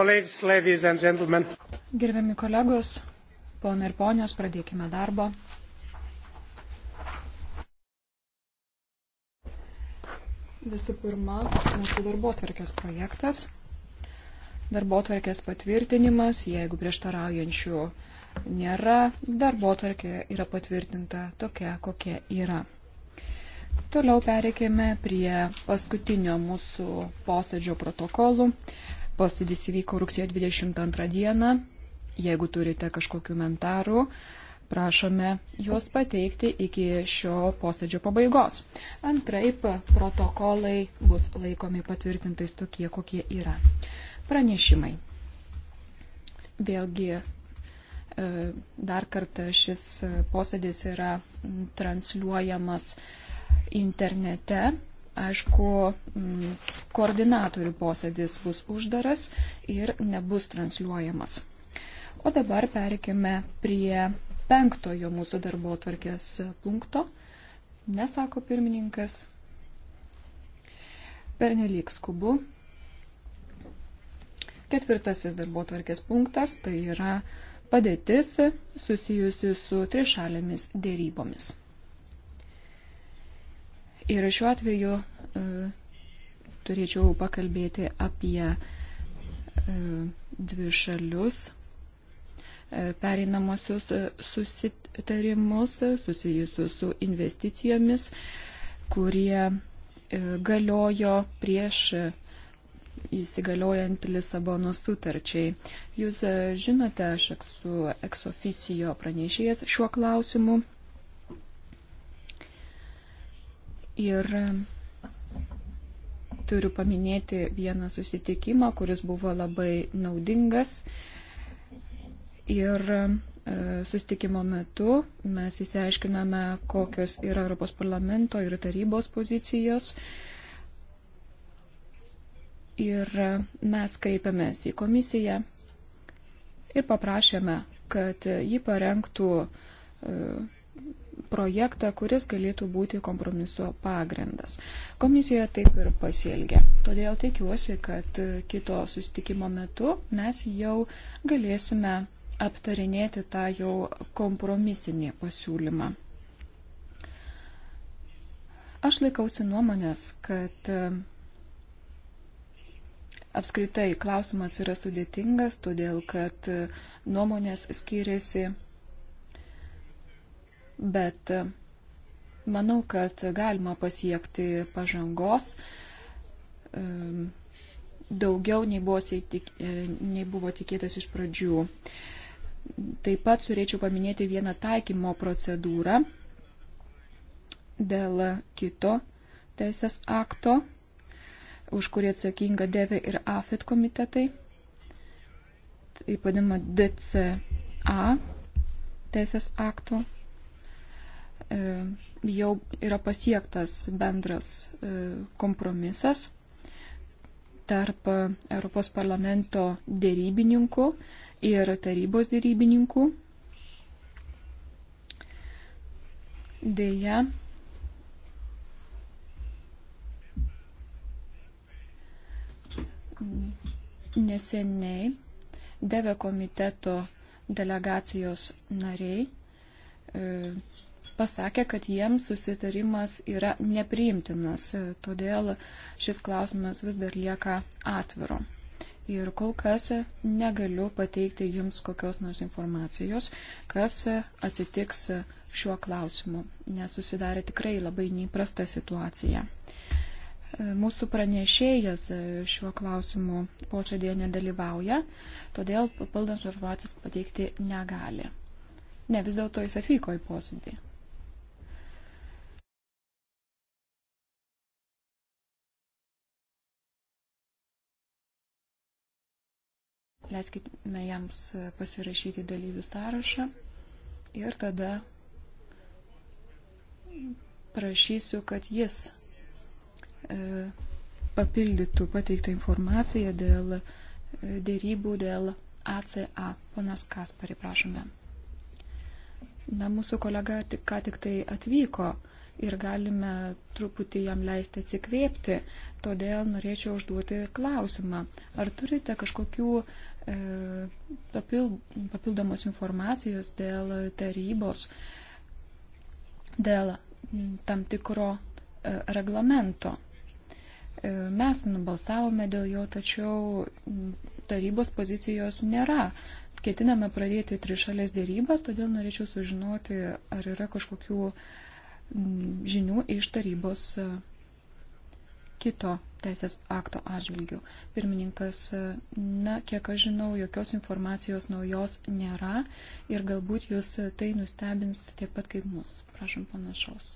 Gerbiami kolegos, ponai ir ponios, pradėkime darbą. Visų pirma, mūsų darbo tvarkės projektas. Darbo tvarkės patvirtinimas, jeigu prieštaraujančių nėra, darbo tvarkė yra patvirtinta tokia, kokia yra. Toliau pereikėme prie paskutinio mūsų posėdžio protokolų. Posėdis įvyko rugsėjo 22 dieną. Jeigu turite kažkokių komentarų, prašome juos pateikti iki šio posėdžio pabaigos. Antraip, protokolai bus laikomi patvirtintais tokie, kokie yra. Pranešimai. Vėlgi, e, dar kartą šis posėdis yra transliuojamas internete Aišku, mm, koordinatorių posėdis bus uždaras ir nebus transliuojamas. O dabar perikime prie penktojo mūsų darbo tvarkės punkto. Nesako pirmininkas. Pernelyg skubu. Ketvirtasis darbo tvarkės punktas tai yra padėtis susijusi su trišalėmis dėrybomis. Ir šiuo atveju E, turėčiau pakalbėti apie e, dvi šalius e, pereinamosius susitarimus susijusius su investicijomis, kurie galiojo prieš įsigaliojant Lisabono sutarčiai. Jūs žinote, aš esu eksoficijo pranešėjas šiuo klausimu. Ir turiu paminėti vieną susitikimą, kuris buvo labai naudingas. Ir e, susitikimo metu mes įsiaiškiname, kokios yra Europos parlamento ir tarybos pozicijos. Ir e, mes kreipiamės į komisiją ir paprašėme, kad ji parengtų e, projektą, kuris galėtų būti kompromiso pagrindas. Komisija taip ir pasielgė. Todėl tikiuosi, kad kito sustikimo metu mes jau galėsime aptarinėti tą jau kompromisinį pasiūlymą. Aš laikausi nuomonės, kad apskritai klausimas yra sudėtingas, todėl kad nuomonės skiriasi bet e, manau, kad galima pasiekti pažangos e, daugiau nei buvo, e, nei buvo tikėtas iš pradžių. Taip pat turėčiau paminėti vieną taikymo procedūrą dėl kito teisės akto, už kurį atsakinga DEVE ir AFIT komitetai, taip vadinama DCA teisės akto E, jau yra pasiektas bendras e, kompromisas tarp Europos parlamento dėrybininkų ir tarybos dėrybininkų. Deja, neseniai Deve komiteto delegacijos nariai e, pasakė, kad jiems susitarimas yra nepriimtinas, todėl šis klausimas vis dar lieka atviru. Ir kol kas negaliu pateikti jums kokios nors informacijos, kas atsitiks šiuo klausimu, nes susidarė tikrai labai neįprasta situacija. Mūsų pranešėjas šiuo klausimu posėdėje nedalyvauja, todėl papildomos informacijos pateikti negali. Ne, vis dėlto jis atvyko į posėdį. leiskime jiems pasirašyti dalyvių sąrašą ir tada prašysiu, kad jis e, papildytų pateiktą informaciją dėl e, dėrybų dėl ACA. Ponas Kasparį prašome. Na, mūsų kolega tik, ką tik tai atvyko ir galime truputį jam leisti atsikvėpti. Todėl norėčiau užduoti klausimą. Ar turite kažkokių e, papildomos informacijos dėl tarybos, dėl tam tikro e, reglamento? E, mes nubalsavome dėl jo, tačiau tarybos pozicijos nėra. Ketiname pradėti trišalės dėrybas, todėl norėčiau sužinoti, ar yra kažkokių e, Mm, žinių iš tarybos e, kito teisės akto atžvilgių. Pirmininkas, e, na, kiek aš žinau, jokios informacijos naujos nėra ir galbūt jūs e, tai nustebins tiek pat kaip mus. Prašom panašaus.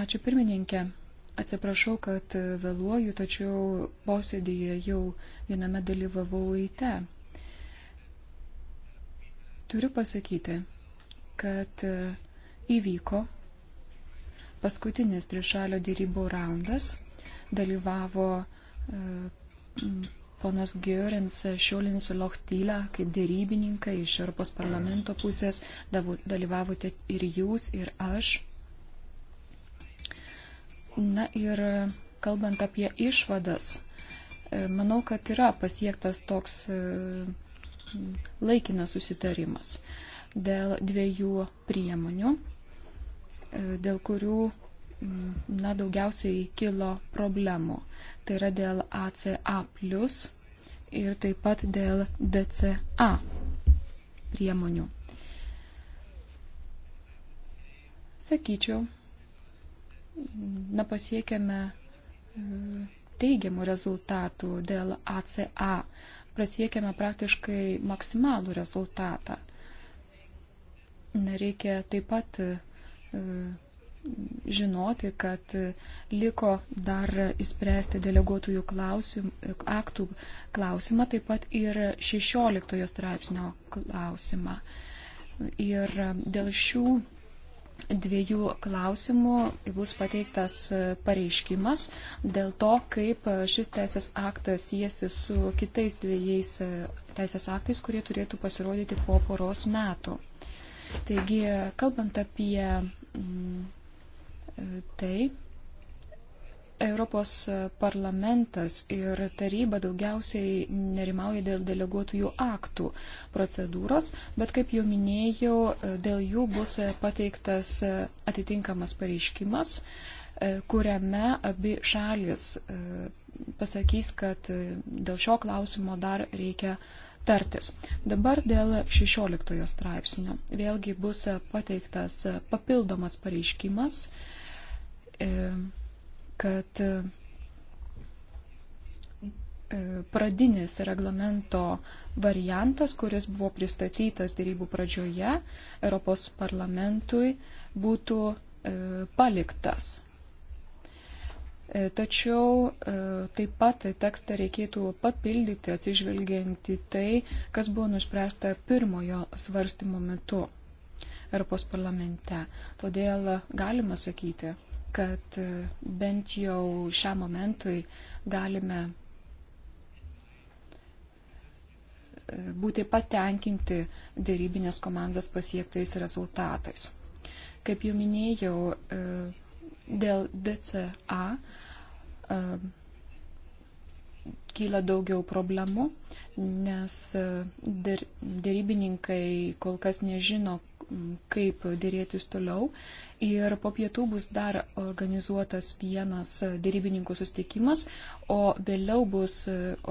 Ačiū pirmininkė. Atsiprašau, kad vėluoju, tačiau posėdėje jau viename dalyvavau ryte. Turiu pasakyti, kad įvyko Paskutinis trišalio dėrybų raundas dalyvavo e, ponas Giorins Šiolins Lochtyla kaip dėrybininkai iš Europos parlamento pusės, dalyvavote ir jūs, ir aš. Na ir e, kalbant apie išvadas, e, manau, kad yra pasiektas toks laikinas susitarimas dėl dviejų priemonių dėl kurių mm, na, daugiausiai kilo problemų. Tai yra dėl ACA plus ir taip pat dėl DCA priemonių. Sakyčiau, na, pasiekėme mm, teigiamų rezultatų dėl ACA. Prasiekėme praktiškai maksimalų rezultatą. Reikia taip pat žinoti, kad liko dar įspręsti deleguotųjų klausim, aktų klausimą, taip pat ir 16 straipsnio klausimą. Ir dėl šių dviejų klausimų bus pateiktas pareiškimas dėl to, kaip šis teisės aktas jėsi su kitais dviejais teisės aktais, kurie turėtų pasirodyti po poros metų. Taigi, kalbant apie tai Europos parlamentas ir taryba daugiausiai nerimauja dėl deleguotųjų aktų procedūros, bet kaip jau minėjau, dėl jų bus pateiktas atitinkamas pareiškimas, kuriame abi šalis e, pasakys, kad e, dėl šio klausimo dar reikia tartis. Dabar dėl 16 straipsnio. Vėlgi bus pateiktas papildomas pareiškimas, e, kad e, pradinis reglamento variantas, kuris buvo pristatytas dėrybų pradžioje Europos parlamentui, būtų e, paliktas E, tačiau e, taip pat tekstą reikėtų papildyti atsižvelgiant į tai, kas buvo nuspręsta pirmojo svarstymo metu Europos parlamente. Todėl galima sakyti, kad e, bent jau šiam momentui galime būti patenkinti dėrybinės komandos pasiektais rezultatais. Kaip jau minėjau, dėl DCA kyla daugiau problemų, nes dėrybininkai kol kas nežino, kaip dėrėtis toliau. Ir po pietų bus dar organizuotas vienas dėrybininkų sustikimas, o vėliau bus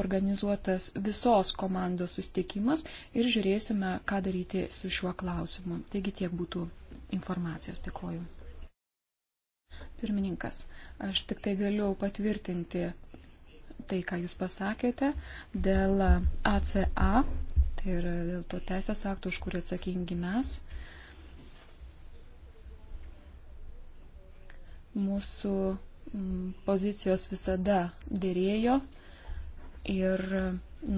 organizuotas visos komandos sustikimas ir žiūrėsime, ką daryti su šiuo klausimu. Taigi tiek būtų informacijos. Dėkuoju. Pirmininkas, aš tik tai galiu patvirtinti tai, ką Jūs pasakėte dėl ACA, tai yra dėl to teisės aktų, už kurį atsakingi mes. Mūsų mm, pozicijos visada dėrėjo ir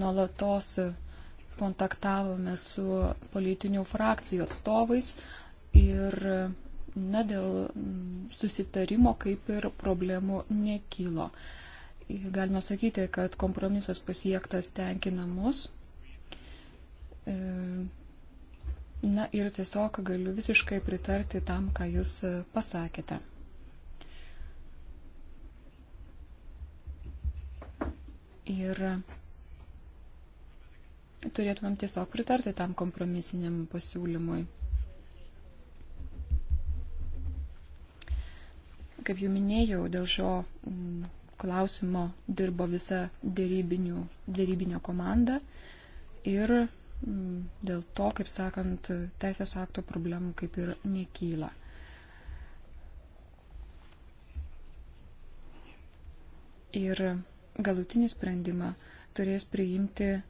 nuolatos kontaktavome su politinių frakcijų atstovais ir na, dėl mm, susitarimo kaip ir problemų nekylo. Galima sakyti, kad kompromisas pasiektas tenkina mus. E, na ir tiesiog galiu visiškai pritarti tam, ką jūs e, pasakėte. Ir turėtumėm tiesiog pritarti tam kompromisiniam pasiūlymui. Kaip jau minėjau, dėl šio mm, klausimo dirbo visa dėrybinė komanda ir mm, dėl to, kaip sakant, teisės akto problemų kaip ir nekyla. Ir galutinį sprendimą turės priimti e,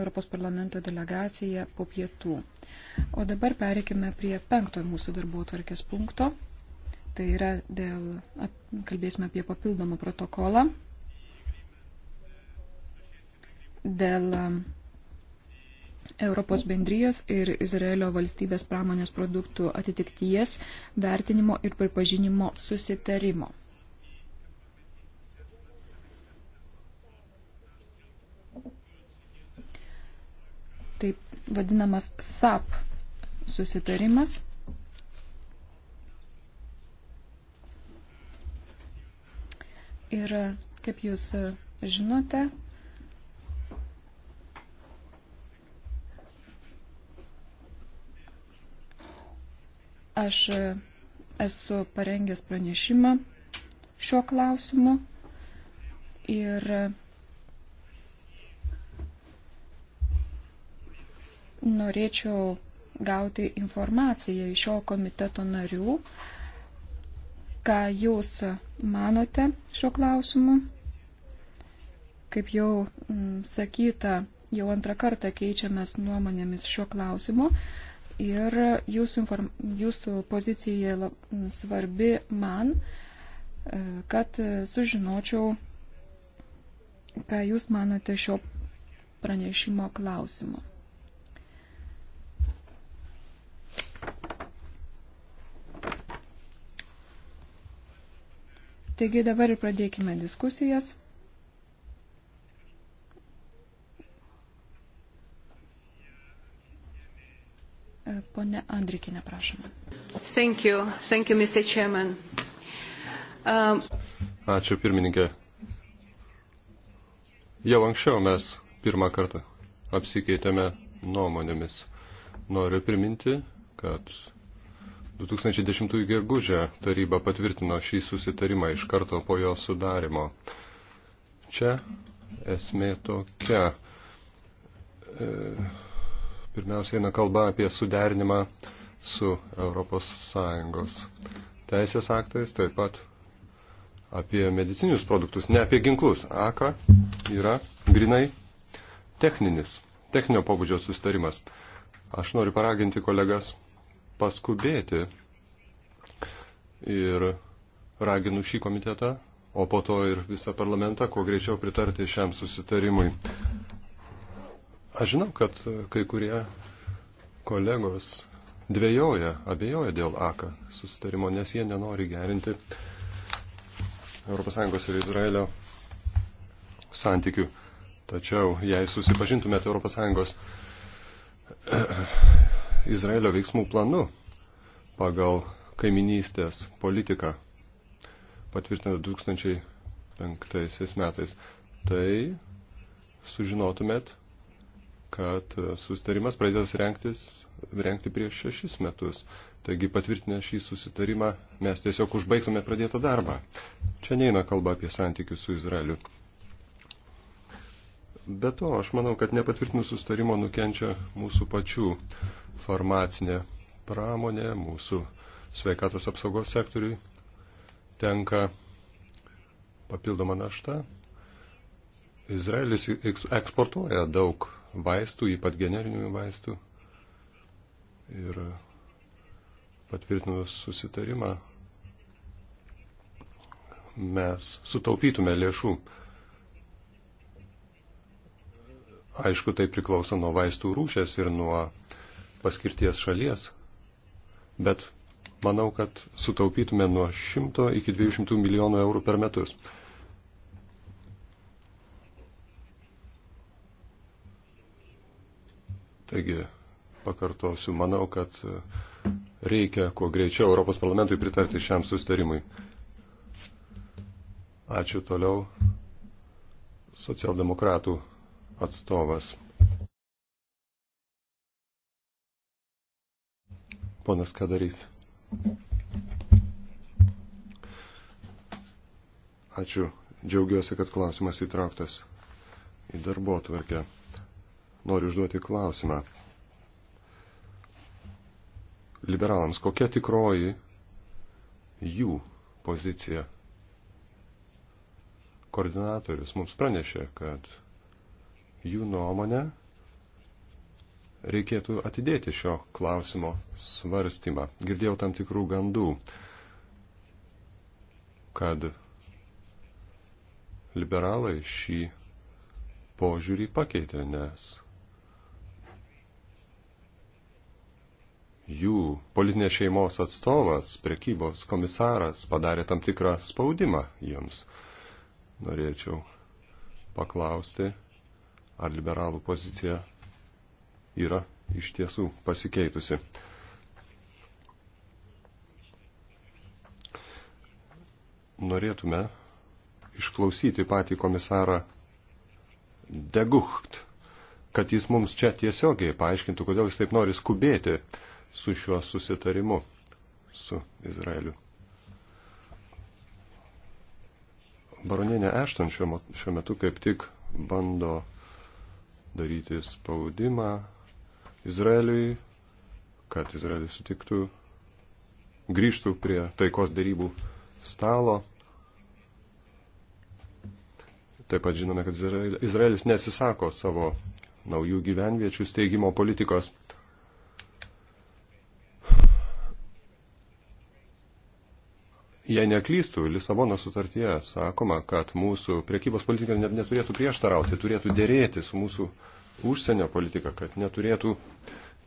Europos parlamento delegacija po pietų. O dabar pereikime prie penktojo mūsų darbo tvarkės punkto. Tai yra dėl, kalbėsime apie papildomą protokolą, dėl um, Europos bendrijos ir Izraelio valstybės pramonės produktų atitikties vertinimo ir pripažinimo susitarimo. Taip vadinamas SAP susitarimas. Ir kaip jūs žinote, aš esu parengęs pranešimą šiuo klausimu ir norėčiau gauti informaciją iš šio komiteto narių, ką jūs manote šiuo klausimu. Kaip jau m, mm, sakyta, jau antrą kartą keičiamės nuomonėmis šiuo klausimu ir jūsų, inform, jūsų pozicija mm, svarbi man, e, kad sužinočiau, ką jūs manote šio pranešimo klausimu. Taigi dabar ir pradėkime diskusijas. Pone Andrikinė, prašome. Thank you. Thank you, Mr. Chairman. Um... Ačiū, pirmininkė. Jau anksčiau mes pirmą kartą apsikeitėme nuomonėmis. Noriu priminti, kad 2010 gegužę taryba patvirtino šį susitarimą iš karto po jo sudarimo. Čia esmė tokia. E, pirmiausia, eina kalba apie suderinimą su ES teisės aktais, taip pat apie medicinius produktus, ne apie ginklus. AKA yra grinai techninis, techninio pobūdžio sustarimas. Aš noriu paraginti kolegas paskubėti ir raginu šį komitetą, o po to ir visą parlamentą, kuo greičiau pritarti šiam susitarimui. Aš žinau, kad kai kurie kolegos dvėjoja, abejoja dėl AKA susitarimo, nes jie nenori gerinti ES ir Izraelio santykių. Tačiau, jei susipažintumėte ES Izraelio veiksmų planu pagal kaiminystės politiką patvirtintą 2005 metais, tai sužinotumėt, kad sustarimas pradėtas rengtis, rengti prieš šešis metus. Taigi patvirtinę šį susitarimą mes tiesiog užbaigtume pradėtą darbą. Čia neina kalba apie santykius su Izraeliu. Be to, aš manau, kad nepatvirtinus sustarimo nukenčia mūsų pačių farmacinė pramonė, mūsų sveikatos apsaugos sektoriui tenka papildoma našta. Izraelis eksportuoja daug vaistų, ypat generinių vaistų. Ir patvirtinus susitarimą mes sutaupytume lėšų. Aišku, tai priklauso nuo vaistų rūšės ir nuo paskirties šalies, bet manau, kad sutaupytume nuo 100 iki 200 milijonų eurų per metus. Taigi, pakartosiu, manau, kad e, reikia kuo greičiau Europos parlamentui pritarti šiam sustarimui. Ačiū toliau socialdemokratų atstovas. ponas Kadaryt. Ačiū. Džiaugiuosi, kad klausimas įtrauktas į darbo atvarkę. Noriu užduoti klausimą. Liberalams, kokia tikroji jų pozicija? Koordinatorius mums pranešė, kad jų nuomonė reikėtų atidėti šio klausimo svarstymą. Girdėjau tam tikrų gandų, kad liberalai šį požiūrį pakeitė, nes jų politinės šeimos atstovas, prekybos komisaras padarė tam tikrą spaudimą jiems. Norėčiau paklausti, ar liberalų pozicija yra iš tiesų pasikeitusi. Norėtume išklausyti patį komisarą Degucht, kad jis mums čia tiesiogiai paaiškintų, kodėl jis taip nori skubėti su šiuo susitarimu su Izraeliu. Baronienė Ešton šiuo metu kaip tik bando daryti spaudimą Izraeliui, kad Izraelis sutiktų, grįžtų prie taikos darybų stalo. Taip pat žinome, kad Izraelis nesisako savo naujų gyvenviečių steigimo politikos. Jei neklystų, Lisabono sutartyje sakoma, kad mūsų priekybos politika net neturėtų prieštarauti, turėtų dėrėti su mūsų užsienio politiką, kad neturėtų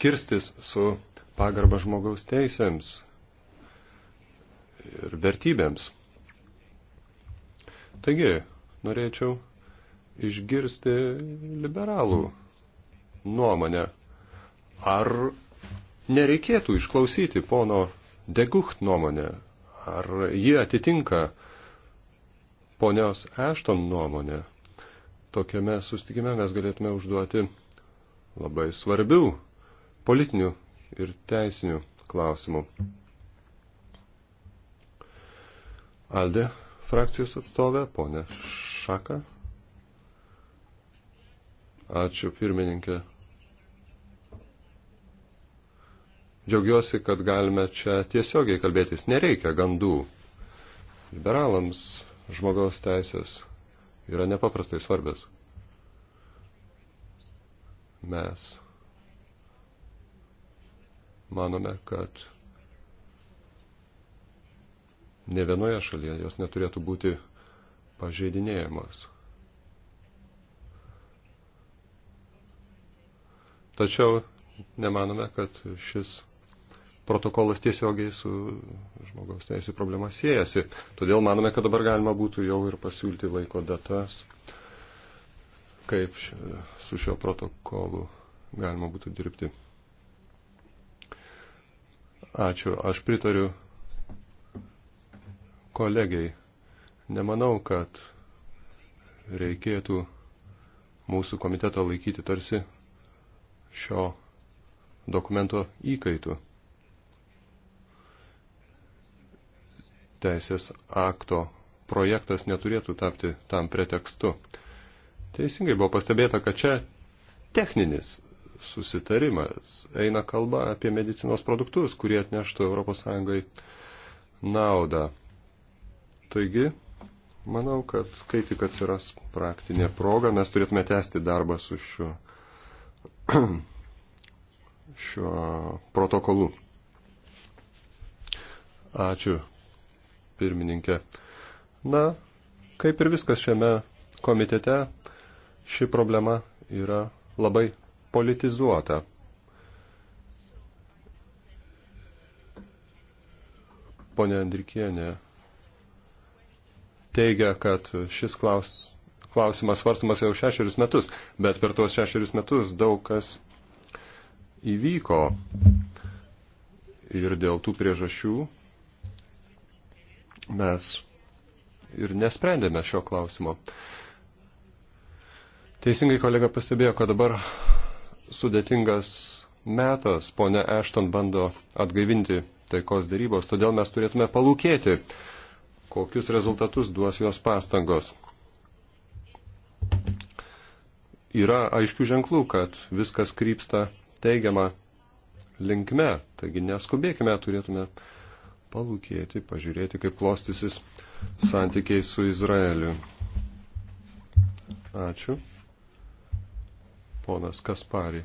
kirstis su pagarba žmogaus teisėms ir vertybėms. Taigi, norėčiau išgirsti liberalų nuomonę. Ar nereikėtų išklausyti pono Degucht nuomonę? Ar ji atitinka ponios Ešton nuomonę? tokiame sustikime mes galėtume užduoti labai svarbių politinių ir teisinių klausimų. Alde frakcijos atstovė, ponė Šaka. Ačiū pirmininkė. Džiaugiuosi, kad galime čia tiesiogiai kalbėtis. Nereikia gandų. Liberalams žmogaus teisės yra nepaprastai svarbios. Mes manome, kad ne vienoje šalyje jos neturėtų būti pažeidinėjamos. Tačiau nemanome, kad šis protokolas tiesiogiai su žmogaus teisų problema siejasi. Todėl manome, kad dabar galima būtų jau ir pasiūlyti laiko datas, kaip su šio protokolu galima būtų dirbti. Ačiū, aš pritariu kolegiai. Nemanau, kad reikėtų mūsų komitetą laikyti tarsi šio dokumento įkaitų. teisės akto projektas neturėtų tapti tam pretekstu. Teisingai buvo pastebėta, kad čia techninis susitarimas eina kalba apie medicinos produktus, kurie atneštų ES naudą. Taigi, manau, kad kai tik atsiras praktinė proga, mes turėtume tęsti darbą su šiuo, šiuo protokolu. Ačiū pirmininkė. Na, kaip ir viskas šiame komitete, ši problema yra labai politizuota. Pone Andrikienė teigia, kad šis klaus, klausimas svarstamas jau šešerius metus, bet per tuos šešerius metus daug kas įvyko ir dėl tų priežasčių mes ir nesprendėme šio klausimo. Teisingai kolega pastebėjo, kad dabar sudėtingas metas, ponia Ešton bando atgaivinti taikos dėrybos, todėl mes turėtume palūkėti, kokius rezultatus duos jos pastangos. Yra aiškių ženklų, kad viskas krypsta teigiama linkme, taigi neskubėkime, turėtume uh, palūkėti, pažiūrėti, kaip klostysis santykiai su Izraeliu. Ačiū. Ponas Kaspari.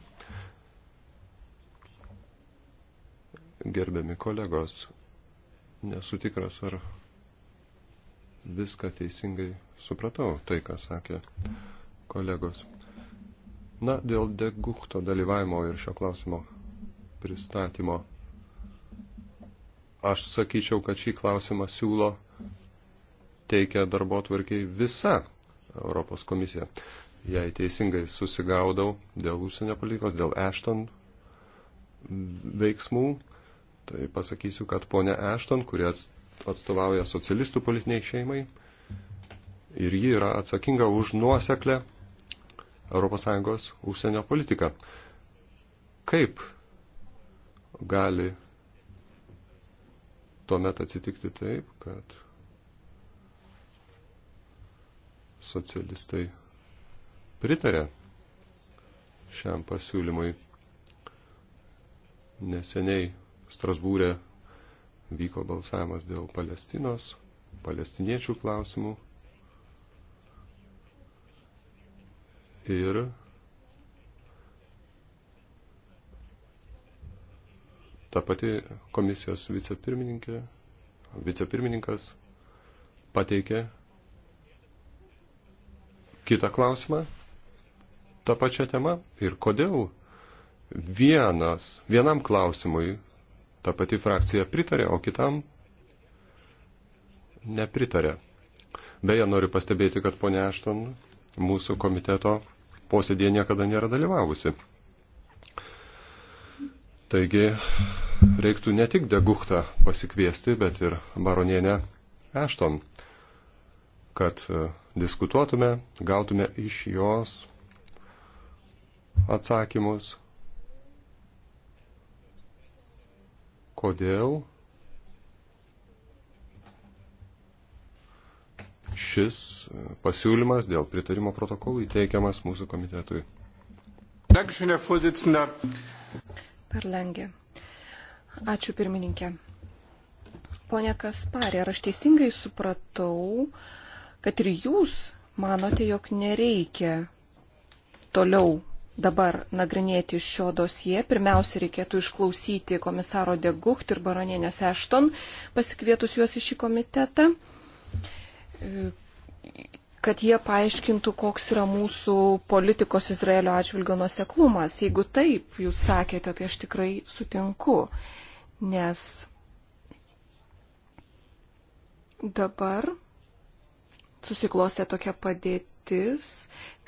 Gerbiami kolegos, nesu tikras, ar viską teisingai supratau, tai, ką sakė kolegos. Na, dėl degukto dalyvavimo ir šio klausimo pristatymo Aš sakyčiau, kad šį klausimą siūlo teikia darbo tvarkiai visa Europos komisija. Jei teisingai susigaudau dėl užsienio politikos, dėl Ashton veiksmų, tai pasakysiu, kad ponia Ashton, kurie atstovauja socialistų politiniai šeimai, ir ji yra atsakinga už nuoseklę ES užsienio politiką. Kaip gali tuomet atsitikti taip, kad socialistai pritarė šiam pasiūlymui. Neseniai Strasbūrė vyko balsavimas dėl Palestinos, palestiniečių klausimų ir Ta pati komisijos vicepirmininkė, vicepirmininkas pateikė kitą klausimą tą pačią temą ir kodėl vienas, vienam klausimui ta pati frakcija pritarė, o kitam nepritarė. Beje, noriu pastebėti, kad ponia Ašton mūsų komiteto posėdėje niekada nėra dalyvavusi. Taigi, reiktų ne tik deguktą pasikviesti, bet ir baronienę Ešton, kad e, diskutuotume, gautume iš jos atsakymus, kodėl šis e, pasiūlymas dėl pritarimo protokolų įteikiamas mūsų komitetui. Dankeschön, Herr Vorsitzender. Per Lange. Ačiū pirmininkė. Pone Kasparė, ar aš teisingai supratau, kad ir jūs manote, jog nereikia toliau dabar nagrinėti šio dosie. Pirmiausia, reikėtų išklausyti komisaro Degucht ir baronienės Ešton, pasikvietus juos į šį komitetą, kad jie paaiškintų, koks yra mūsų politikos Izraelio atžvilgio nuseklumas. Jeigu taip, jūs sakėte, tai aš tikrai sutinku nes dabar susiklostė tokia padėtis,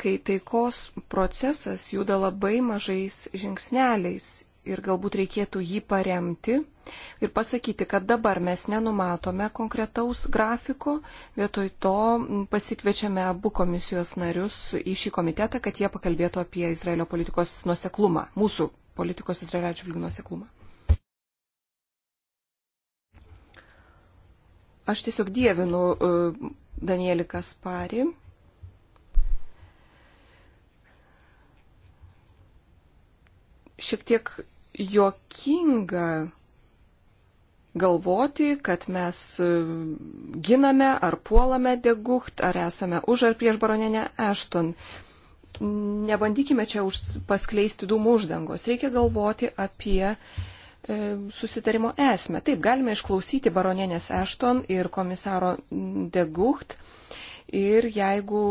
kai taikos procesas juda labai mažais žingsneliais ir galbūt reikėtų jį paremti ir pasakyti, kad dabar mes nenumatome konkretaus grafiko, vietoj to pasikviečiame abu komisijos narius į šį komitetą, kad jie pakalbėtų apie Izraelio politikos nuoseklumą, mūsų politikos Izraelio atžvilgių nuoseklumą. Aš tiesiog dievinu e, Danielį Kasparį. Šiek tiek juokinga galvoti, kad mes e, giname ar puolame degucht, ar esame už ar prieš baronienę Ešton nebandykime čia paskleisti dūmų uždangos. Reikia galvoti apie E, susitarimo esmę. Taip, galime išklausyti baronienės Ešton ir komisaro Degucht. Ir jeigu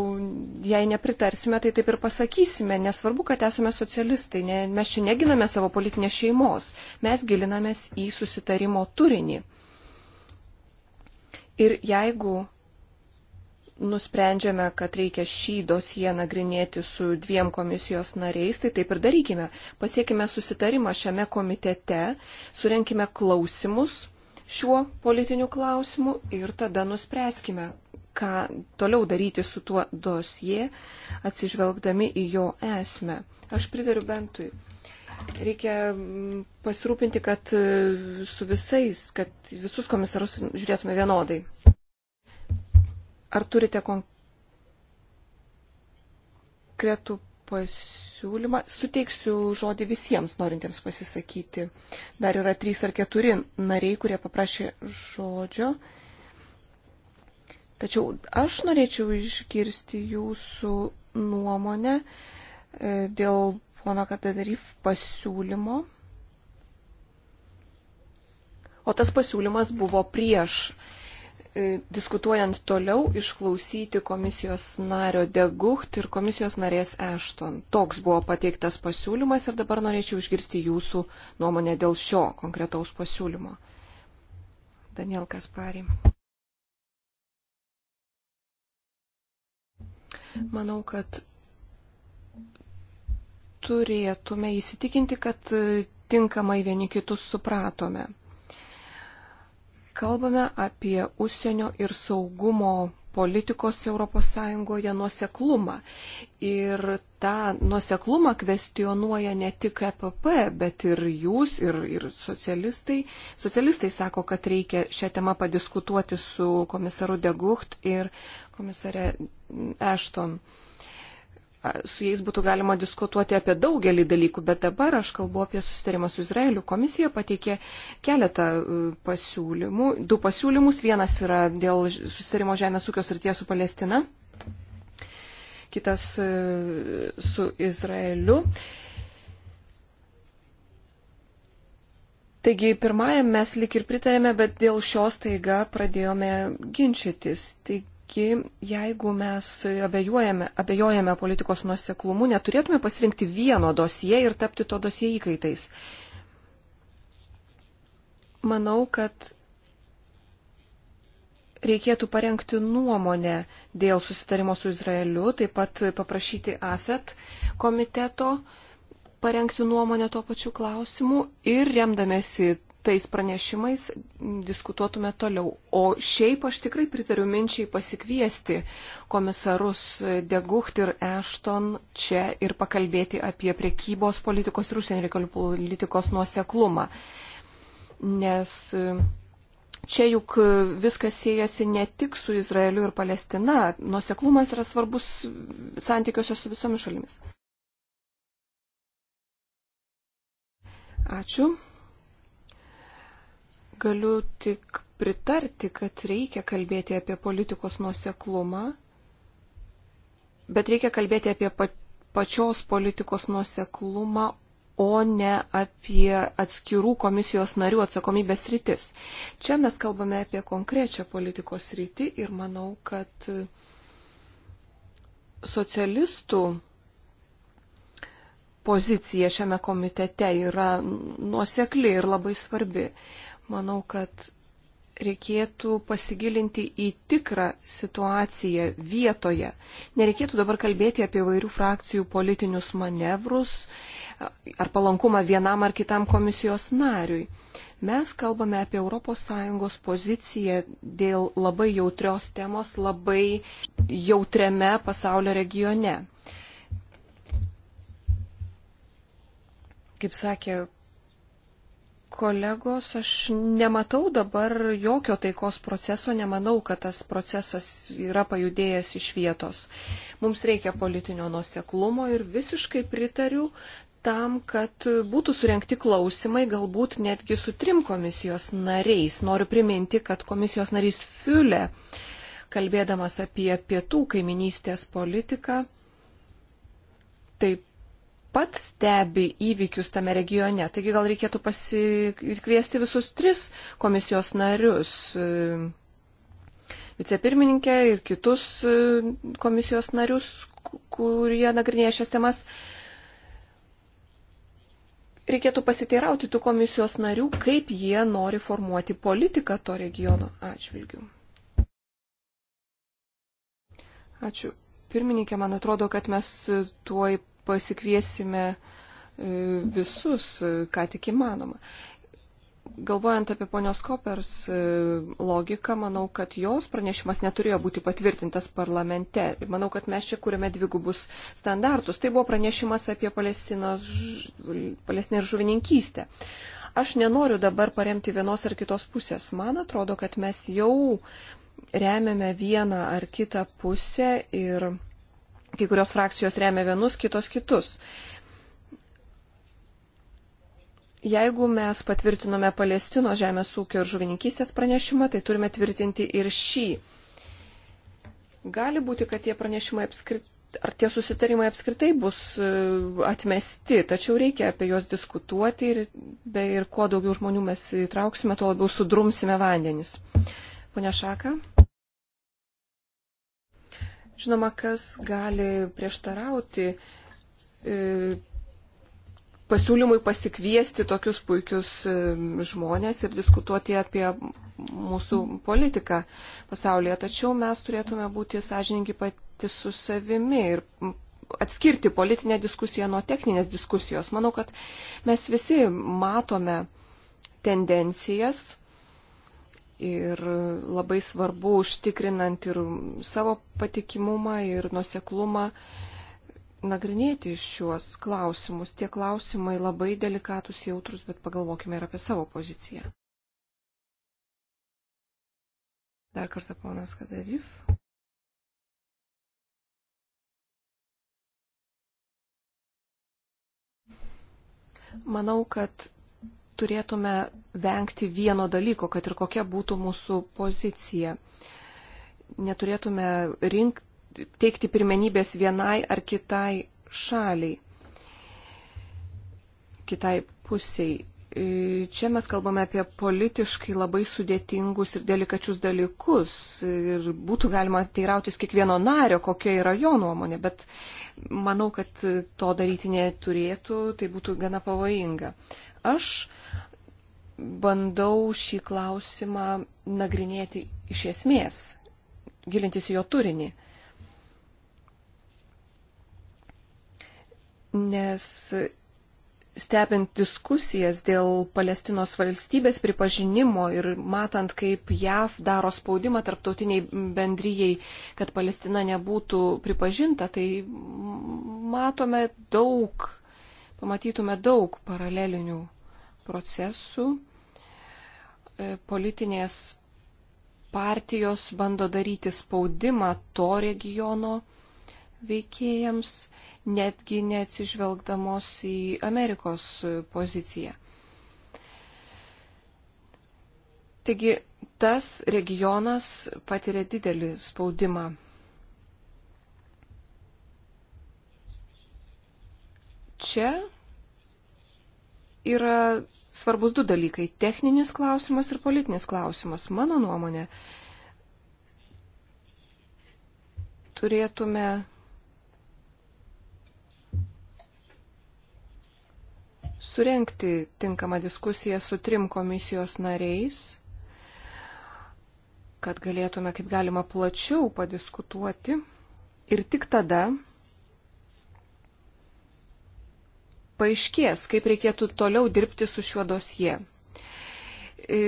jai nepritarsime, tai taip ir pasakysime, nesvarbu, kad esame socialistai, ne, mes čia neginame savo politinės šeimos, mes gilinamės į susitarimo turinį. Ir jeigu nusprendžiame, kad reikia šį dosiją nagrinėti su dviem komisijos nariais, tai taip ir darykime. Pasiekime susitarimą šiame komitete, surenkime klausimus šiuo politiniu klausimu ir tada nuspręskime, ką toliau daryti su tuo dosie, atsižvelgdami į jo esmę. Aš pritariu bentui. Reikia mm, pasirūpinti, kad e, su visais, kad visus komisarus žiūrėtume vienodai. Ar turite konkretų pasiūlymą? Suteiksiu žodį visiems norintiems pasisakyti. Dar yra trys ar keturi nariai, kurie paprašė žodžio. Tačiau aš norėčiau išgirsti jūsų nuomonę e, dėl pono Katadarif pasiūlymo. O tas pasiūlymas buvo prieš E, diskutuojant toliau, išklausyti komisijos nario Degucht ir komisijos narės Ešton. Toks buvo pateiktas pasiūlymas ir dabar norėčiau išgirsti jūsų nuomonę dėl šio konkretaus pasiūlymo. Daniel Kaspari. Manau, kad turėtume įsitikinti, kad tinkamai vieni kitus supratome. Kalbame apie užsienio ir saugumo politikos ES nuoseklumą. Ir tą nuoseklumą kvestionuoja ne tik EPP, bet ir jūs, ir, ir socialistai. Socialistai sako, kad reikia šią temą padiskutuoti su komisaru Degucht ir komisare Ashton. E, su jais būtų galima diskutuoti apie daugelį dalykų, bet dabar aš kalbu apie susitarimą su Izraeliu. Komisija pateikė keletą e, pasiūlymų, du pasiūlymus. Vienas yra dėl susitarimo žemės ūkio srityje su Palestina, kitas e, su Izraeliu. Taigi pirmajam mes lik ir pritarėme, bet dėl šios taiga pradėjome ginčytis. Taigi, Taigi, jeigu mes abejojame, abejojame politikos nuoseklumu, neturėtume pasirinkti vieno dosie ir tapti to dosie įkaitais. Manau, kad reikėtų parengti nuomonę dėl susitarimo su Izraeliu, taip pat paprašyti AFET komiteto parengti nuomonę tuo pačiu klausimu ir remdamėsi tais pranešimais diskutuotume toliau. O šiaip aš tikrai pritariu minčiai pasikviesti komisarus Degucht ir Ešton čia ir pakalbėti apie priekybos politikos ir užsienio reikalų politikos nuoseklumą. Nes e, čia juk viskas siejasi ne tik su Izraeliu ir Palestina. Nuoseklumas yra svarbus santykiuose su visomis šalimis. Ačiū galiu tik pritarti, kad reikia kalbėti apie politikos nuoseklumą, bet reikia kalbėti apie pačios politikos nuoseklumą, o ne apie atskirų komisijos narių atsakomybės rytis. Čia mes kalbame apie konkrečią politikos rytį ir manau, kad socialistų pozicija šiame komitete yra nuosekli ir labai svarbi manau, kad reikėtų pasigilinti į tikrą situaciją vietoje. Nereikėtų dabar kalbėti apie vairių frakcijų politinius manevrus ar palankumą vienam ar kitam komisijos nariui. Mes kalbame apie ES poziciją dėl labai jautrios temos labai jautriame pasaulio regione. Kaip sakė kolegos, aš nematau dabar jokio taikos proceso, nemanau, kad tas procesas yra pajudėjęs iš vietos. Mums reikia politinio nuseklumo ir visiškai pritariu tam, kad būtų surenkti klausimai, galbūt netgi su trim komisijos nariais. Noriu priminti, kad komisijos narys Fiulė, kalbėdamas apie pietų kaiminystės politiką, taip pat stebi įvykius tame regione. Taigi gal reikėtų pasikviesti visus tris komisijos narius vicepirmininkę ir kitus e, komisijos narius, kurie nagrinėja šias temas. Reikėtų pasiteirauti tų komisijos narių, kaip jie nori formuoti politiką to regiono atžvilgių. Ačiū. Pirmininkė, man atrodo, kad mes tuoj pasikviesime e, visus, e, ką tik įmanoma. Galvojant apie ponios Kopers e, logiką, manau, kad jos pranešimas neturėjo būti patvirtintas parlamente. Manau, kad mes čia kūrėme dvigubus standartus. Tai buvo pranešimas apie Palestiną ir žuvininkystę. Aš nenoriu dabar paremti vienos ar kitos pusės. Man atrodo, kad mes jau remiame vieną ar kitą pusę ir kai kurios frakcijos remia vienus, kitos kitus. Jeigu mes patvirtinome Palestino žemės ūkio ir žuvininkystės pranešimą, tai turime tvirtinti ir šį. Gali būti, kad tie pranešimai apskritai. Ar tie susitarimai apskritai bus e, atmesti, tačiau reikia apie juos diskutuoti ir, be, ir kuo daugiau žmonių mes įtrauksime, tuo labiau sudrumsime vandenis. Pone Šaka. Žinoma, kas gali prieštarauti e, pasiūlymui pasikviesti tokius puikius e, žmonės ir diskutuoti apie mūsų politiką pasaulyje. Tačiau mes turėtume būti sąžininkai pati su savimi ir atskirti politinę diskusiją nuo techninės diskusijos. Manau, kad mes visi matome tendencijas ir labai svarbu užtikrinant ir savo patikimumą ir nuseklumą nagrinėti šiuos klausimus. Tie klausimai labai delikatus, jautrus, bet pagalvokime ir apie savo poziciją. Dar kartą ponas Kadaryf. Manau, kad turėtume vengti vieno dalyko, kad ir kokia būtų mūsų pozicija. Neturėtume rink, teikti pirmenybės vienai ar kitai šaliai, kitai pusiai. E, čia mes kalbame apie politiškai labai sudėtingus ir delikačius dalykus ir būtų galima teirautis kiekvieno nario, kokia yra jo nuomonė, bet manau, kad to daryti neturėtų, tai būtų gana pavojinga. Uh, Aš bandau šį klausimą nagrinėti iš esmės, gilintis į jo turinį. Nes stebint diskusijas dėl Palestinos valstybės pripažinimo ir matant, kaip JAV daro spaudimą tarptautiniai bendryjei, kad Palestina nebūtų pripažinta, tai matome daug, pamatytume daug paralelinių procesų. E, politinės partijos bando daryti spaudimą to regiono veikėjams, netgi neatsižvelgdamos į Amerikos poziciją. Taigi tas regionas patiria didelį spaudimą. Čia yra svarbus du dalykai - techninis klausimas ir politinis klausimas. Mano nuomonė, turėtume surenkti tinkamą diskusiją su trim komisijos nariais, kad galėtume kaip galima plačiau padiskutuoti ir tik tada paaiškės, kaip reikėtų toliau dirbti su šiuo dosie. E,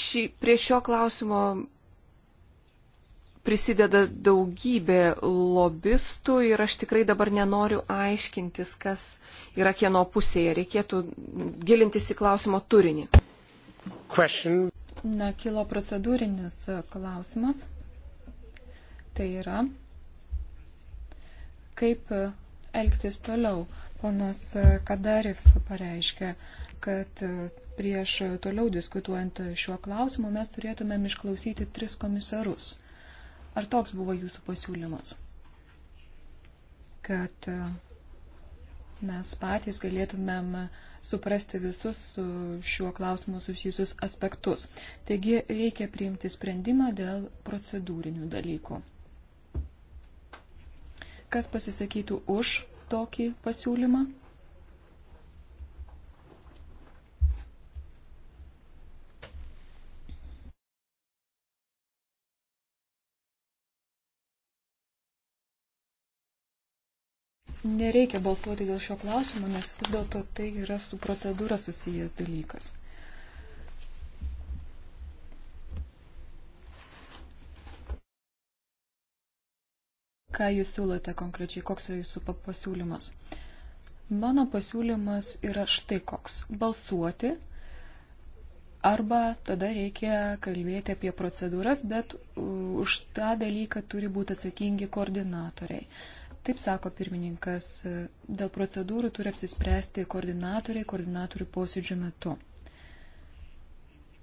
ši, prie šio klausimo prisideda daugybė lobistų ir aš tikrai dabar nenoriu aiškintis, kas yra kieno pusėje. Reikėtų gilintis į klausimo turinį. Question. Na, kilo procedūrinis klausimas. Tai yra, kaip elgtis toliau. Ponas Kadarif pareiškė, kad prieš toliau diskutuojant šiuo klausimu mes turėtumėm išklausyti tris komisarus. Ar toks buvo jūsų pasiūlymas? Kad e, mes patys galėtumėm suprasti visus su e, šiuo klausimu susijusius aspektus. Taigi reikia priimti sprendimą dėl procedūrinių dalykų. Kas pasisakytų už tokį pasiūlymą? Nereikia balsuoti dėl šio klausimo, nes vis dėlto tai yra su procedūra susijęs dalykas. Ką jūs siūlote konkrečiai, koks yra jūsų pasiūlymas? Mano pasiūlymas yra štai koks - balsuoti arba tada reikia kalbėti apie procedūras, bet už tą dalyką turi būti atsakingi koordinatoriai. Taip sako pirmininkas, dėl procedūrų turi apsispręsti koordinatoriai koordinatorių posėdžio metu.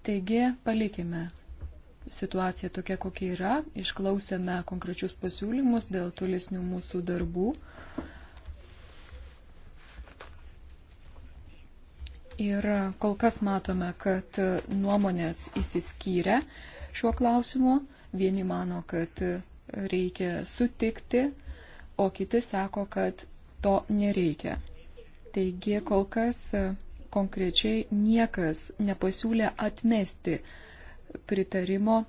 Taigi palikime situacija tokia, kokia yra. Išklausėme konkrečius pasiūlymus dėl tolesnių mūsų darbų. Ir kol kas matome, kad nuomonės įsiskyrė šiuo klausimu. Vieni mano, kad reikia sutikti, o kiti sako, kad to nereikia. Taigi kol kas konkrečiai niekas nepasiūlė atmesti uh, pritarimo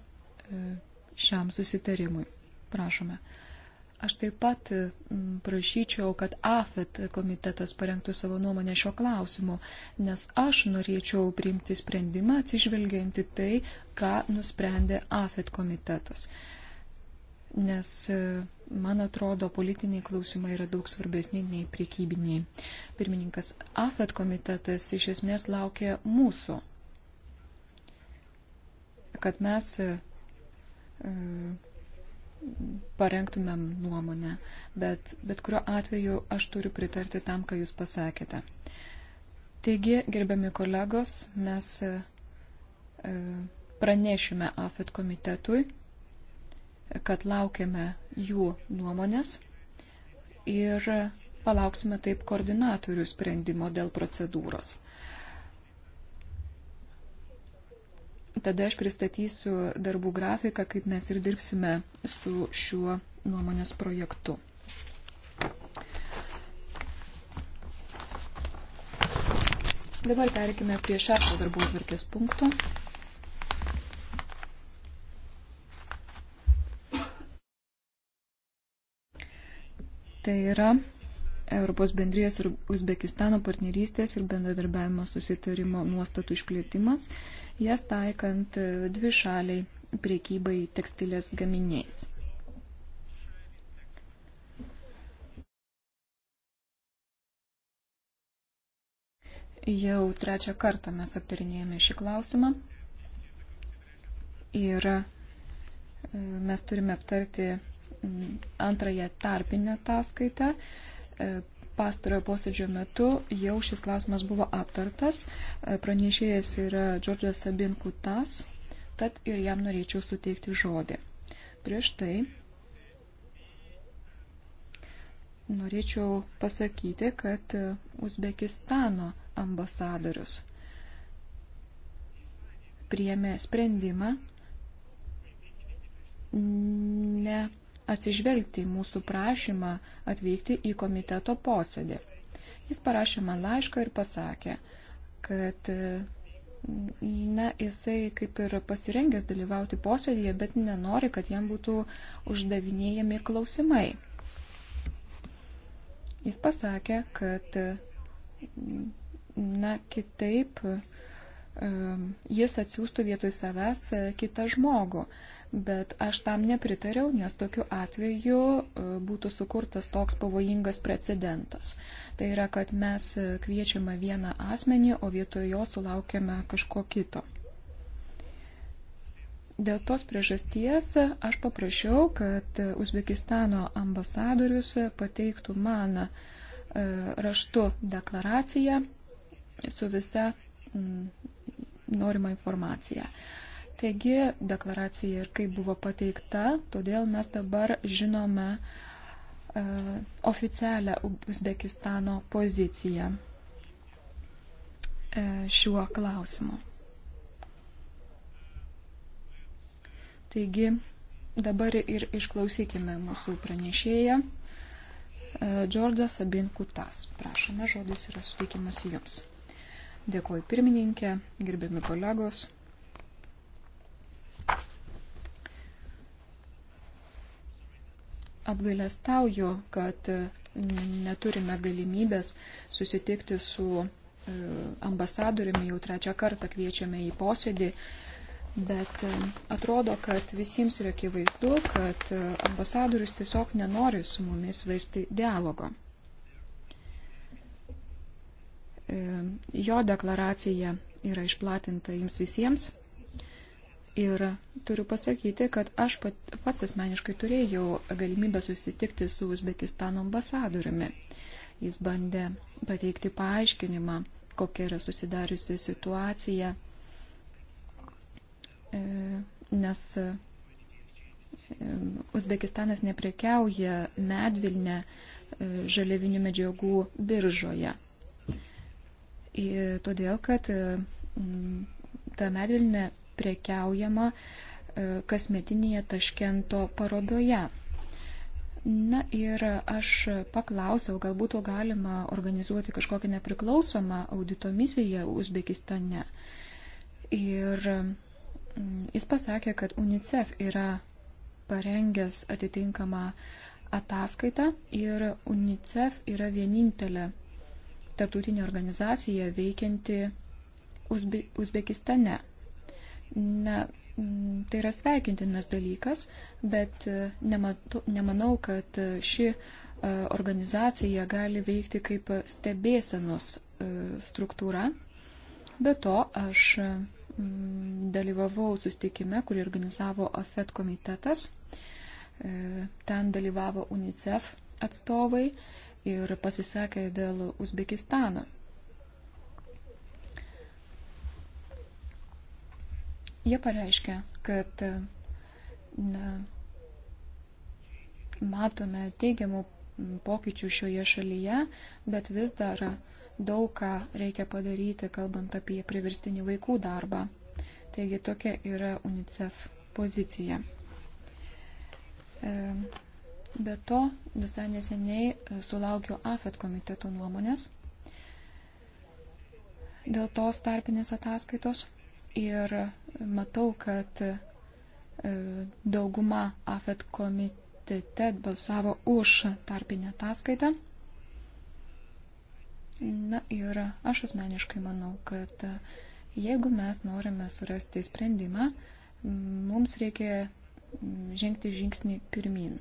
e, šiam susitarimui. Prašome. Aš taip pat e, prašyčiau, kad AFET komitetas parengtų savo nuomonę šio klausimu, nes aš norėčiau priimti sprendimą atsižvelgianti tai, ką nusprendė AFET komitetas. Nes, e, man atrodo, politiniai klausimai yra daug svarbesni nei priekybiniai. Pirmininkas AFET komitetas iš esmės laukia mūsų kad mes e, parengtumėm nuomonę, bet, bet kuriuo atveju aš turiu pritarti tam, ką jūs pasakėte. Taigi, gerbiami kolegos, mes e, e, pranešime AFIT komitetui, kad laukiame jų nuomonės ir palauksime taip koordinatorių sprendimo dėl procedūros. Tada aš pristatysiu darbų grafiką, kaip mes ir dirbsime su šiuo nuomonės projektu. Dabar perikime prie šešto darbų atvarkės punkto. Tai yra Europos bendrijos ir Uzbekistano partnerystės ir bendradarbiavimo susitarimo nuostatų išplėtimas, jas taikant e, dvi šaliai priekybai tekstilės gaminiais. Jau trečią kartą mes aptarinėjame šį klausimą ir e, mes turime aptarti antrąją tarpinę ataskaitą, E, pastarojo posėdžio metu jau šis klausimas buvo aptartas. E, pranešėjas yra Džordžas Sabin Kutas, tad ir jam norėčiau suteikti žodį. Prieš tai norėčiau pasakyti, kad e, Uzbekistano ambasadorius priėmė sprendimą ne atsižvelgti į mūsų prašymą atvykti į komiteto posėdį. Jis parašė man laišką ir pasakė, kad mm, na, jisai kaip ir pasirengęs dalyvauti posėdėje, bet nenori, kad jam būtų uždavinėjami klausimai. Jis pasakė, kad mm, na, kitaip jis atsiųstų vietoj savęs kitą žmogų. Bet aš tam nepritariau, nes tokiu atveju e, būtų sukurtas toks pavojingas precedentas. Tai yra, kad mes kviečiame vieną asmenį, o vietoj jo sulaukėme kažko kito. Dėl tos priežasties aš paprašiau, kad Uzbekistano ambasadorius pateiktų man e, raštu deklaraciją su visa mm, norima informacija. Taigi deklaracija ir kaip buvo pateikta, todėl mes dabar žinome uh, oficialią Uzbekistano poziciją uh, šiuo klausimu. Taigi dabar ir išklausykime mūsų pranešėją. E, Džordžas Abin Kutas. Prašome, žodis yra suteikimas jums. Dėkuoju pirmininkė, gerbiami kolegos. apgailestauju, kad e, neturime galimybės susitikti su e, ambasadoriumi, jau trečią kartą kviečiame į posėdį, bet e, atrodo, kad visiems yra akivaizdu, kad ambasadorius tiesiog nenori su mumis vesti dialogo. Jo deklaracija yra išplatinta jums visiems Ir turiu pasakyti, kad aš pat, pats asmeniškai turėjau galimybę susitikti su Uzbekistano ambasadoriumi. Jis bandė pateikti paaiškinimą, kokia yra susidariusi situacija, e, nes e, Uzbekistanas neprekiauja medvilne žaliavinių medžiagų biržoje. Ir todėl, kad e, ta medvilne prekiaujama e, kasmetinėje Taškento parodoje. Na ir aš paklausiau, gal būtų galima organizuoti kažkokią nepriklausomą audito misiją Uzbekistane. Ir mm, jis pasakė, kad UNICEF yra parengęs atitinkamą ataskaitą ir UNICEF yra vienintelė tarptautinė organizacija veikianti Uzbe Uzbekistane. Na, mm, tai yra sveikintinas dalykas, bet e, nematu, nemanau, kad e, ši e, organizacija gali veikti kaip stebėsenos struktūra. Be to, aš mm, dalyvavau sustikime, kurį organizavo AFET komitetas. Ten dalyvavo UNICEF atstovai ir pasisakė dėl Uzbekistano. Jie pareiškia, kad na, matome teigiamų pokyčių šioje šalyje, bet vis dar daug ką reikia padaryti, kalbant apie priverstinį vaikų darbą. Taigi tokia yra UNICEF pozicija. E, be to, visai neseniai sulaukiau AFET komiteto nuomonės dėl tos tarpinės ataskaitos. Ir matau, kad e, dauguma AFET komitete balsavo už tarpinę ataskaitą. Na ir aš asmeniškai manau, kad e, jeigu mes norime surasti sprendimą, mums reikia mm, žengti žingsnį pirmin.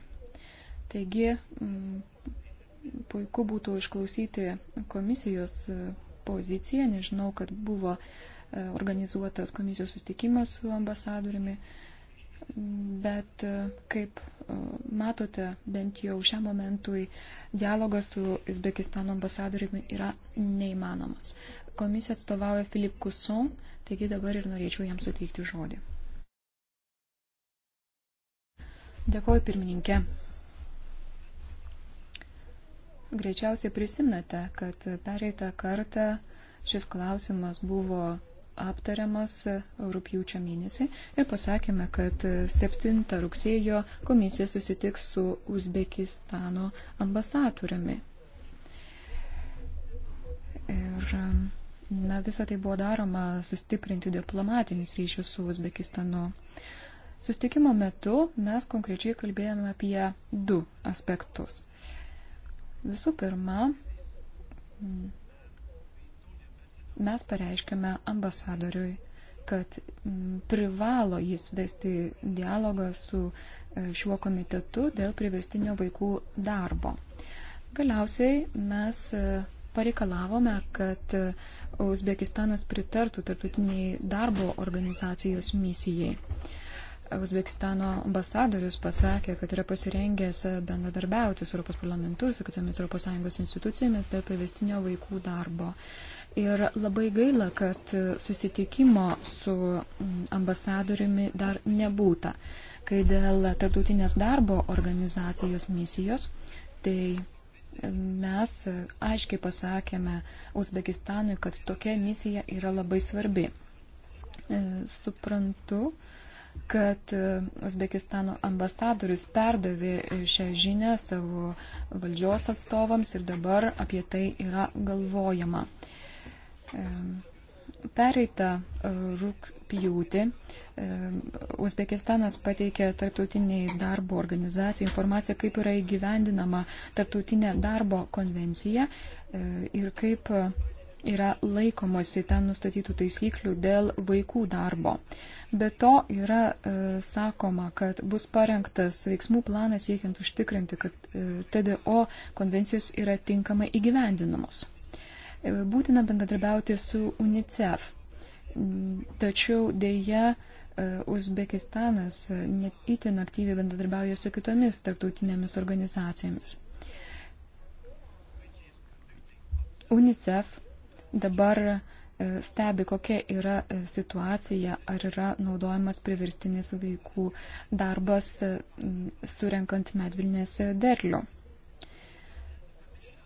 Taigi, mm, puiku būtų išklausyti komisijos e, poziciją, nežinau, kad buvo uh, E, organizuotas komisijos sustikimas su ambasadoriumi. Bet e, kaip e, matote, bent jau šiam momentui dialogas su Uzbekistano ambasadoriumi yra neįmanomas. Komisija atstovauja Filip Kuson, taigi dabar ir norėčiau jam suteikti žodį. Dėkoju pirmininkė. Greičiausiai prisimnate, kad pereitą kartą šis klausimas buvo aptariamas rūpjūčio mėnesį ir pasakėme, kad 7 rugsėjo komisija susitiks su Uzbekistano ambasatoriumi. Ir na, visa tai buvo daroma sustiprinti diplomatinius ryšius su Uzbekistanu. Sustikimo metu mes konkrečiai kalbėjome apie du aspektus. Visų pirma, mes pareiškėme ambasadoriui, kad mm, privalo jis vesti dialogą su e, šiuo komitetu dėl priverstinio vaikų darbo. Galiausiai mes e, pareikalavome, kad e, Uzbekistanas pritartų tarptautiniai darbo organizacijos misijai. Uzbekistano ambasadorius pasakė, kad yra pasirengęs bendradarbiauti su Europos parlamentu ir su kitomis ES institucijomis dėl privestinio vaikų darbo. Ir labai gaila, kad susitikimo su ambasadoriumi dar nebūta. Kai dėl tarptautinės darbo organizacijos misijos, tai mes aiškiai pasakėme Uzbekistanui, kad tokia misija yra labai svarbi. Suprantu, kad e, Uzbekistano ambasadorius perdavė šią žinę savo valdžios atstovams ir dabar apie tai yra galvojama. E, Pereitą e, rūpjūtį Uzbekistanas pateikė tarptautiniai darbo organizacijai informaciją, kaip yra įgyvendinama tarptautinė darbo konvencija ir kaip yra laikomasi ten nustatytų taisyklių dėl vaikų darbo. Be to yra e, sakoma, kad bus parengtas veiksmų planas siekiant užtikrinti, kad e, TDO konvencijos yra tinkamai įgyvendinamos. E, būtina bendradarbiauti su UNICEF. Mm, tačiau dėja, e, Uzbekistanas e, net itin aktyviai bendradarbiauja su kitomis tarptautinėmis organizacijomis. UNICEF dabar e, stebi, kokia yra e, situacija, ar yra naudojamas priverstinis vaikų darbas e, surenkant medvilnės derlių.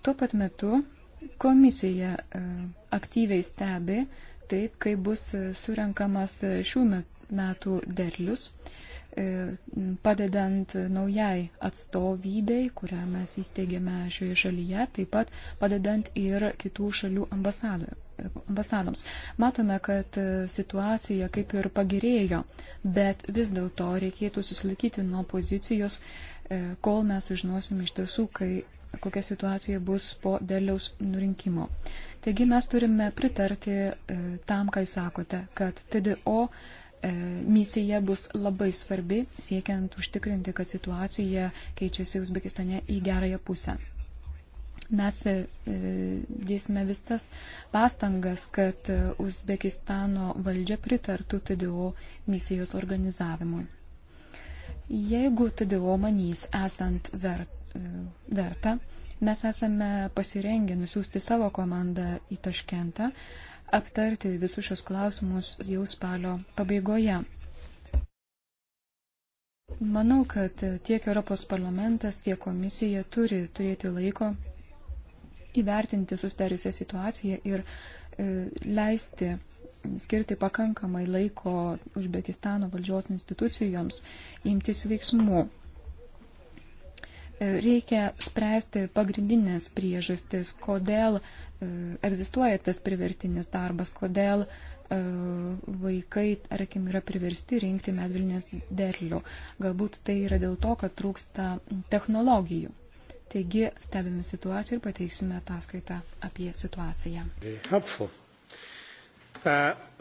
Tuo pat metu komisija aktyviai stebi taip, kaip bus surenkamas šių metų derlius E, padedant naujai atstovybei, kurią mes įsteigėme šioje šalyje, taip pat padedant ir kitų šalių ambasadoms. Matome, kad situacija kaip ir pagerėjo, bet vis dėlto reikėtų susilaikyti nuo pozicijos, e, kol mes sužinosim iš tiesų, kai kokia situacija bus po dėliaus nurinkimo. Taigi mes turime pritarti e, tam, ką jūs sakote, kad TDO E, misija bus labai svarbi, siekiant užtikrinti, kad situacija keičiasi Uzbekistane į gerąją pusę. Mes e, dėsime visas pastangas, kad Uzbekistano valdžia pritartų TDO misijos organizavimui. Jeigu TDO manys esant vert, e, verta, mes esame pasirengę nusiųsti savo komandą į Taškentą, aptarti visus šios klausimus jau spalio pabaigoje. Manau, kad tiek Europos parlamentas, tiek komisija turi turėti laiko įvertinti susidariusią situaciją ir e, leisti skirti pakankamai laiko Uzbekistano valdžios institucijoms imtis veiksmų. E, reikia spręsti pagrindinės priežastis, kodėl E, egzistuoja tas privertinis darbas, kodėl e, vaikai, tarkim, yra priversti rinkti medvilnės derlių. Galbūt tai yra dėl to, kad trūksta technologijų. Taigi stebime situaciją ir pateiksime ataskaitą apie situaciją. Uh,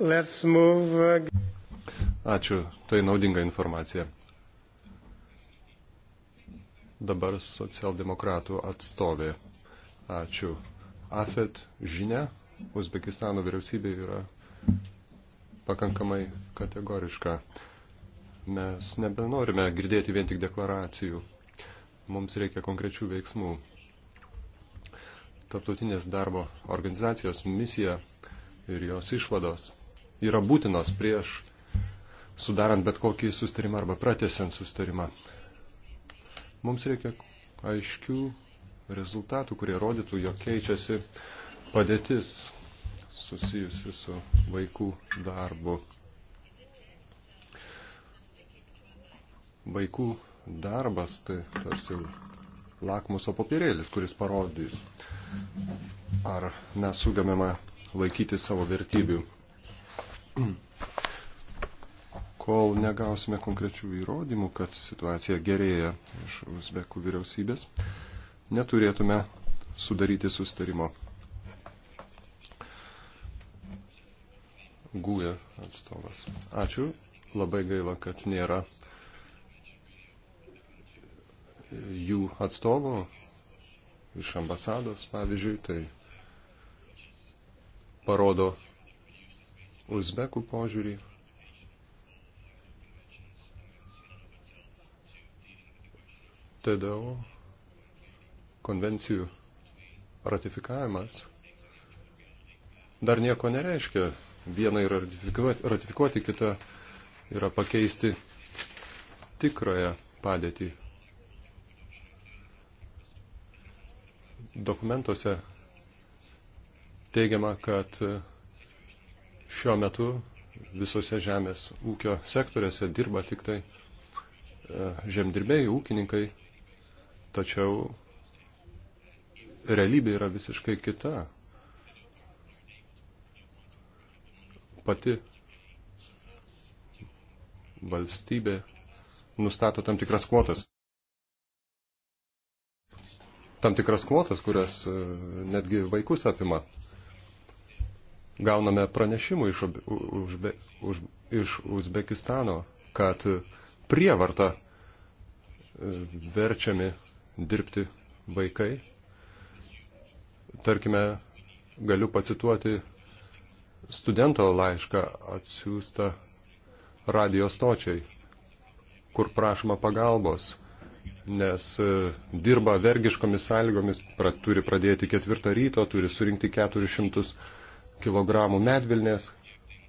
uh, Ačiū, tai naudinga informacija. Dabar socialdemokratų atstovė. Ačiū. AFET žinia Uzbekistano vyriausybė yra pakankamai kategoriška. Mes nebenorime girdėti vien tik deklaracijų. Mums reikia konkrečių veiksmų. Tarptautinės darbo organizacijos misija ir jos išvados yra būtinos prieš sudarant bet kokį sustarimą arba pratesiant sustarimą. Mums reikia aiškių rezultatų, kurie rodytų, jog keičiasi padėtis susijusi su vaikų darbu. Vaikų darbas tai tarsi lakmuso papirėlis, kuris parodys, ar mes sugebėme laikyti savo vertybių. Kol negausime konkrečių įrodymų, kad situacija gerėja iš Uzbekų vyriausybės, neturėtume sudaryti sustarimo. Gūja atstovas. Ačiū. Labai gaila, kad nėra jų atstovo iš ambasados, pavyzdžiui. Tai parodo uzbekų požiūrį. TDO konvencijų ratifikavimas dar nieko nereiškia. Viena yra ratifikuoti, ratifikuoti kita yra pakeisti tikrąją padėtį. Dokumentuose teigiama, kad šiuo metu visose žemės ūkio sektoriuose dirba tik tai e, žemdirbėjai, ūkininkai, tačiau realybė yra visiškai kita. Pati valstybė nustato tam tikras kvotas. Tam tikras kvotas, kurias e, netgi vaikus apima. Gauname pranešimų iš, Uzbe, už, iš Uzbekistano, kad prievarta e, verčiami dirbti vaikai Tarkime, galiu pacituoti studento laišką atsiųstą radio stočiai, kur prašoma pagalbos, nes e, dirba vergiškomis sąlygomis, turi pradėti ketvirtą ryto, turi surinkti 400 kg medvilnės,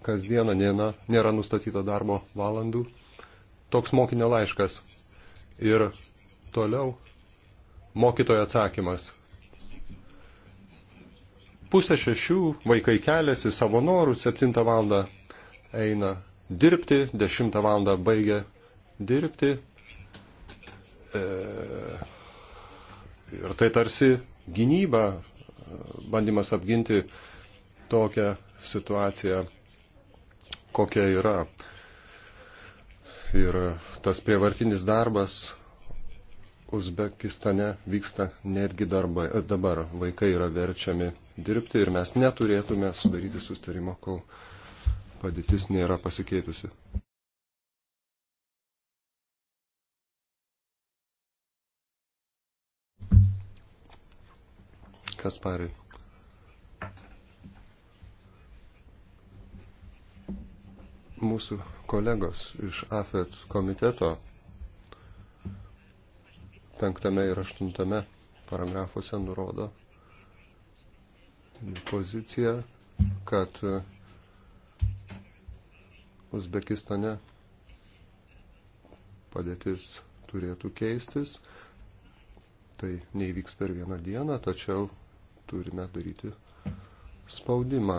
kasdieną nėra, nėra nustatyta darbo valandų. Toks mokinio laiškas. Ir toliau mokytojo atsakymas pusę šešių vaikai keliasi savo norų, septintą valandą eina dirbti, dešimtą valandą baigia dirbti. E, ir tai tarsi gynyba, bandymas apginti tokią situaciją, kokia yra. Ir tas prievartinis darbas Uzbekistane vyksta netgi darbai. E, dabar vaikai yra verčiami dirbti ir mes neturėtume sudaryti sustarimo, kol padėtis nėra pasikeitusi. Kasparai. Mūsų kolegos iš AFET komiteto penktame ir aštuntame paragrafuose nurodo poziciją, kad Uzbekistane padėtis turėtų keistis. Tai neįvyks per vieną dieną, tačiau turime daryti spaudimą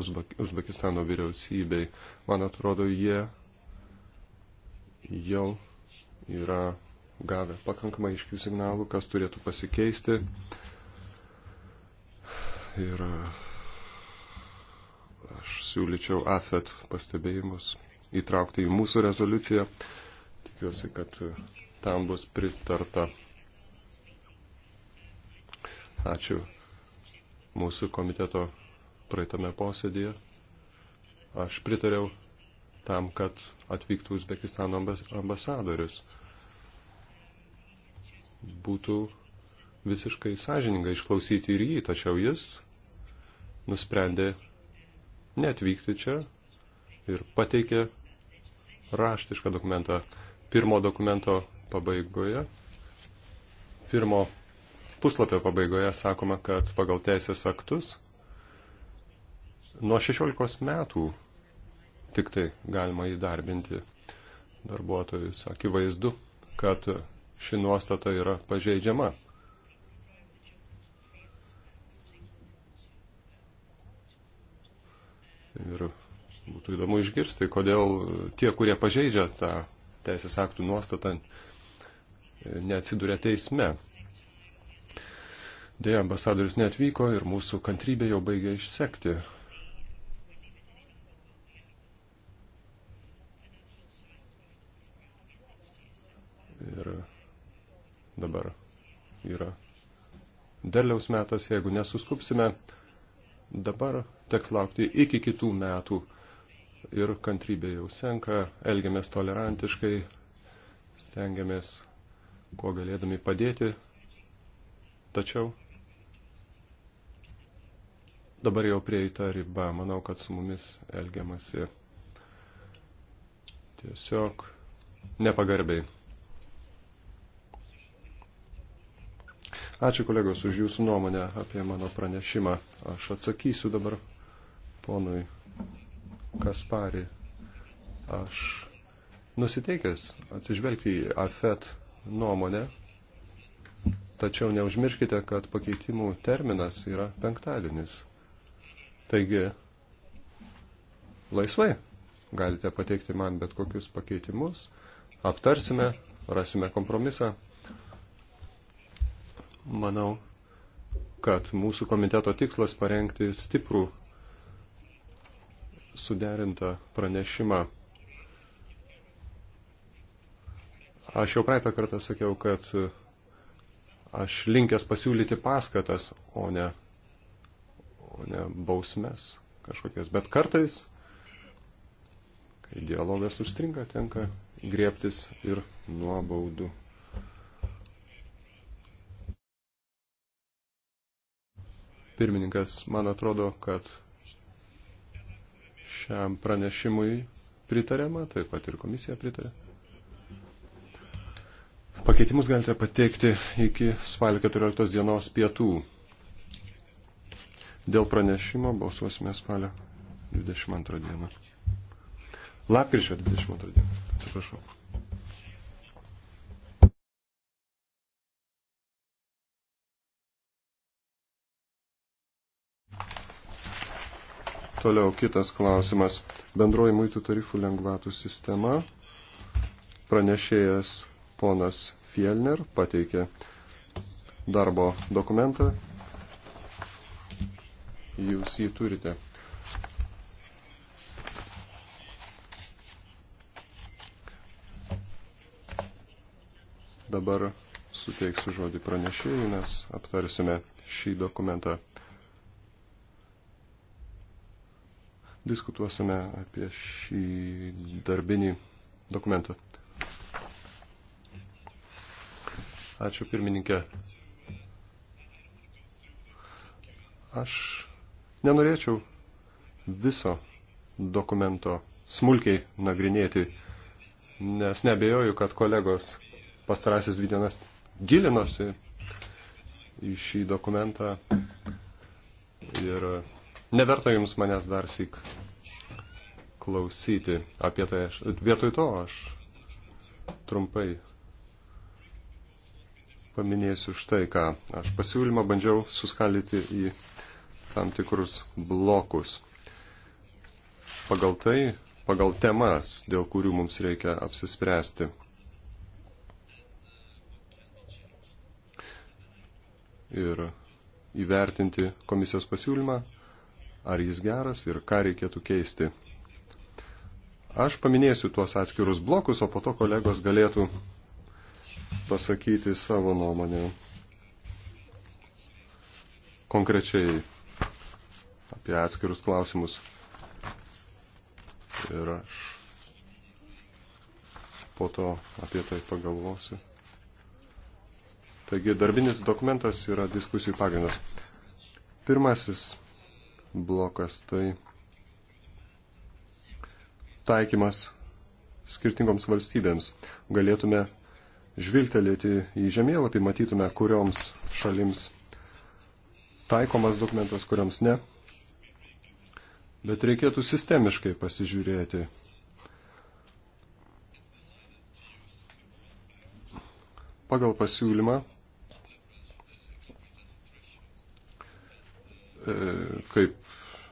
Uzbekistano vyriausybei. Man atrodo, jie jau yra gavę pakankamai iškių signalų, kas turėtų pasikeisti. Ir e, aš siūlyčiau AFET pastebėjimus įtraukti į mūsų rezoliuciją. Tikiuosi, kad e, tam bus pritarta. Ačiū mūsų komiteto praeitame posėdėje. Aš pritariau tam, kad atvyktų Uzbekistano ambasadorius būtų visiškai sąžininga išklausyti ir jį, tačiau jis nusprendė netvykti čia ir pateikė raštišką dokumentą. Pirmo dokumento pabaigoje, pirmo puslapio pabaigoje sakoma, kad pagal teisės aktus nuo 16 metų tik tai galima įdarbinti darbuotojus. Akivaizdu, kad ši nuostata yra pažeidžiama. Ir būtų įdomu išgirsti, kodėl tie, kurie pažeidžia tą teisės aktų nuostatą, neatsiduria teisme. Deja, ambasadorius neatvyko ir mūsų kantrybė jau baigė išsekti. Ir Dabar yra derliaus metas, jeigu nesuskupsime, dabar teks laukti iki kitų metų. Ir kantrybė jau senka, elgiamės tolerantiškai, stengiamės, kuo galėdami padėti. Tačiau dabar jau prieita riba. Manau, kad su mumis elgiamasi tiesiog nepagarbiai. Ačiū kolegos už jūsų nuomonę apie mano pranešimą. Aš atsakysiu dabar ponui Kaspari. Aš nusiteikęs atsižvelgti į AFET nuomonę, tačiau neužmirškite, kad pakeitimų terminas yra penktadienis. Taigi, laisvai galite pateikti man bet kokius pakeitimus, aptarsime, rasime kompromisą. Manau, kad mūsų komiteto tikslas parengti stiprų suderintą pranešimą. Aš jau praeitą kartą sakiau, kad aš linkęs pasiūlyti paskatas, o ne, o ne bausmes kažkokias. Bet kartais, kai dialogas užstringa, tenka griebtis ir nuobaudų. pirmininkas. Man atrodo, kad šiam pranešimui pritariama, taip pat ir komisija pritarė. Pakeitimus galite pateikti iki spalio 14 dienos pietų. Dėl pranešimo balsuosime spalio 22 dieną. Lapkričio 22 dieną. Atsiprašau. Toliau kitas klausimas. Bendroji muitų tarifų lengvatų sistema. Pranešėjas ponas Fielner pateikė darbo dokumentą. Jūs jį turite. Dabar suteiksiu žodį pranešėjai, nes aptarsime šį dokumentą. diskutuosime apie šį darbinį dokumentą. Ačiū pirmininkė. Aš nenorėčiau viso dokumento smulkiai nagrinėti, nes nebejoju, kad kolegos pastarasis dvi dienas gilinosi į šį dokumentą ir Neverta jums manęs dar sik klausyti apie tai. Aš, vietoj to aš trumpai paminėsiu štai ką. Aš pasiūlymą bandžiau suskaldyti į tam tikrus blokus. Pagal tai, pagal temas, dėl kurių mums reikia apsispręsti. Ir įvertinti komisijos pasiūlymą ar jis geras ir ką reikėtų keisti. Aš paminėsiu tuos atskirus blokus, o po to kolegos galėtų pasakyti savo nuomonę konkrečiai apie atskirus klausimus. Ir aš po to apie tai pagalvosiu. Taigi darbinis dokumentas yra diskusijų pagrindas. Pirmasis blokas, tai taikymas skirtingoms valstybėms. Galėtume žvilgtelėti į žemėlapį, matytume, kurioms šalims taikomas dokumentas, kuriams ne. Bet reikėtų sistemiškai pasižiūrėti. Pagal pasiūlymą, e, kaip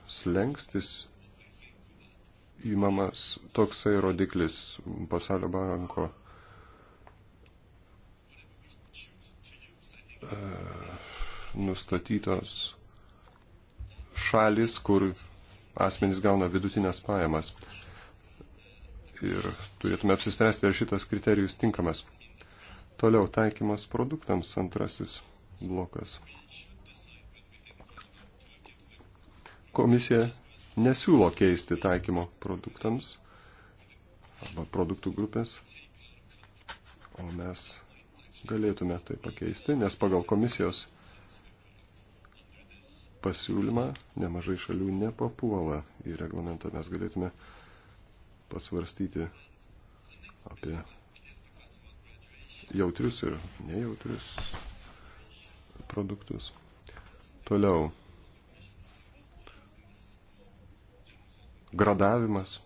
slengstis įmamas toksai rodiklis pasaulio banko. E, nustatytos šalis, kur asmenys gauna vidutinės pajamas. Ir turėtume apsispręsti, ar šitas kriterijus tinkamas. Toliau taikymas produktams antrasis blokas komisija nesiūlo keisti taikymo produktams arba produktų grupės, o mes galėtume tai pakeisti, nes pagal komisijos pasiūlymą nemažai šalių nepapuola į reglamentą. Mes galėtume pasvarstyti apie jautrius ir nejautrius produktus. Toliau gradavimas.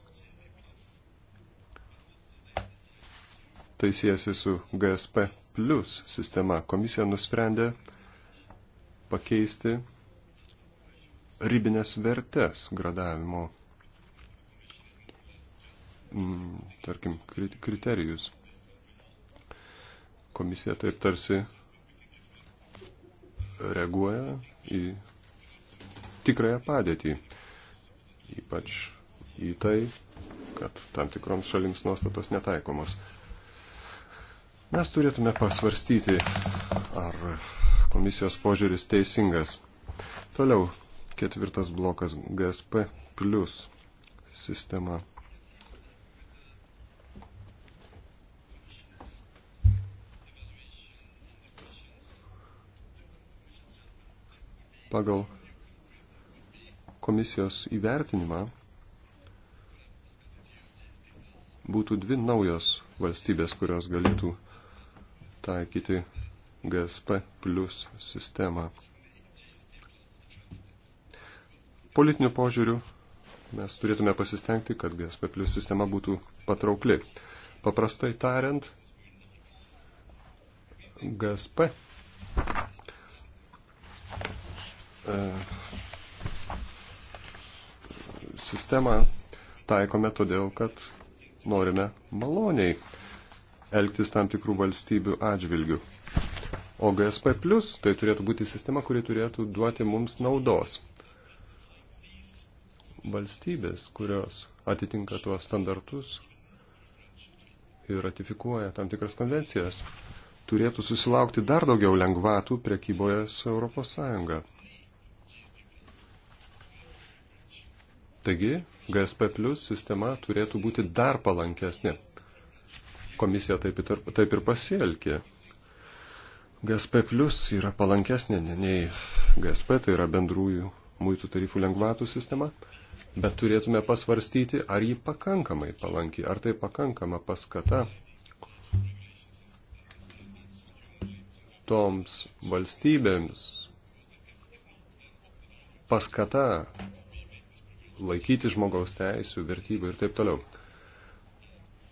Tai siejasi su GSP plus sistema. Komisija nusprendė pakeisti ribinės vertės gradavimo, mm, tarkim, kriterijus. Komisija taip tarsi reaguoja į tikrąją padėtį, ypač į tai, kad tam tikroms šalims nuostatos netaikomos. Mes turėtume pasvarstyti, ar komisijos požiūris teisingas. Toliau ketvirtas blokas GSP plus sistema. Pagal komisijos įvertinimą būtų dvi naujos valstybės, kurios galėtų taikyti GSP plus sistemą. Politiniu požiūriu mes turėtume pasistengti, kad GSP plus sistema būtų patraukli. Paprastai tariant, GSP e, sistemą taikome todėl, kad norime maloniai elgtis tam tikrų valstybių atžvilgių. O GSP plus tai turėtų būti sistema, kuri turėtų duoti mums naudos. Valstybės, kurios atitinka tuos standartus ir ratifikuoja tam tikras konvencijas, turėtų susilaukti dar daugiau lengvatų prekyboje su ES. Taigi, GSP plus sistema turėtų būti dar palankesnė. Komisija taip ir, taip ir pasielgė. GSP plus yra palankesnė nei GSP, tai yra bendrųjų muitų tarifų lengvatų sistema, bet turėtume pasvarstyti, ar ji pakankamai palanki, ar tai pakankama paskata toms valstybėms paskata laikyti žmogaus teisų, vertybių ir taip toliau.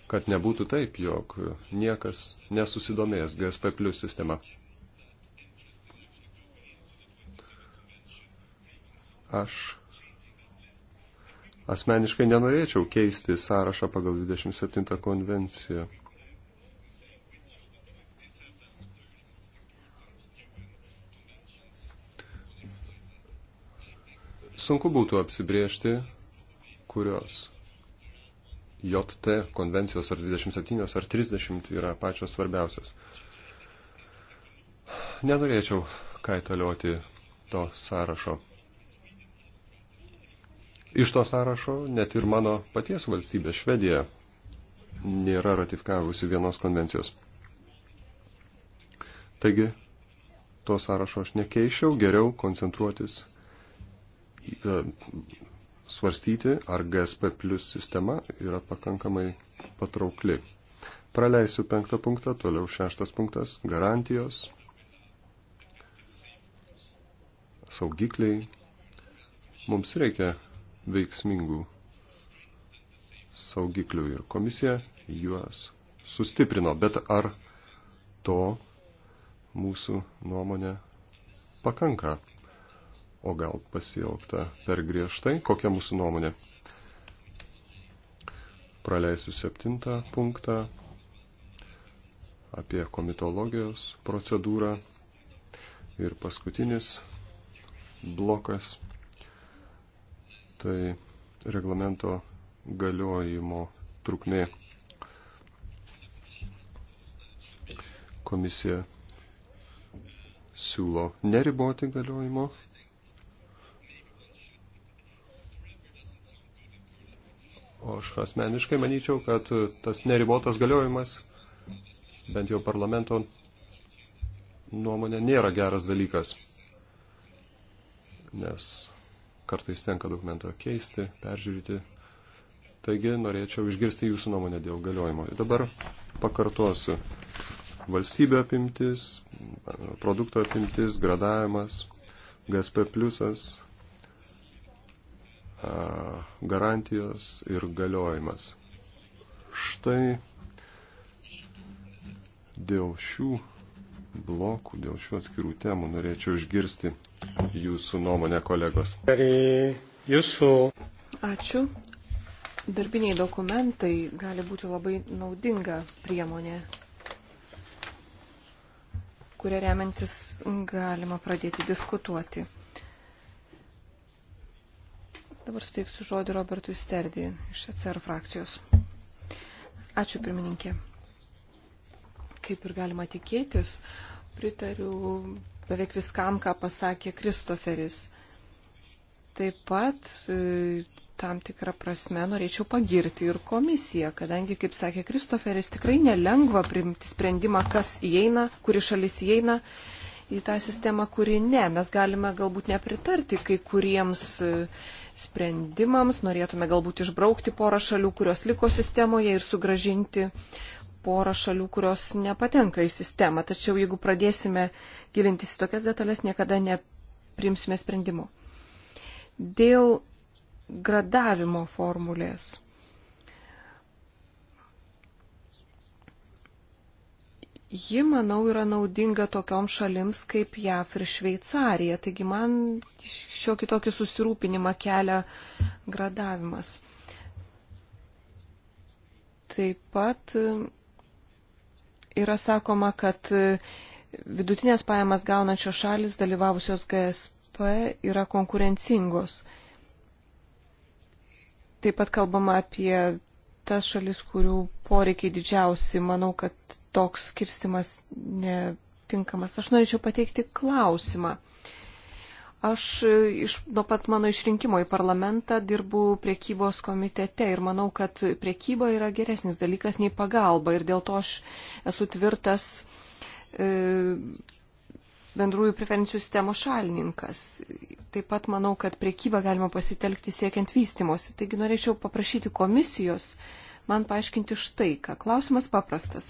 Kad nebūtų taip, jog niekas nesusidomės GSP plus sistema. Aš asmeniškai nenorėčiau keisti sąrašą pagal 27 konvenciją. sunku būtų apsibriežti, kurios JT konvencijos ar 27 ar 30 yra pačios svarbiausios. Nenorėčiau kaitalioti to sąrašo. Iš to sąrašo net ir mano paties valstybė Švedija nėra ratifikavusi vienos konvencijos. Taigi, to sąrašo aš nekeičiau, geriau koncentruotis E, svarstyti, ar GSP plus sistema yra pakankamai patraukli. Praleisiu penktą punktą, toliau šeštas punktas - garantijos, saugikliai. Mums reikia veiksmingų saugiklių ir komisija juos sustiprino, bet ar to mūsų nuomonė pakanka? o gal pasielgta per griežtai. Kokia mūsų nuomonė? Praleisiu septintą punktą apie komitologijos procedūrą ir paskutinis blokas tai reglamento galiojimo trukmė. Komisija siūlo neriboti galiojimo Aš asmeniškai manyčiau, kad tas neribotas galiojimas, bent jau parlamento nuomonė, nėra geras dalykas. Nes kartais tenka dokumentą keisti, peržiūrėti. Taigi norėčiau išgirsti jūsų nuomonę dėl galiojimo. Dabar pakartosiu. Valstybė apimtis, produkto apimtis, gradavimas, GSP pliusas, garantijos ir galiojimas. Štai dėl šių blokų, dėl šių atskirų temų norėčiau išgirsti jūsų nuomonę, kolegos. Jūsų. Ačiū. Darbiniai dokumentai gali būti labai naudinga priemonė, kuria remiantis galima pradėti diskutuoti. Dabar suteiksiu žodį Robertui Sterdį iš ECR frakcijos. Ačiū pirmininkė. Kaip ir galima tikėtis, pritariu beveik viskam, ką pasakė Kristoferis. Taip pat e, tam tikrą prasme norėčiau pagirti ir komisiją, kadangi, kaip sakė Kristoferis, tikrai nelengva priimti sprendimą, kas įeina, kuri šalis įeina į tą sistemą, kuri ne. Mes galime galbūt nepritarti kai kuriems e, sprendimams. Norėtume galbūt išbraukti porą šalių, kurios liko sistemoje ir sugražinti porą šalių, kurios nepatenka į sistemą. Tačiau jeigu pradėsime gilintis į tokias detalės, niekada neprimsime sprendimų. Dėl gradavimo formulės. ji, manau, yra naudinga tokiom šalims kaip JAF ir Šveicarija. Taigi man šiokį tokį susirūpinimą kelia gradavimas. Taip pat e, yra sakoma, kad e, vidutinės pajamas gaunančios šalis dalyvavusios GSP yra konkurencingos. Taip pat kalbama apie tas šalis, kurių poreikiai didžiausi. Manau, kad toks skirstimas netinkamas. Aš norėčiau pateikti klausimą. Aš iš, nuo pat mano išrinkimo į parlamentą dirbu priekybos komitete ir manau, kad priekyba yra geresnis dalykas nei pagalba ir dėl to aš esu tvirtas e, bendrųjų preferencijų sistemos šalininkas. Taip pat manau, kad priekybą galima pasitelkti siekiant vystimosi. Taigi norėčiau paprašyti komisijos e, man paaiškinti štai ką. Klausimas paprastas.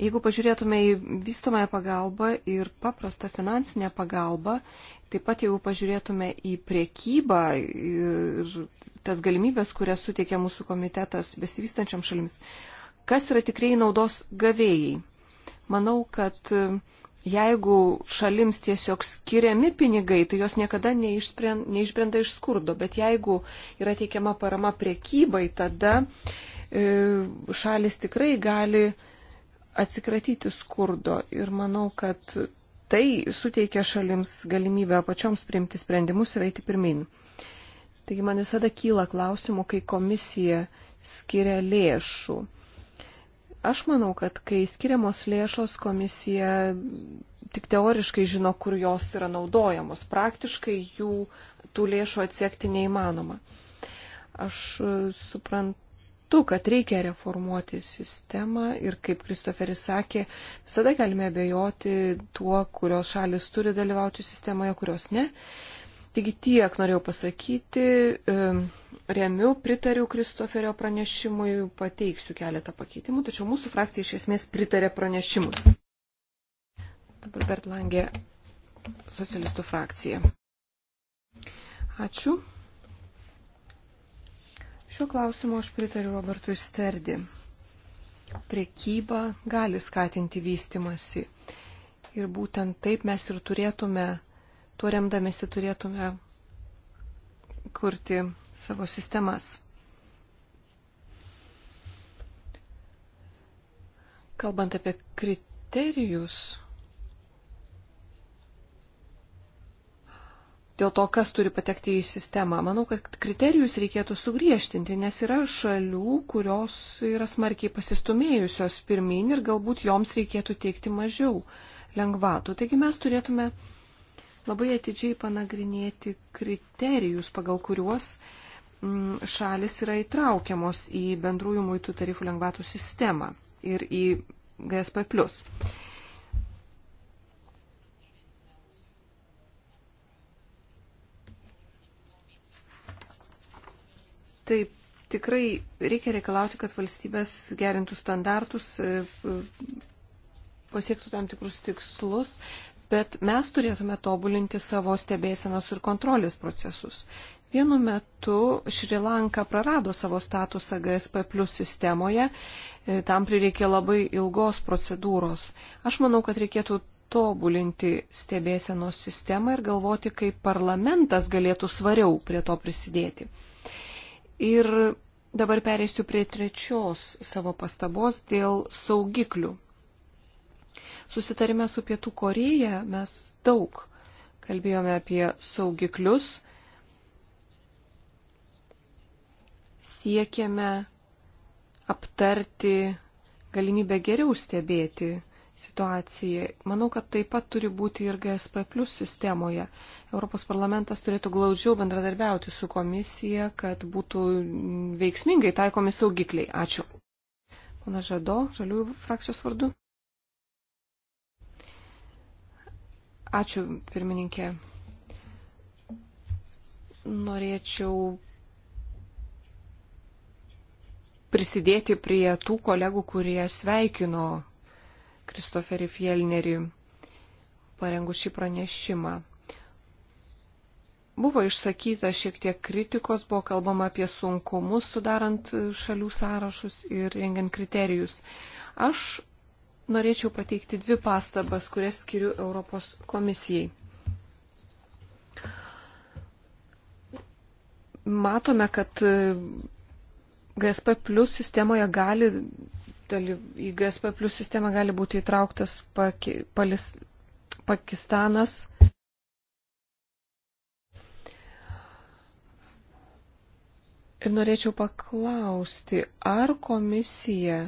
Jeigu pažiūrėtume į vystomąją pagalbą ir paprastą finansinę pagalbą, taip pat jeigu pažiūrėtume į priekybą ir tas galimybės, kurias suteikia mūsų komitetas besivystančiam šalims, kas yra tikrieji naudos gavėjai? Manau, kad jeigu šalims tiesiog skiriami pinigai, tai jos niekada neišbrenda iš skurdo, bet jeigu yra teikiama parama priekybai, tada e, šalis tikrai gali atsikratyti skurdo. Ir manau, kad tai suteikia šalims galimybę pačioms priimti sprendimus ir eiti pirmin. Taigi man visada kyla klausimų, kai komisija skiria lėšų. Aš manau, kad kai skiriamos lėšos, komisija tik teoriškai žino, kur jos yra naudojamos. Praktiškai jų tų lėšų atsiekti neįmanoma. Aš e, suprantu, kad reikia reformuoti sistemą ir, kaip Kristoferis sakė, visada galime abejoti tuo, kurios šalis turi dalyvauti sistemoje, kurios ne. Uh, Taigi tiek norėjau pasakyti, e, remiu, pritariu Kristoferio pranešimui, pateiksiu keletą pakeitimų, tačiau mūsų frakcija iš esmės pritarė pranešimui. Dabar Bertlangė, socialistų frakcija. Ačiū. Šiuo klausimu aš pritariu Robertui Sterdi. Prekyba gali skatinti vystimasi. Ir būtent taip mes ir turėtume tuo remdamėsi turėtume kurti savo sistemas. Kalbant apie kriterijus, dėl to, kas turi patekti į sistemą, manau, kad kriterijus reikėtų sugriežtinti, nes yra šalių, kurios yra smarkiai pasistumėjusios pirmin ir galbūt joms reikėtų teikti mažiau lengvatų. Taigi mes turėtume uh, labai atidžiai panagrinėti kriterijus, pagal kuriuos mm, šalis yra įtraukiamos į bendrųjų muitų tarifų lengvatų sistemą ir į GSP. Taip, tikrai reikia reikalauti, kad valstybės gerintų standartus, e, pasiektų tam tikrus tikslus, bet mes turėtume tobulinti savo stebėsenos ir kontrolės procesus. Vienu metu Šri Lanka prarado savo statusą GSP plus sistemoje, e, tam prireikė labai ilgos procedūros. Aš manau, kad reikėtų tobulinti stebėsenos sistemą ir galvoti, kaip parlamentas galėtų svariau prie to prisidėti. Ir dabar perėsiu prie trečios savo pastabos dėl saugiklių. Susitarime su Pietų Koreja mes daug kalbėjome apie saugiklius. Siekėme aptarti galimybę geriau stebėti situaciją. Manau, kad taip pat turi būti ir GSP plus sistemoje. Europos parlamentas turėtų glaudžiau bendradarbiauti su komisija, kad būtų veiksmingai taikomi saugikliai. Ačiū. Pana Žado, žaliųjų frakcijos vardu. Ačiū, pirmininkė. Norėčiau prisidėti prie tų kolegų, kurie sveikino Kristoferį Fielnerį parengus šį pranešimą. Buvo išsakyta šiek tiek kritikos, buvo kalbama apie sunkumus sudarant šalių sąrašus ir rengiant kriterijus. Aš norėčiau pateikti dvi pastabas, kurias skiriu Europos komisijai. Matome, kad e, GSP plus sistemoje gali, į GSP plus sistemą gali būti įtrauktas Paki, Palis, Pakistanas. Ir norėčiau paklausti, ar komisija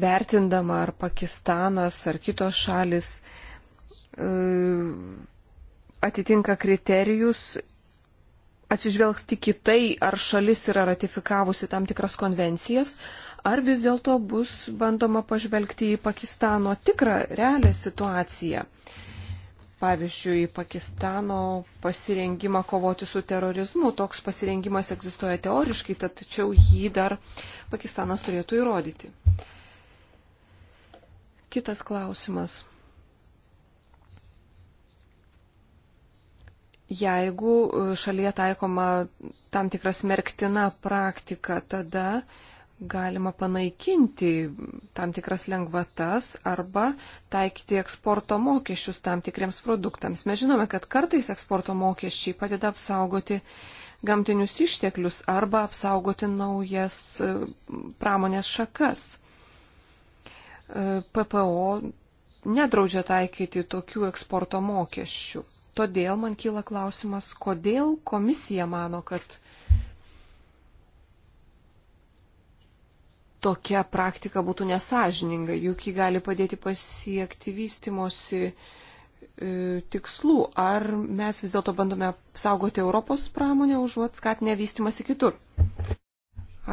vertindama ar Pakistanas ar kitos šalis e, atitinka kriterijus, atsižvelgs tik į tai, ar šalis yra ratifikavusi tam tikras konvencijas, ar vis dėlto bus bandoma pažvelgti į Pakistano tikrą, realią situaciją. Pavyzdžiui, Pakistano pasirengimą kovoti su terorizmu. Toks pasirengimas egzistuoja teoriškai, tačiau jį dar Pakistanas turėtų įrodyti. Uh, Kitas klausimas. Jeigu šalyje taikoma tam tikra smerktina praktika, tada galima panaikinti tam tikras lengvatas arba taikyti eksporto mokesčius tam tikriems produktams. Mes žinome, kad kartais eksporto mokesčiai padeda apsaugoti gamtinius išteklius arba apsaugoti naujas e, pramonės šakas. PPO nedraudžia taikyti tokių eksporto mokesčių. Todėl man kyla klausimas, kodėl komisija mano, kad tokia praktika būtų nesažininga, juk ji gali padėti pasiekti vystimosi e, tikslų, ar mes vis dėlto bandome saugoti Europos pramonę, užuot skatinę vystimasi kitur.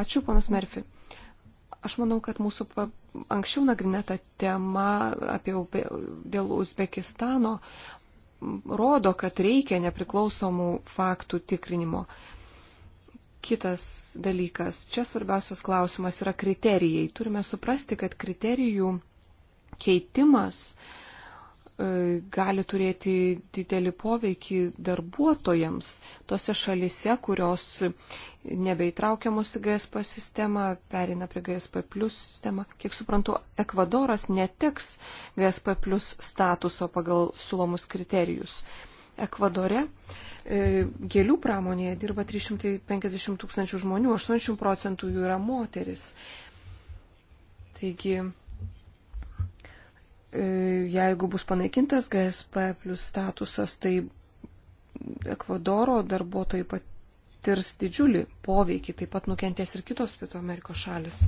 Ačiū, ponas Merfi. Aš manau, kad mūsų anksčiau nagrinėta tema apie, dėl Uzbekistano rodo, kad reikia nepriklausomų faktų tikrinimo. Kitas dalykas, čia svarbiausias klausimas yra kriterijai. Turime suprasti, kad kriterijų keitimas uh, E, gali turėti didelį poveikį darbuotojams tose šalise, kurios nebeįtraukiamos į GSP sistemą, perina prie GSP plus sistemą. Kiek suprantu, Ekvadoras neteks GSP plus statuso pagal sulomus kriterijus. Ekvadore e, gėlių pramonėje dirba 350 tūkstančių žmonių, 80 procentų jų yra moteris. Taigi E, jeigu bus panaikintas GSP plus statusas, tai Ekvadoro darbuotojai patirs didžiulį poveikį, taip pat nukentės ir kitos Pietų Amerikos šalis.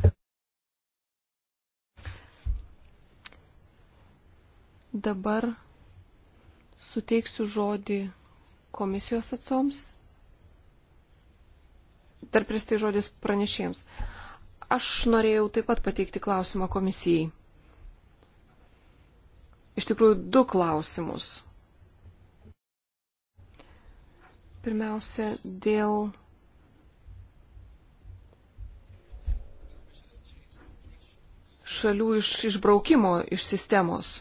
Dabar suteiksiu žodį komisijos atsoms. Dar prieš tai žodis pranešėjams. Aš norėjau taip pat pateikti klausimą komisijai iš tikrųjų du klausimus. Pirmiausia, dėl šalių iš, išbraukimo iš sistemos.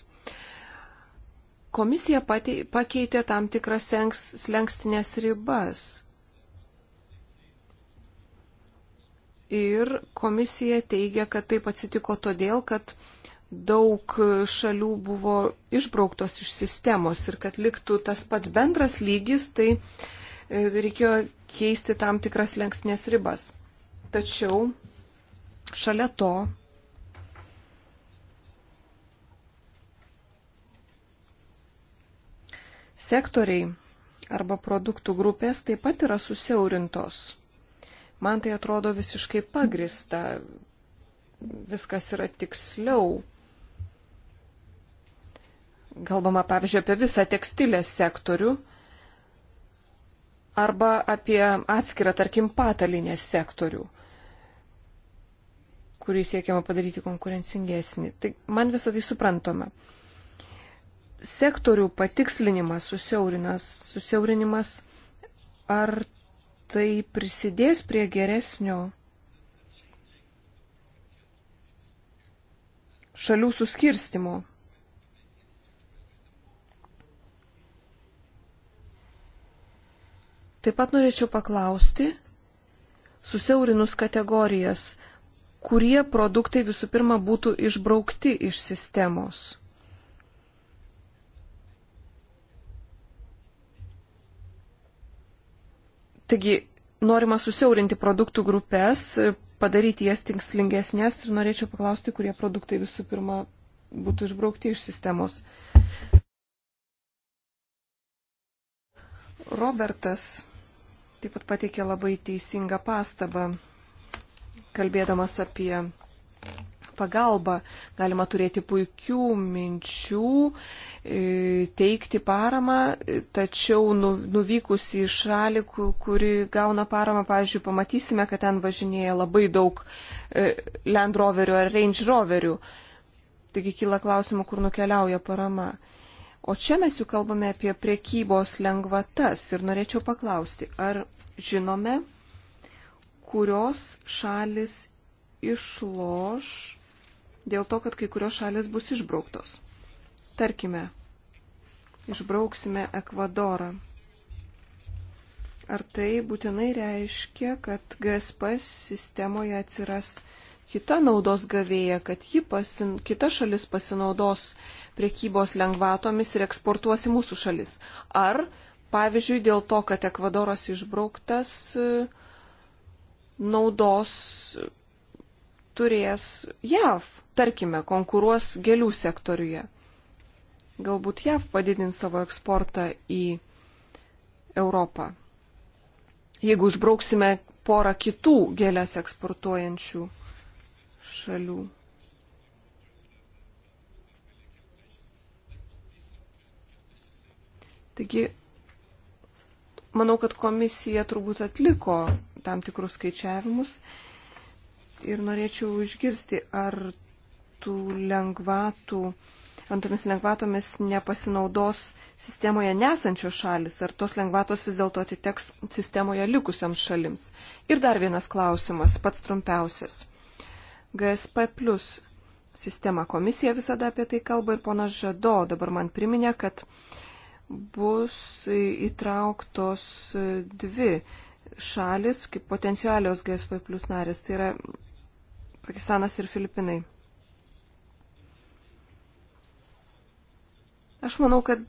Komisija pati, pakeitė tam tikras slengstinės ribas. Ir komisija teigia, kad taip atsitiko todėl, kad daug šalių buvo išbrauktos iš sistemos ir kad liktų tas pats bendras lygis, tai e, reikėjo keisti tam tikras lenksnės ribas. Tačiau šalia to sektoriai arba produktų grupės taip pat yra susiaurintos. Man tai atrodo visiškai pagrista. Viskas yra tiksliau kalbama, pavyzdžiui, apie visą tekstilės sektorių arba apie atskirą, tarkim, patalinės sektorių, kurį siekiama padaryti konkurencingesnį. Tai man visą tai suprantama. Sektorių patikslinimas, susiaurinas, susiaurinimas, ar tai prisidės prie geresnio šalių suskirstimo? Taip pat norėčiau paklausti, susiaurinus kategorijas, kurie produktai visų pirma būtų išbraukti iš sistemos. Taigi, norima susiaurinti produktų grupės, padaryti jas tikslingesnės ir norėčiau paklausti, kurie produktai visų pirma būtų išbraukti iš sistemos. Robertas taip pat pateikė labai teisingą pastabą, kalbėdamas apie pagalbą. Galima turėti puikių minčių, e, teikti paramą, tačiau nu, nuvykus į šalį, kuri gauna paramą, pavyzdžiui, pamatysime, kad ten važinėja labai daug e, Land Roverių ar Range Roverių. Taigi kyla klausimų, kur nukeliauja parama. O čia mes jau kalbame apie priekybos lengvatas ir norėčiau paklausti, ar žinome, kurios šalis išloš dėl to, kad kai kurios šalis bus išbrauktos. Tarkime, išbrauksime Ekvadorą. Ar tai būtinai reiškia, kad GSP sistemoje atsiras kita naudos gavėja, kad pasin, kita šalis pasinaudos priekybos lengvatomis ir eksportuos į mūsų šalis. Ar, pavyzdžiui, dėl to, kad Ekvadoras išbrauktas, naudos turės JAV, tarkime, konkuruos gėlių sektoriuje. Galbūt JAV padidins savo eksportą į Europą. Jeigu išbrauksime porą kitų gėlės eksportuojančių šalių. Taigi, manau, kad komisija turbūt atliko tam tikrus skaičiavimus ir norėčiau išgirsti, ar tų lengvatų, antomis lengvatomis nepasinaudos sistemoje nesančios šalis, ar tos lengvatos vis dėlto atiteks sistemoje likusiams šalims. Ir dar vienas klausimas, pats trumpiausias. GSP plus sistema komisija visada apie tai kalba ir ponas Žado dabar man priminė, kad uh, bus įtrauktos dvi šalis kaip potencialios GSP plus narės, tai yra Pakistanas ir Filipinai. Aš manau, kad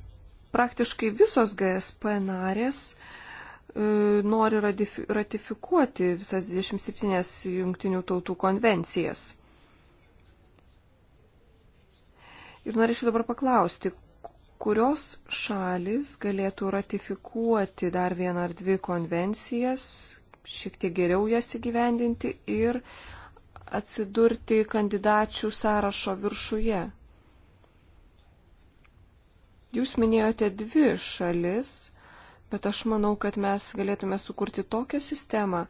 praktiškai visos GSP narės e, nori ratifikuoti visas 27 jungtinių tautų konvencijas. Ir norėčiau dabar paklausti, kurios šalis galėtų ratifikuoti dar vieną ar dvi konvencijas, šiek tiek geriau jas įgyvendinti ir atsidurti kandidačių sąrašo viršuje. Jūs minėjote dvi šalis, bet aš manau, kad mes galėtume sukurti tokią sistemą,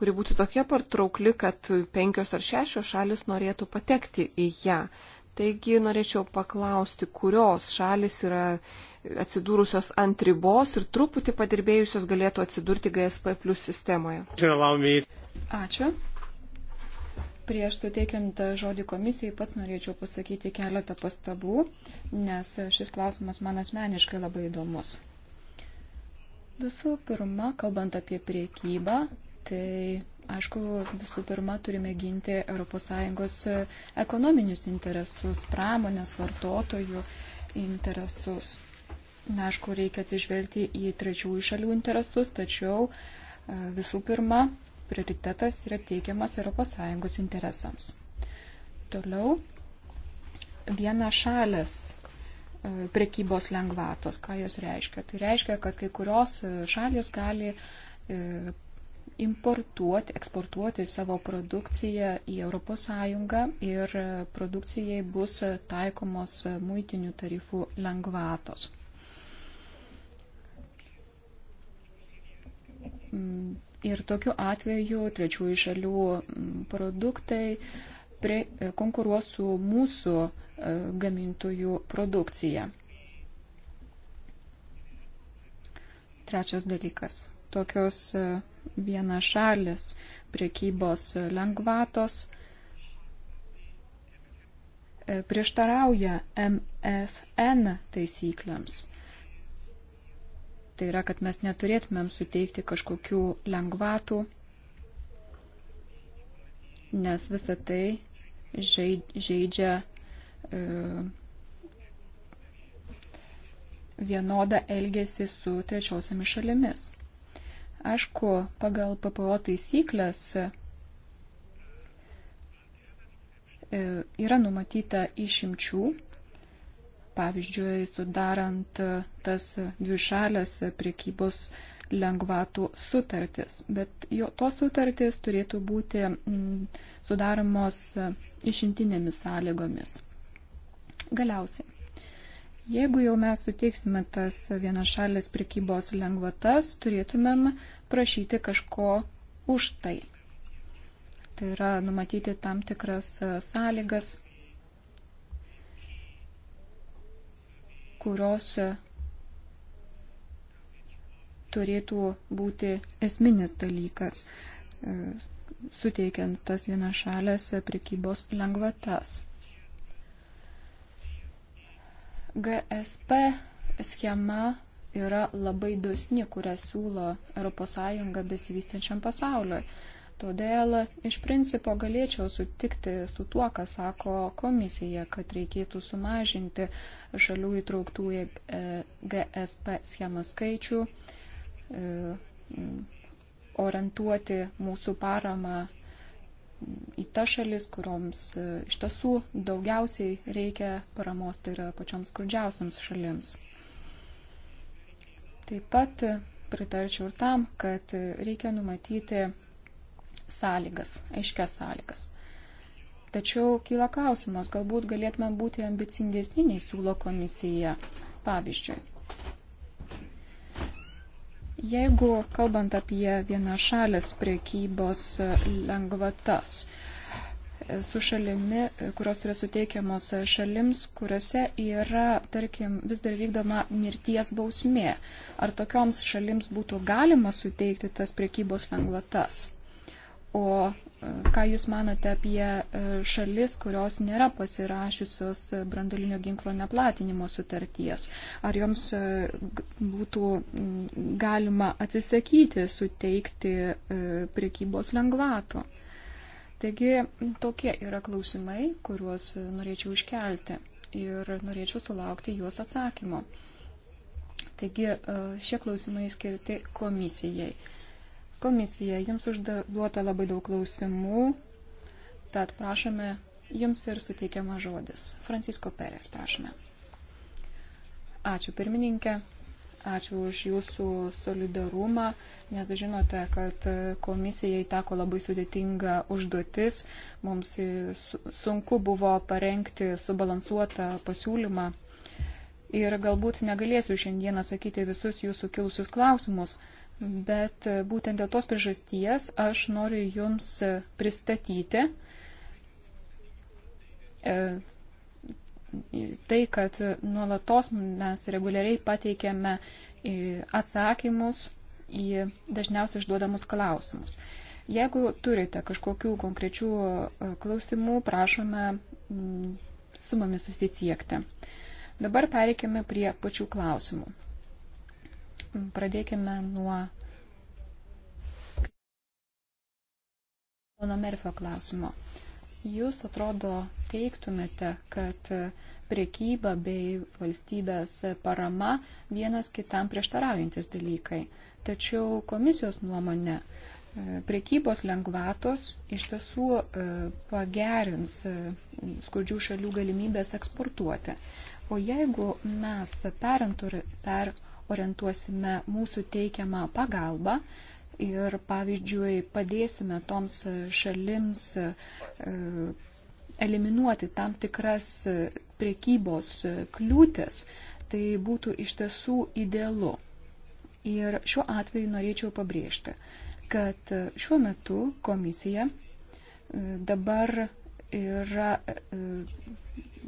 kuri būtų tokia patraukli, kad penkios ar šešios šalis norėtų patekti į ją. Taigi norėčiau paklausti, kurios šalis yra atsidūrusios ant ribos ir truputį padirbėjusios galėtų atsidurti GSP plus sistemoje. Ačiū. Prieš suteikiant žodį komisijai pats norėčiau pasakyti keletą pastabų, nes šis klausimas man asmeniškai labai įdomus. Visų pirma, kalbant apie priekybą, tai Aišku, visų pirma, turime ginti ES e, ekonominius interesus, pramonės vartotojų interesus. Na, aišku, reikia atsižvelgti į trečiųjų šalių interesus, tačiau e, visų pirma, prioritetas yra teikiamas ES interesams. Toliau, viena šalės e, prekybos lengvatos, ką jos reiškia. Tai reiškia, kad kai kurios šalės gali importuoti, eksportuoti savo produkciją į ES ir produkcijai bus taikomos muitinių tarifų lengvatos. Mm, ir tokiu atveju trečiųjų šalių mm, produktai pre, konkuruos su mūsų e, gamintojų produkcija. Trečias dalykas. Tokios uh, viena šalis priekybos lengvatos e, prieštarauja MFN taisyklėms. Tai yra, kad mes neturėtumėm suteikti kažkokių lengvatų, nes visa tai žaidžia e, vienodą elgesį su trečiosiamis šalimis. Aišku, pagal PPO taisyklės e, yra numatyta išimčių, pavyzdžiui, sudarant tas dvišalės priekybos lengvatų sutartis. Bet jo, tos sutartis turėtų būti sudaromos išimtinėmis sąlygomis. Galiausiai. Jeigu jau mes suteiksime tas vienašalės prekybos lengvatas, turėtumėm prašyti kažko už tai. Tai yra numatyti tam tikras e, sąlygas, kurios e, turėtų būti esminis dalykas, e, suteikiant tas vienašalės prekybos lengvatas. GSP schema yra labai dosni, kurią siūlo ES besivystančiam pasauliui. Todėl iš principo galėčiau sutikti su tuo, ką sako komisija, kad reikėtų sumažinti šalių įtrauktų į e, GSP schemą skaičių, e, orientuoti mūsų paramą į tas šalis, kurioms e, iš tiesų daugiausiai reikia paramos, tai yra pačioms skurdžiausiams šalims. Taip pat e, pritarčiau ir tam, kad e, reikia numatyti sąlygas, aiškias sąlygas. Tačiau kyla klausimas, galbūt galėtume būti ambicingesni nei siūlo komisija. Pavyzdžiui, Jeigu kalbant apie vienašalės priekybos lengvatas su šalimi, kurios yra suteikiamos šalims, kuriuose yra, tarkim, vis dar vykdoma mirties bausmė, ar tokioms šalims būtų galima suteikti tas priekybos lengvatas? O Ką Jūs manote apie e, šalis, kurios nėra pasirašiusios brandolinio ginklo neplatinimo sutarties? Ar joms e, būtų galima atsisakyti suteikti e, priekybos lengvatų? Taigi tokie yra klausimai, kuriuos norėčiau iškelti ir norėčiau sulaukti juos atsakymo. Taigi šie klausimai skirti komisijai. Komisija, jums užduota labai daug klausimų, tad prašome, jums ir suteikiama žodis. Francisko Perės, prašome. Ačiū pirmininkė, ačiū už jūsų solidarumą, nes žinote, kad komisijai teko labai sudėtinga užduotis, mums sunku buvo parengti subalansuotą pasiūlymą ir galbūt negalėsiu šiandien atsakyti visus jūsų kilusius klausimus bet e, būtent dėl tos priežasties aš noriu Jums e, pristatyti e, tai, kad nuolatos mes reguliariai pateikėme atsakymus į dažniausiai išduodamus klausimus. Jeigu turite kažkokių konkrečių klausimų, prašome su mumis susisiekti. Dabar pereikime prie pačių klausimų pradėkime nuo Pono Merfio klausimo. Jūs atrodo teiktumėte, kad priekyba bei valstybės parama vienas kitam prieštaraujantis dalykai. Tačiau komisijos nuomonė, e, priekybos lengvatos iš tiesų e, pagerins e, skurdžių šalių galimybės eksportuoti. O jeigu mes perintur, per orientuosime mūsų teikiamą pagalbą ir, pavyzdžiui, padėsime toms šalims e, eliminuoti tam tikras priekybos kliūtis, tai būtų iš tiesų idealu. Ir šiuo atveju norėčiau pabrėžti, kad šiuo metu komisija e, dabar yra e,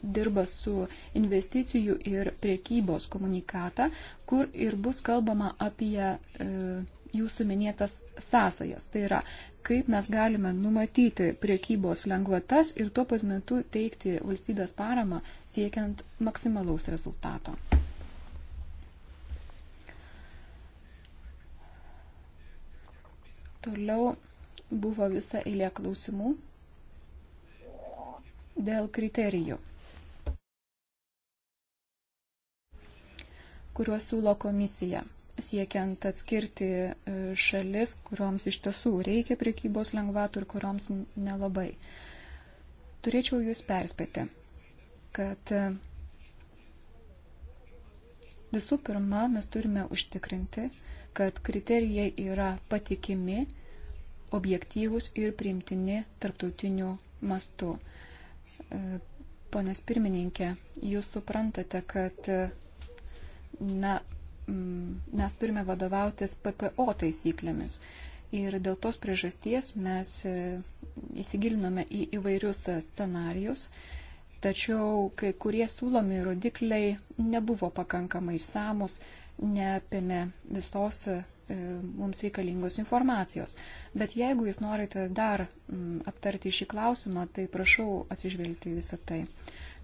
dirba su investicijų ir priekybos komunikatą, kur ir bus kalbama apie e, jūsų minėtas sąsajas. Tai yra, kaip mes galime numatyti priekybos lengvatas ir tuo pat metu teikti valstybės paramą siekiant maksimalaus rezultato. Toliau buvo visa eilė klausimų dėl kriterijų. kuriuos siūlo komisija, siekiant atskirti e, šalis, kurioms iš tiesų reikia priekybos lengvatų ir kurioms nelabai. Turėčiau jūs perspėti, kad e, visų pirma mes turime užtikrinti, kad kriterijai yra patikimi, objektyvūs ir priimtini tarptautiniu mastu. E, ponas pirmininkė, jūs suprantate, kad na, mm, mes turime vadovautis PPO taisyklėmis. Ir dėl tos priežasties mes e, įsigilinome į įvairius e, scenarius, tačiau kai kurie siūlomi rodikliai nebuvo pakankamai išsamus, neapėmė visos e, mums reikalingos informacijos. Bet jeigu jūs norite dar mm, aptarti šį klausimą, tai prašau atsižvelgti visą tai.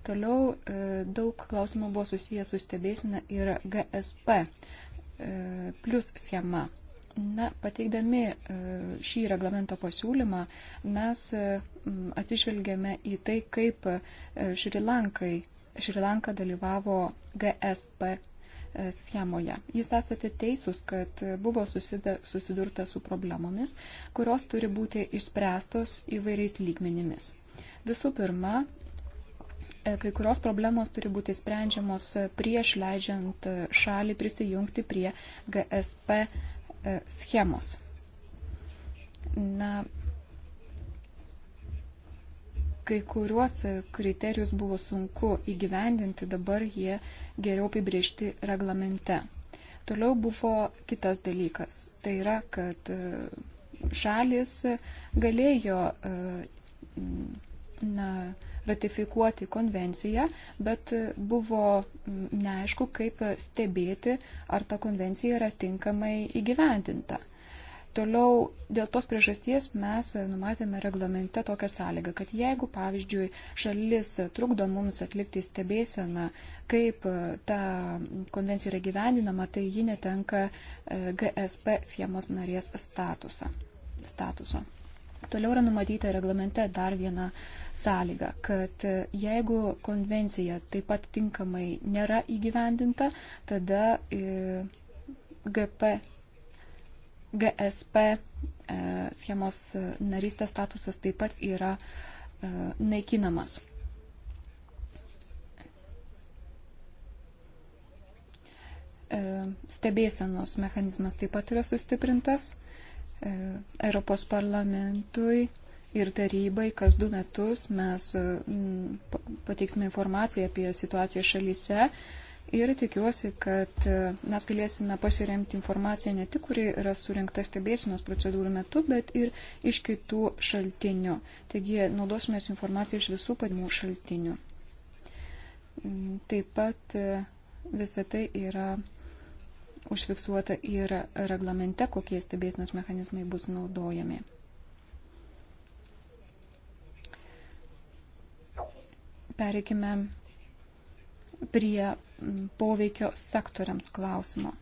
Toliau e, daug klausimų buvo susijęs su stebėsina ir GSP e, plus schema. Na, pateikdami e, šį reglamento pasiūlymą, mes atsižvelgėme į tai, kaip Šrilankai, Šrilanka dalyvavo GSP schemoje. Jūs esate teisūs, kad buvo susida, susidurta su problemomis, kurios turi būti išspręstos įvairiais lygmenimis. Visų pirma, E, kai kurios problemos turi būti sprendžiamos e, prieš leidžiant e, šalį prisijungti prie GSP schemos. Na, kai kuriuos kriterijus buvo sunku įgyvendinti, dabar jie geriau apibriežti reglamente. Toliau buvo kitas dalykas. Tai yra, kad šalis galėjo na, ratifikuoti konvenciją, bet e, buvo neaišku, kaip stebėti, ar ta konvencija yra tinkamai įgyvendinta. Toliau dėl tos priežasties mes numatėme reglamente tokią sąlygą, kad jeigu, pavyzdžiui, šalis trukdo mums atlikti stebėseną, kaip e, ta konvencija yra gyvendinama, tai ji netenka e, GSP schemos narės statusą, statuso. Toliau yra numatyta reglamente dar viena sąlyga, kad jeigu konvencija taip pat tinkamai nėra įgyvendinta, tada e, GP, GSP e, schemos narystės statusas taip pat yra e, naikinamas. Stebėsenos mechanizmas taip pat yra sustiprintas E, Europos parlamentui ir tarybai kas du metus mes e, pateiksime informaciją apie situaciją šalyse ir tikiuosi, kad e, mes galėsime pasiremti informaciją ne tik, kuri yra surinkta stebėsinos procedūrų metu, bet ir iš kitų šaltinių. Taigi naudosime informaciją iš visų padimų šaltinių. Taip pat visa tai yra užfiksuota ir reglamente, kokie stebėsinos mechanizmai bus naudojami. Pereikime prie poveikio sektoriams klausimo.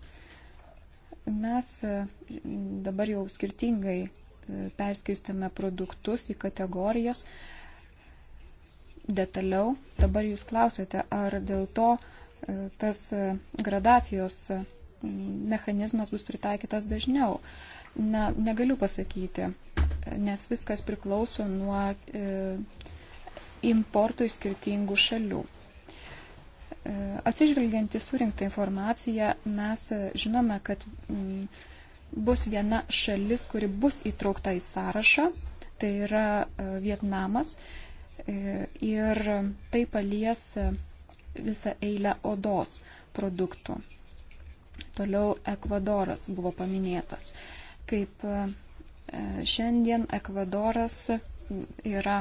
Mes e, dabar jau skirtingai e, perskirstame produktus į kategorijas detaliau. Dabar jūs klausėte, ar dėl to e, tas gradacijos mechanizmas bus pritaikytas dažniau. Na, negaliu pasakyti, nes viskas priklauso nuo e, importų iš skirtingų šalių. E, atsižvelgiant į surinktą informaciją, mes žinome, kad m, mm, bus viena šalis, kuri bus įtraukta į sąrašą, tai yra e, Vietnamas, e, ir tai palies visą eilę odos produktų. Toliau Ekvadoras buvo paminėtas. Kaip e, šiandien Ekvadoras yra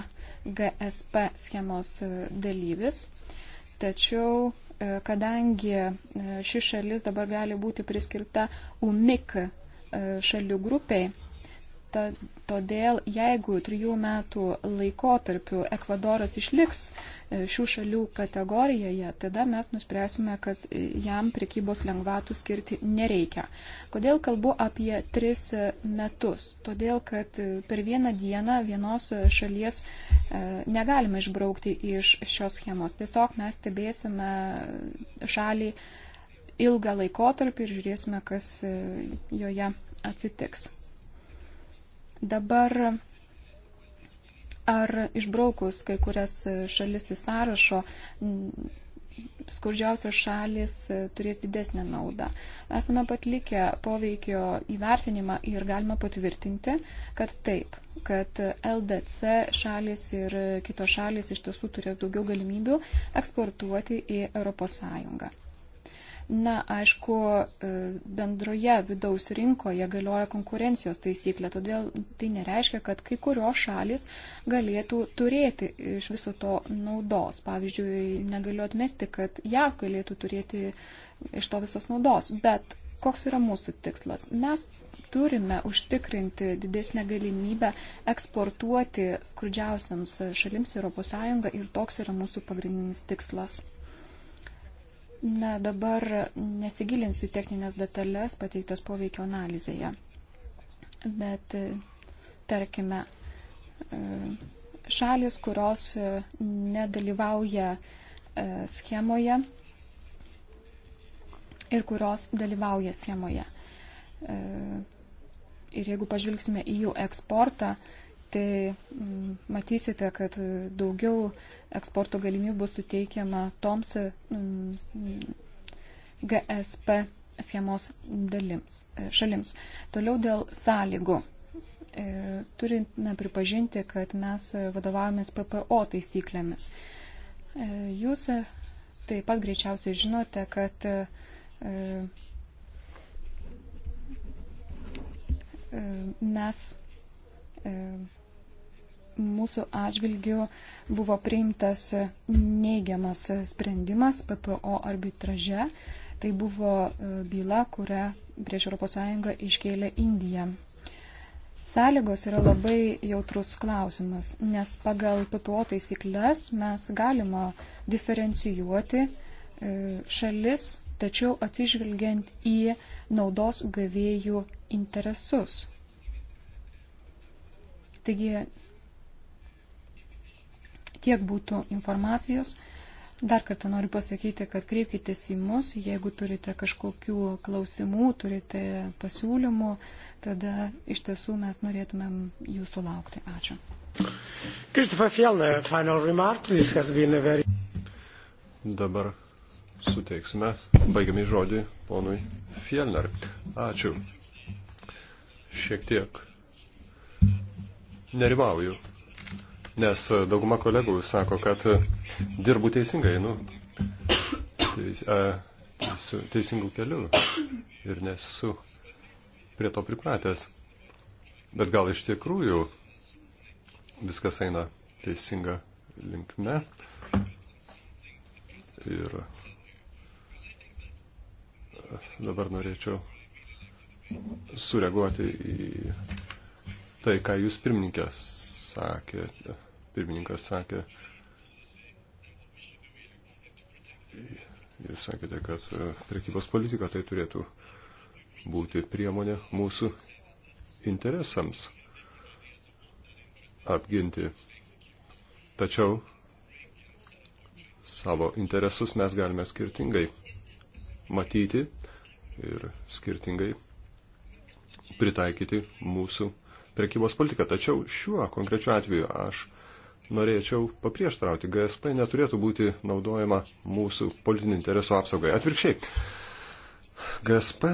GSP schemos e, dalyvis, tačiau e, kadangi ši šalis dabar gali būti priskirta UMIK šalių grupiai, tad Todėl jeigu trijų metų laikotarpiu Ekvadoras išliks e, šių šalių kategorijoje, tada mes nuspręsime, kad e, jam prekybos lengvatų skirti nereikia. Kodėl kalbu apie tris e, metus? Todėl, kad per vieną dieną vienos šalies negalime išbraukti iš šios schemos. Tiesiog mes stebėsime šalį ilgą laikotarpį ir žiūrėsime, kas joje atsitiks. Dabar ar išbraukus kai kurias šalis į sąrašo, skurdžiausios šalis e, turės didesnę naudą. Esame patlikę poveikio įvertinimą ir galima patvirtinti, kad taip, kad LDC šalis ir kitos šalis iš tiesų turės daugiau galimybių eksportuoti į ES. Na, aišku, e, bendroje vidaus rinkoje galioja konkurencijos taisyklė, todėl tai nereiškia, kad kai kurios šalis galėtų turėti iš viso to naudos. Pavyzdžiui, negaliu atmesti, kad JAV galėtų turėti iš to visos naudos, bet koks yra mūsų tikslas? Mes turime užtikrinti didesnę galimybę eksportuoti skurdžiausiams šalims ES ir toks yra mūsų pagrindinis tikslas. Na, dabar nesigilinsiu techninės detalės pateiktas poveikio analizėje. Bet, tarkime, šalis, kurios nedalyvauja schemoje ir kurios dalyvauja schemoje. Ir jeigu pažvilgsime į jų eksportą, tai mm, matysite, kad daugiau eksporto galimybių suteikiama toms mm, GSP schemos dalims, šalims. Toliau dėl sąlygų. E, turime pripažinti, kad mes vadovavomės PPO taisyklėmis. E, jūs taip pat greičiausiai žinote, kad e, mes mūsų atžvilgiu buvo priimtas neigiamas sprendimas PPO arbitraže. Tai buvo e, byla, kurią prieš ES iškėlė Indija. Sąlygos yra labai jautrus klausimas, nes pagal PPO taisyklės mes galima diferencijuoti e, šalis, tačiau atsižvelgiant į naudos gavėjų interesus. Taigi tiek būtų informacijos. Dar kartą noriu pasakyti, kad kreipkitės į mus, jeigu turite kažkokių klausimų, turite pasiūlymų, tada iš tiesų mes norėtumėm jūsų laukti. Ačiū. Very... Dabar suteiksime baigiamį žodį ponui Fielner. Ačiū. Šiek tiek nerimauju nes e, dauguma kolegų sako, kad e, dirbu teisingai, nu, teis, a, e, teisu, teisingų kelių ir nesu prie to pripratęs. Bet gal iš tikrųjų viskas eina teisinga linkme. Ir dabar norėčiau sureaguoti į tai, ką jūs pirmininkės sakė, pirmininkas sakė, jūs sakėte, kad e, prekybos politika tai turėtų būti priemonė mūsų interesams apginti. Tačiau savo interesus mes galime skirtingai matyti ir skirtingai pritaikyti mūsų prekybos politiką. Tačiau šiuo konkrečiu atveju aš norėčiau paprieštrauti. GSP neturėtų būti naudojama mūsų politinių interesų apsaugai. Atvirkščiai, GSP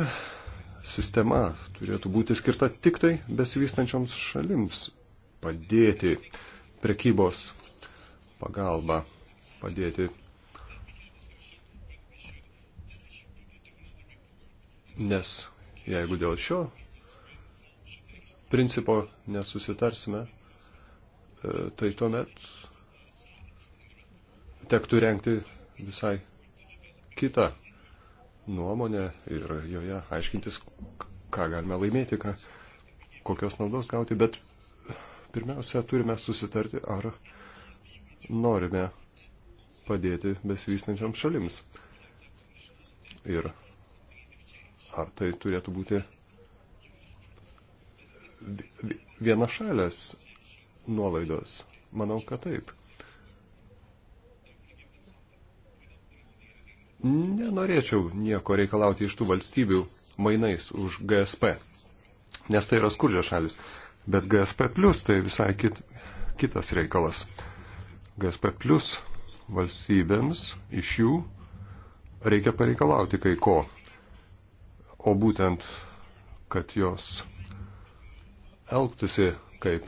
sistema turėtų būti skirta tik tai besivystančioms šalims padėti prekybos pagalba, padėti nes jeigu dėl šio principo nesusitarsime, e, tai tuomet tektų renkti visai kitą nuomonę ir joje aiškintis, ką galime laimėti, ką, kokios naudos gauti, bet pirmiausia, turime susitarti, ar norime padėti besivystančiam šalims. Ir ar tai turėtų būti vienašalės nuolaidos? Manau, kad taip. Nenorėčiau nieko reikalauti iš tų valstybių mainais už GSP, nes tai yra skurdžia šalis. Bet GSP plus tai visai kit, kitas reikalas. GSP plus valstybėms iš jų reikia pareikalauti kai ko. O būtent, kad jos elgtųsi kaip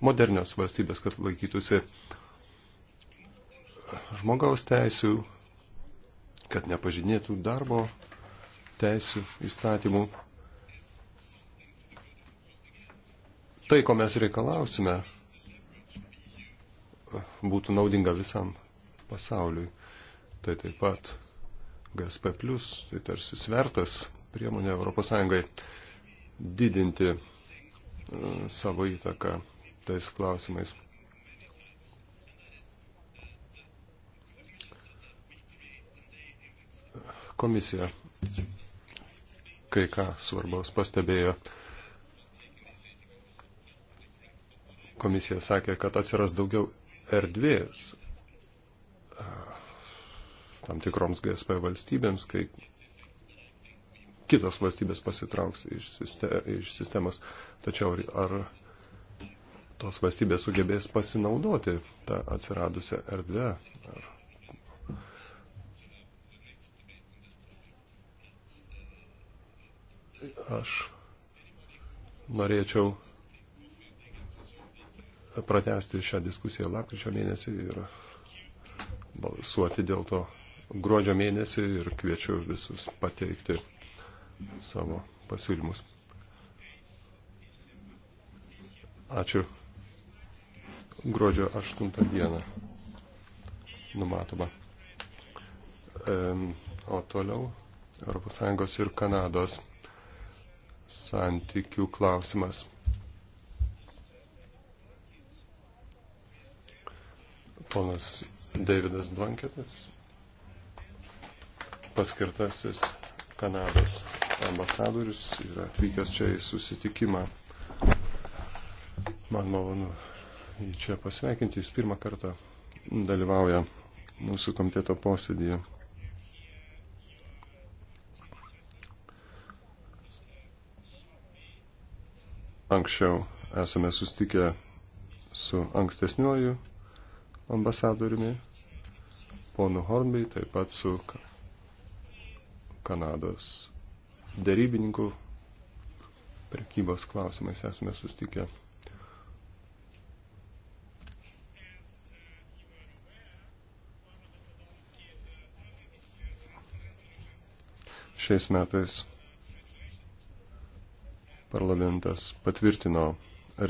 modernios valstybės, kad laikytųsi žmogaus teisių, kad nepažinėtų darbo teisių įstatymų. Tai, ko mes reikalausime, būtų naudinga visam pasauliui. Tai taip pat GSP, tai tarsi svertas priemonė ES didinti savo įtaką tais klausimais. Komisija kai ką svarbaus pastebėjo. Komisija sakė, kad atsiras daugiau erdvės tam tikroms GSP valstybėms, kai kitos valstybės pasitrauks iš, siste, iš sistemos. Tačiau ar tos valstybės sugebės pasinaudoti tą atsiradusią erdvę? Ar... Aš norėčiau pratesti šią diskusiją lapkričio mėnesį ir balsuoti dėl to gruodžio mėnesį ir kviečiu visus pateikti savo pasiūlymus. Ačiū. Gruodžio 8 dieną numatoma. O toliau ES ir Kanados santykių klausimas. Ponas Davidas Blanketas, paskirtasis Kanados ambasadorius yra atvykęs čia į susitikimą. Man malonu jį čia pasveikinti. Jis pirmą kartą dalyvauja mūsų komiteto posėdėje. Anksčiau esame sustikę su ankstesniuoju ambasadoriumi, ponu Hornby, taip pat su Kanados darybininkų prekybos klausimais esame sustikę. Šiais metais parlamentas patvirtino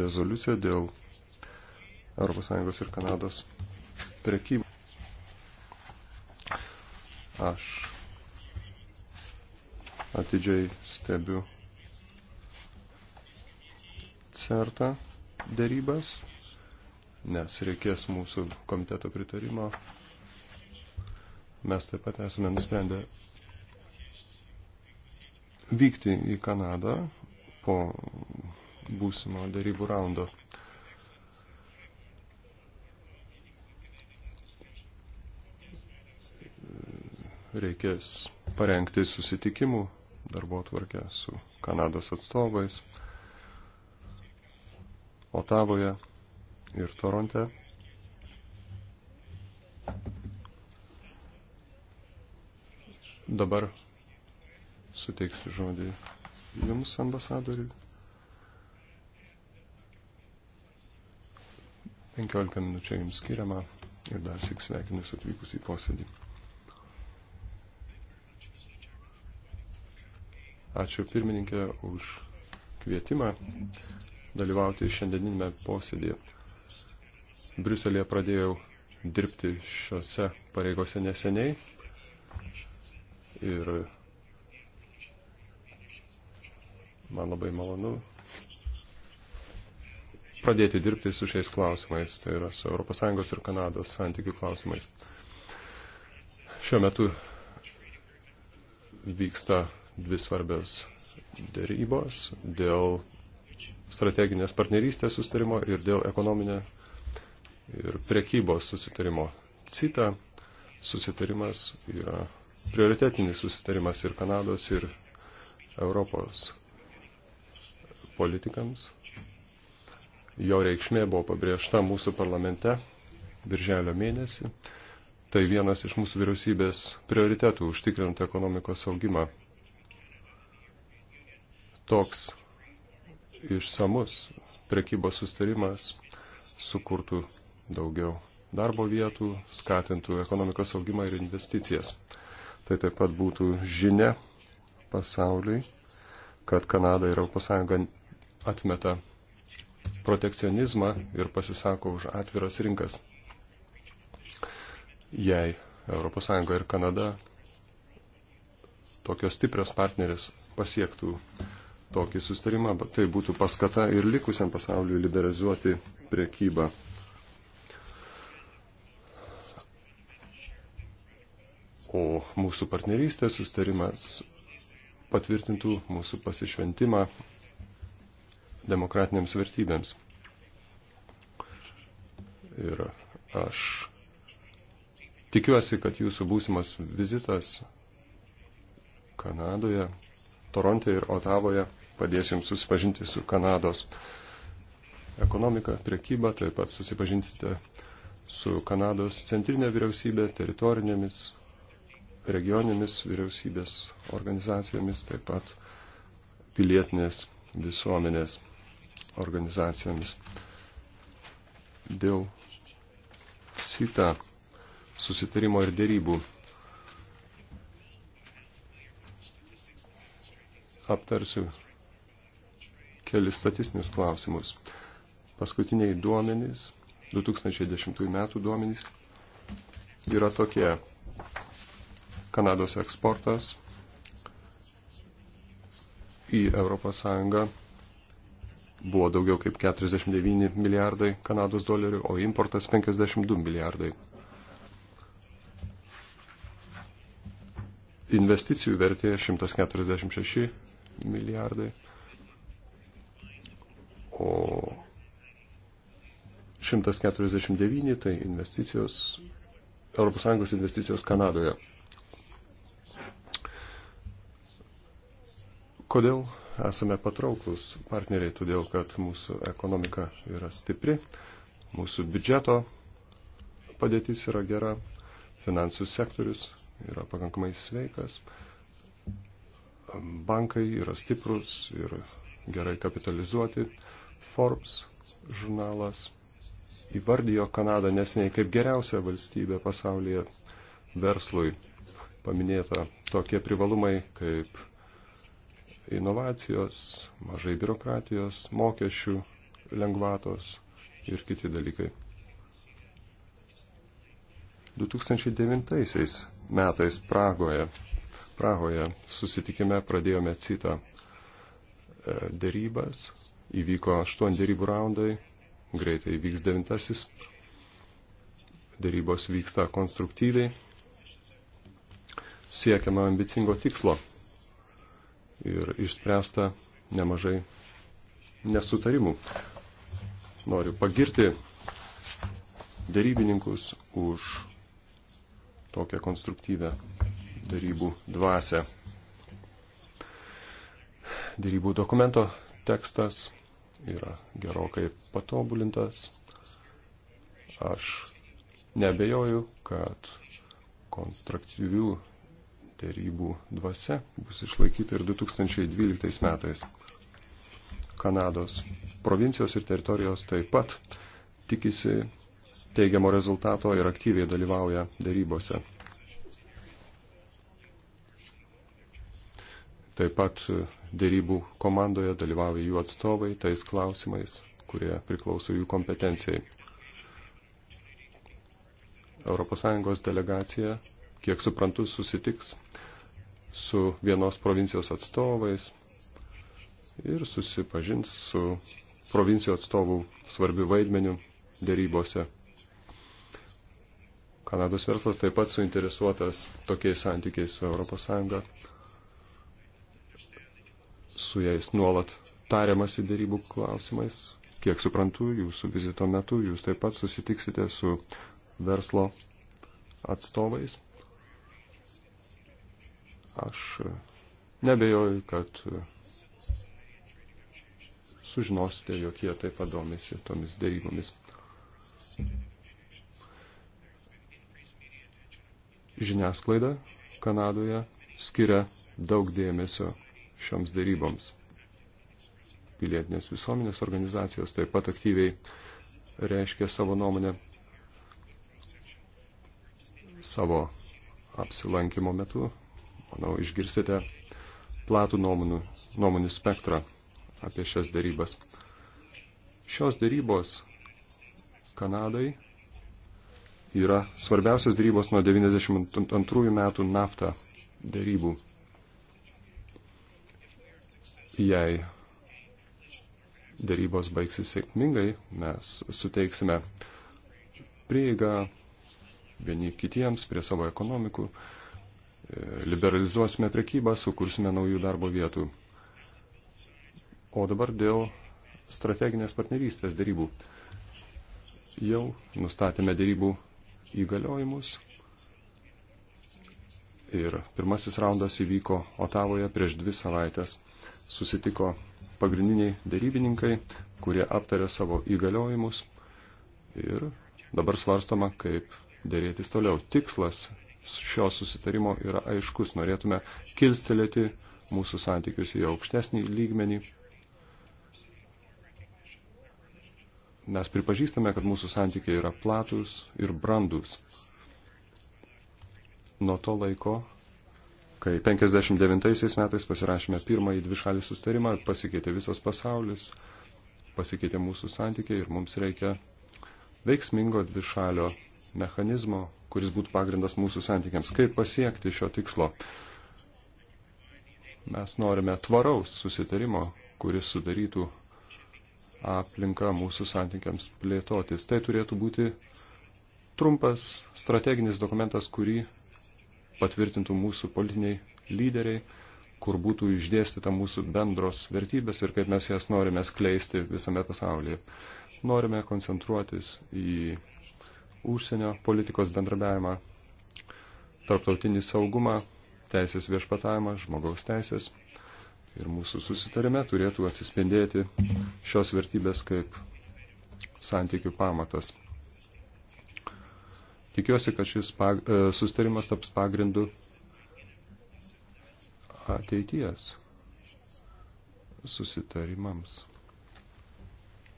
rezoliuciją dėl ES ir Kanados prekybų. Aš atidžiai stebiu certą dėrybas, nes reikės mūsų komiteto pritarimo. Mes taip pat esame nusprendę vykti į Kanadą po būsimo dėrybų raundo. Reikės parengti susitikimų darbo atvarkę su Kanados atstovais Otavoje ir Toronte. Dabar suteiksiu žodį Jums, ambasadoriui. 15 minučių Jums skiriama ir dar sėk sveikinu atvykus į posėdį. Ačiū pirmininkė už kvietimą dalyvauti šiandieninėme posėdėje. Briuselėje pradėjau dirbti šiuose pareigose neseniai ir man labai malonu pradėti dirbti su šiais klausimais, tai yra su ES ir Kanados santykių klausimais. Šiuo metu vyksta dvi svarbios dėrybos dėl strateginės partnerystės sustarimo ir dėl ekonominė ir prekybos susitarimo. CITA susitarimas yra prioritetinis susitarimas ir Kanados, ir Europos politikams. Jo reikšmė buvo pabrėžta mūsų parlamente birželio mėnesį. Tai vienas iš mūsų vyriausybės prioritetų užtikrinti ekonomikos augimą toks išsamus prekybos sustarimas sukurtų daugiau darbo vietų, skatintų ekonomikos augimą ir investicijas. Tai taip pat būtų žinia pasauliui, kad Kanada ir ES atmeta protekcionizmą ir pasisako už atviras rinkas. Jei ES ir Kanada tokios stiprios partneris pasiektų tokį sustarimą, bet tai būtų paskata ir likusiam pasauliu liberalizuoti priekybą. O mūsų partnerystės sustarimas patvirtintų mūsų pasišventimą demokratinėms vertybėms. Ir aš tikiuosi, kad jūsų būsimas vizitas Kanadoje Toronte ir Otavoje padės jums susipažinti su Kanados ekonomika, priekyba, taip pat susipažinsite su Kanados centrinė vyriausybė, teritorinėmis, regioninėmis vyriausybės organizacijomis, taip pat pilietinės visuomenės organizacijomis. Dėl šitą susitarimo ir dėrybų aptarsiu kelis statistinius klausimus. Paskutiniai duomenys, 2010 metų duomenys, yra tokie. Kanados eksportas į ES buvo daugiau kaip 49 milijardai Kanados dolerių, o importas 52 milijardai. Investicijų vertė 146 milijardai. O 149 tai investicijos, ES investicijos Kanadoje. Kodėl esame patrauklus partneriai? Todėl, kad mūsų ekonomika yra stipri, mūsų biudžeto padėtis yra gera, finansų sektorius yra pakankamai sveikas bankai yra stiprus ir gerai kapitalizuoti. Forbes žurnalas įvardijo Kanadą nesiniai kaip geriausią valstybę pasaulyje verslui. Paminėta tokie privalumai kaip inovacijos, mažai biurokratijos, mokesčių, lengvatos ir kiti dalykai. 2009 metais Pragoje Prahoje susitikime pradėjome citą e, dėrybas, įvyko aštuoni dėrybų raundai, greitai vyks devintasis, dėrybos vyksta konstruktyviai, siekiama ambicingo tikslo ir išspręsta nemažai nesutarimų. Noriu pagirti dėrybininkus už tokią konstruktyvę darybų dvasę. Darybų dokumento tekstas yra gerokai patobulintas. Aš nebejoju, kad konstruktyvių darybų dvasia bus išlaikyta ir 2012 metais. Kanados provincijos ir teritorijos taip pat tikisi teigiamo rezultato ir aktyviai dalyvauja darybose. Taip pat dėrybų komandoje dalyvauja jų atstovai tais klausimais, kurie priklauso jų kompetencijai. ES delegacija, kiek suprantu, susitiks su vienos provincijos atstovais ir susipažins su provincijų atstovų svarbių vaidmenių dėrybose. Kanados verslas taip pat suinteresuotas tokiais santykiais su ES, su jais nuolat tariamasi dėrybų klausimais. Kiek suprantu, jūsų vizito metu jūs taip pat susitiksite su verslo atstovais. Aš nebejoju, kad sužinosite, jog jie taip pat domisi tomis dėrybomis. Žiniasklaida Kanadoje skiria daug dėmesio šioms daryboms. Pilietinės visuomenės organizacijos taip pat aktyviai reiškia savo nuomonę savo apsilankimo metu. Manau, išgirsite platų nuomonių, nuomonių spektrą apie šias darybas. Šios darybos Kanadai yra svarbiausios darybos nuo 1992 metų naftą darybų jei dėrybos baigsis sėkmingai, mes suteiksime prieigą vieni kitiems prie savo ekonomikų, e, liberalizuosime prekybą, sukursime naujų darbo vietų. O dabar dėl strateginės partnerystės dėrybų. Jau nustatėme dėrybų įgaliojimus ir pirmasis raundas įvyko Otavoje prieš dvi savaitės susitiko pagrindiniai darybininkai, kurie aptarė savo įgaliojimus ir dabar svarstama, kaip dėrėtis toliau. Tikslas šio susitarimo yra aiškus. Norėtume kilstelėti mūsų santykius į aukštesnį lygmenį. Mes pripažįstame, kad mūsų santykiai yra platus ir brandus. Nuo to laiko, kai 59 metais pasirašėme pirmąjį dvišalį sustarimą, pasikeitė visas pasaulis, pasikeitė mūsų santykiai ir mums reikia veiksmingo dvišalio mechanizmo, kuris būtų pagrindas mūsų santykiams. Kaip pasiekti šio tikslo? Mes norime tvaraus susitarimo, kuris sudarytų aplinką mūsų santykiams plėtotis. Tai turėtų būti trumpas strateginis dokumentas, kurį patvirtintų mūsų politiniai lyderiai, kur būtų išdėstyta mūsų bendros vertybės ir kaip mes jas norime skleisti visame pasaulyje. Norime koncentruotis į užsienio politikos bendrabiavimą, tarptautinį saugumą, teisės viešpatavimą, žmogaus teisės. Ir mūsų susitarime turėtų atsispindėti šios vertybės kaip santykių pamatas. Tikiuosi, kad šis pag... E, sustarimas taps pagrindu ateities susitarimams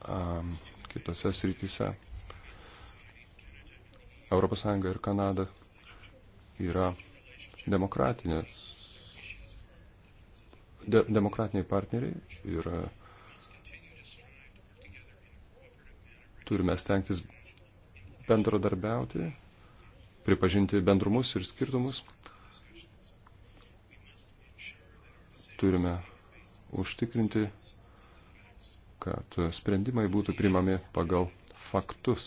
um, kitose srityse. ES ir Kanada yra demokratinės, de, demokratiniai partneriai ir e, turime stengtis bendradarbiauti pripažinti bendrumus ir skirtumus. Turime užtikrinti, kad sprendimai būtų primami pagal faktus,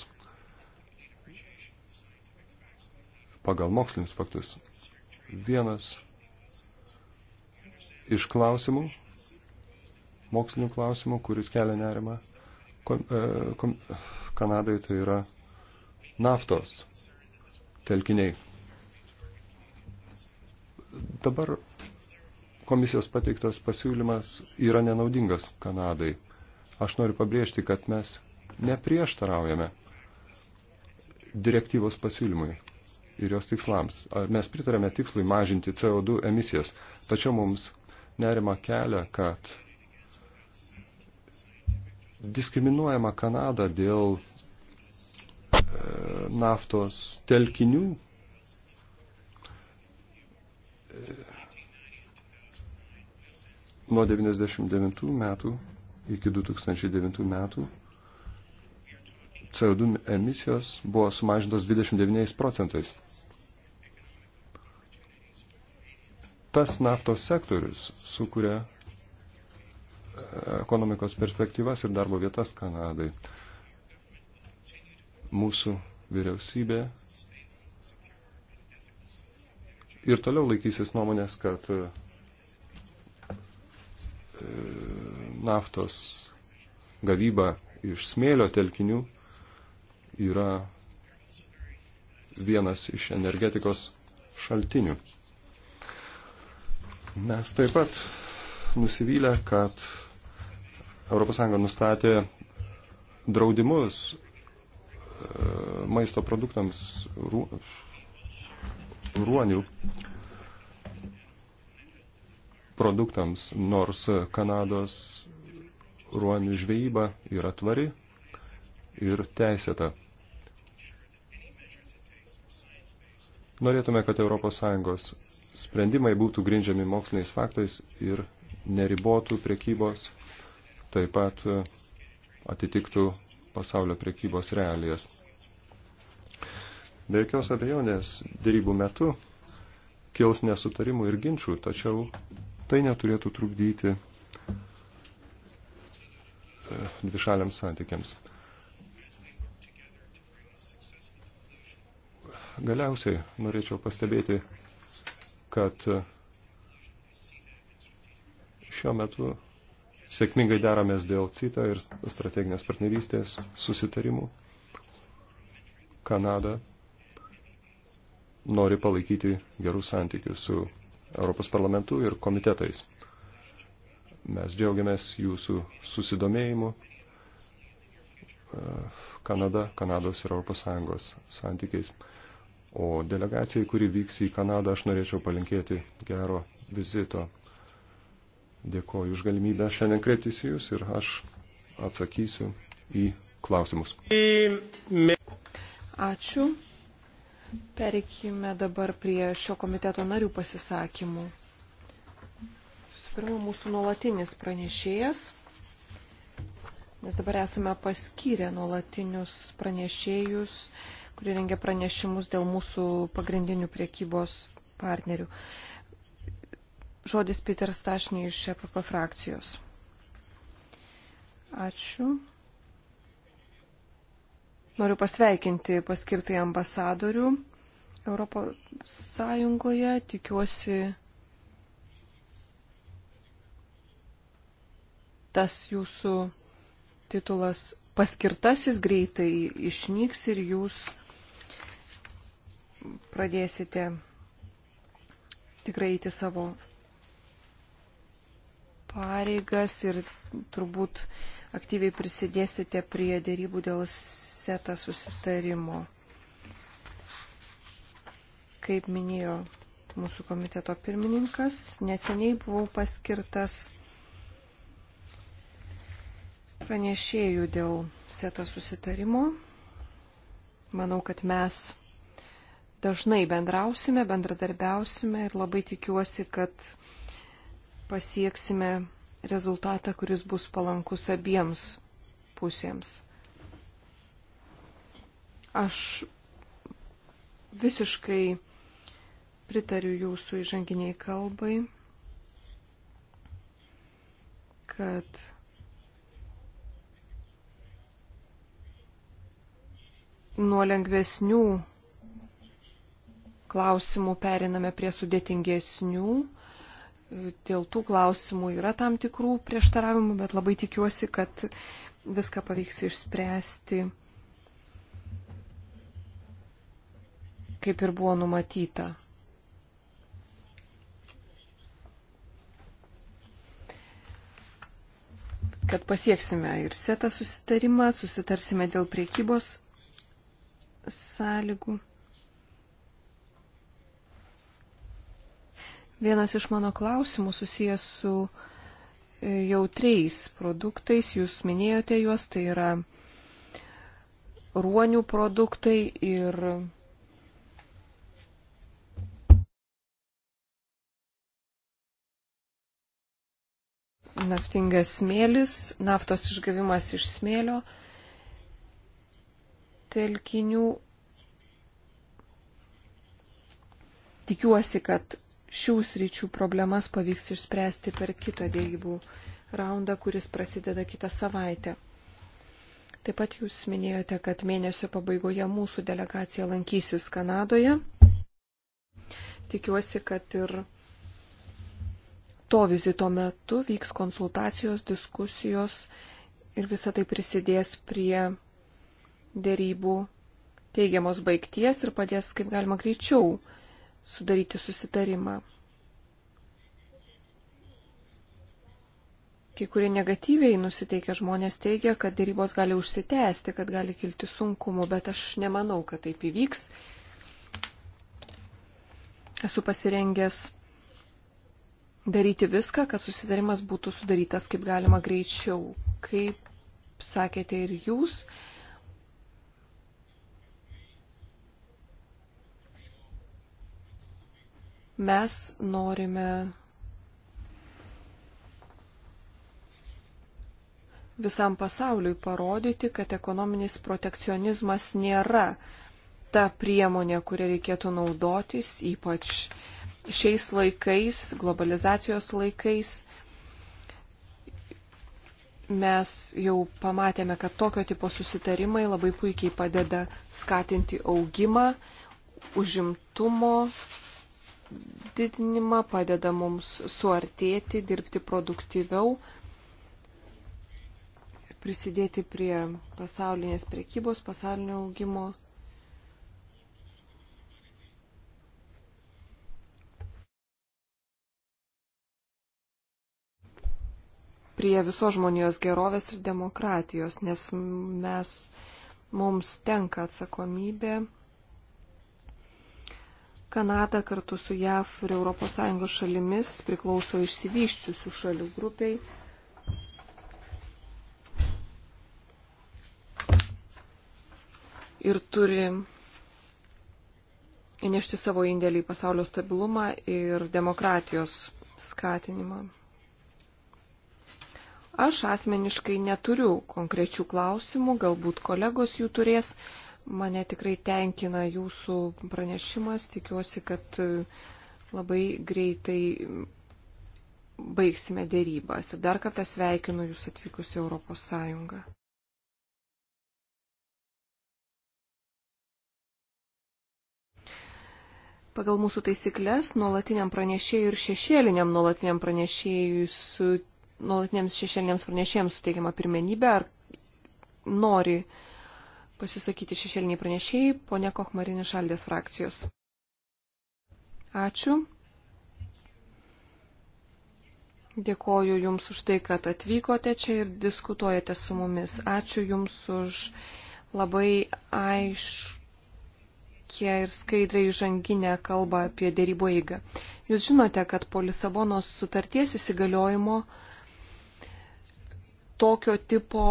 pagal mokslinius faktus. Vienas iš klausimų, mokslinių klausimų, kuris kelia nerimą kom, e, kom, Kanadoje, tai yra naftos telkiniai. Dabar komisijos pateiktas pasiūlymas yra nenaudingas Kanadai. Aš noriu pabrėžti, kad mes neprieštaraujame direktyvos pasiūlymui ir jos tikslams. Mes pritarėme tikslui mažinti CO2 emisijas, tačiau mums nerima kelia, kad diskriminuojama Kanada dėl naftos telkinių. Nuo 1999 metų iki 2009 metų CO2 emisijos buvo sumažintos 29 procentais. Tas naftos sektorius sukuria e, ekonomikos perspektyvas ir darbo vietas Kanadai. Mūsų vyriausybė ir toliau laikysis nuomonės, kad e, naftos gavyba iš smėlio telkinių yra vienas iš energetikos šaltinių. Mes taip pat nusivylę, kad ES nustatė draudimus maisto produktams rū, ruonių produktams, nors Kanados ruonių žvejyba yra tvari ir teisėta. Norėtume, kad ES sprendimai būtų grindžiami moksliniais faktais ir neribotų priekybos, taip pat atitiktų pasaulio priekybos realijas. Be jokios abejonės dėrybų metu kils nesutarimų ir ginčių, tačiau tai neturėtų trukdyti e, dvišaliams santykiams. Galiausiai norėčiau pastebėti, kad šiuo metu sėkmingai deramės dėl CITA ir strateginės partnerystės susitarimų. Kanada nori palaikyti gerus santykius su Europos parlamentu ir komitetais. Mes džiaugiamės jūsų susidomėjimu. Kanada, Kanados ir Europos Sąjungos santykiais. O delegacijai, kuri vyks į Kanadą, aš norėčiau palinkėti gero vizito Dėkoju už galimybę šiandien kreiptis į Jūs ir aš atsakysiu į klausimus. Ačiū. Pereikime dabar prie šio komiteto narių pasisakymų. Pirma, mūsų nuolatinis pranešėjas, nes dabar esame paskyrę nuolatinius pranešėjus, kurie rengia pranešimus dėl mūsų pagrindinių priekybos partnerių žodis Peter Stašny iš EPP frakcijos. Ačiū. Noriu pasveikinti paskirtai ambasadorių Europos Sąjungoje. Tikiuosi, tas jūsų titulas paskirtasis greitai išnyks ir jūs pradėsite tikrai įti savo pareigas ir turbūt aktyviai prisidėsite prie dėrybų dėl setą susitarimo. Kaip minėjo mūsų komiteto pirmininkas, neseniai buvau paskirtas pranešėjų dėl setą susitarimo. Manau, kad mes dažnai bendrausime, bendradarbiausime ir labai tikiuosi, kad pasieksime rezultatą, kuris bus palankus abiems pusėms. Aš visiškai pritariu jūsų įžanginiai kalbai, kad nuo lengvesnių klausimų periname prie sudėtingesnių dėl tų klausimų yra tam tikrų prieštaravimų, bet labai tikiuosi, kad viską pavyks išspręsti, kaip ir buvo numatyta. Kad pasieksime ir setą susitarimą, susitarsime dėl priekybos sąlygų. Vienas iš mano klausimų susijęs su e, jautriais produktais, jūs minėjote juos, tai yra ruonių produktai ir naftingas smėlis, naftos išgavimas iš smėlio, telkinių. Tikiuosi, kad šių sričių problemas pavyks išspręsti per kitą dėrybų raundą, kuris prasideda kitą savaitę. Taip pat jūs minėjote, kad mėnesio pabaigoje mūsų delegacija lankysis Kanadoje. Tikiuosi, kad ir to vizito metu vyks konsultacijos, diskusijos ir visa tai prisidės prie dėrybų teigiamos baigties ir padės kaip galima greičiau sudaryti susitarimą. Kai kurie negatyviai nusiteikę žmonės teigia, kad dėrybos gali užsitęsti, kad gali kilti sunkumų, bet aš nemanau, kad taip įvyks. Esu pasirengęs daryti viską, kad susitarimas būtų sudarytas kaip galima greičiau. Kaip sakėte ir jūs, Mes norime visam pasauliui parodyti, kad ekonominis protekcionizmas nėra ta priemonė, kurią reikėtų naudotis, ypač šiais laikais, globalizacijos laikais. Mes jau pamatėme, kad tokio tipo susitarimai labai puikiai padeda skatinti augimą, užimtumo didinimą, padeda mums suartėti, dirbti produktyviau, prisidėti prie pasaulinės priekybos, pasaulinio augimo. prie visos žmonijos gerovės ir demokratijos, nes mes, mums tenka atsakomybė Kanada kartu su JAV ir ES šalimis priklauso išsivyščiusių šalių grupiai. Ir turi įnešti savo indėlį į pasaulio stabilumą ir demokratijos skatinimą. Aš asmeniškai neturiu konkrečių klausimų, galbūt kolegos jų turės. Mane tikrai tenkina jūsų pranešimas. Tikiuosi, kad e, labai greitai baigsime dėrybas. Ir dar kartą sveikinu Jūs atvykus į Europos Sąjungą. Pagal mūsų taisyklės nuolatiniam pranešėjui ir šešėliniam nuolatiniam pranešėjui su nuolatiniams šešėliniams pranešėjams suteikiama pirmenybė, ar nori pasisakyti šešėliniai pranešėjai, ponia Kochmarinė šaldės frakcijos. Ačiū. Dėkoju Jums už tai, kad atvykote čia ir diskutuojate su mumis. Ačiū Jums už labai aiškę ir skaidrą įžanginę kalbą apie dėrybų eigą. Jūs žinote, kad po Lisabonos sutarties įsigaliojimo tokio tipo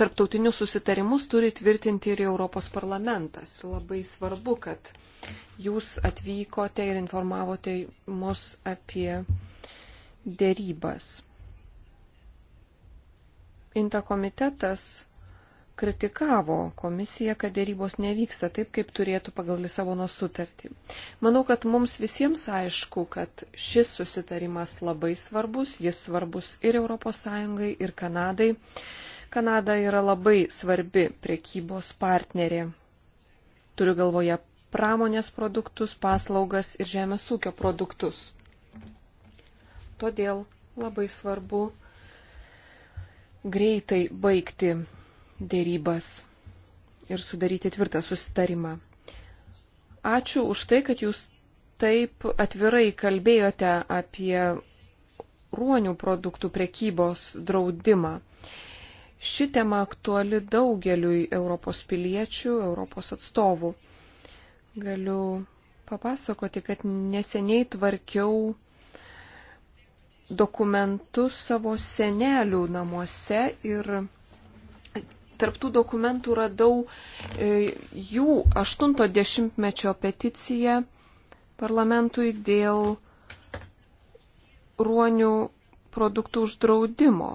tarptautinius susitarimus turi tvirtinti ir Europos parlamentas. Labai svarbu, kad jūs atvykote ir informavote mus apie dėrybas. Intakomitetas kritikavo komisiją, kad dėrybos nevyksta taip, kaip turėtų pagal Lisabono sutartį. Manau, kad mums visiems aišku, kad šis susitarimas labai svarbus, jis svarbus ir ES, ir Kanadai. Kanada yra labai svarbi priekybos partnerė. Turiu galvoje pramonės produktus, paslaugas ir žemės ūkio produktus. Todėl labai svarbu greitai baigti dėrybas ir sudaryti tvirtą susitarimą. Ačiū už tai, kad jūs taip atvirai kalbėjote apie ruonių produktų prekybos draudimą. Ši tema aktuali daugeliui Europos piliečių, Europos atstovų. Galiu papasakoti, kad neseniai tvarkiau dokumentus savo senelių namuose ir tarptų dokumentų radau e, jų 80-mečio peticiją parlamentui dėl ruonių produktų uždraudimo.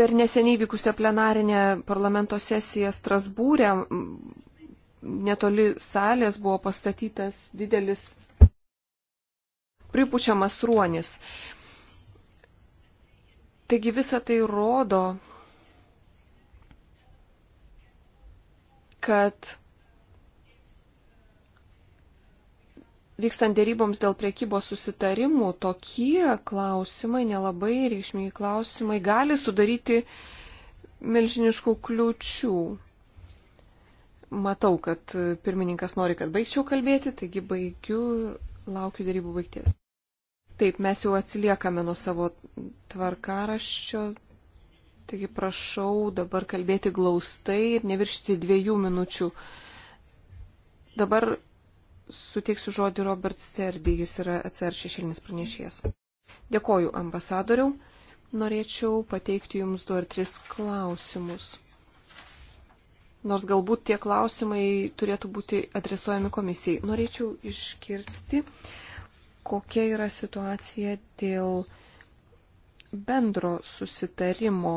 Per neseniai vykusią plenarinę parlamento sesiją Strasbūrė netoli salės buvo pastatytas didelis pripučiamas ruonis. Taigi visa tai rodo, kad vykstant dėryboms dėl priekybos susitarimų, tokie klausimai, nelabai reikšmingi klausimai, gali sudaryti milžiniškų kliučių. Matau, kad pirmininkas nori, kad baigčiau kalbėti, taigi baigiu ir laukiu dėrybų baigties. Taip, mes jau atsiliekame nuo savo tvarkaraščio, taigi prašau dabar kalbėti glaustai ir neviršyti dviejų minučių. Dabar suteiksiu žodį Robert Sterdy, jis yra atsar e šešėlinis pranešėjas. Dėkoju ambasadoriau. Norėčiau pateikti Jums du ar tris klausimus. Nors galbūt tie klausimai turėtų būti adresuojami komisijai. Norėčiau iškirsti, kokia yra situacija dėl bendro susitarimo,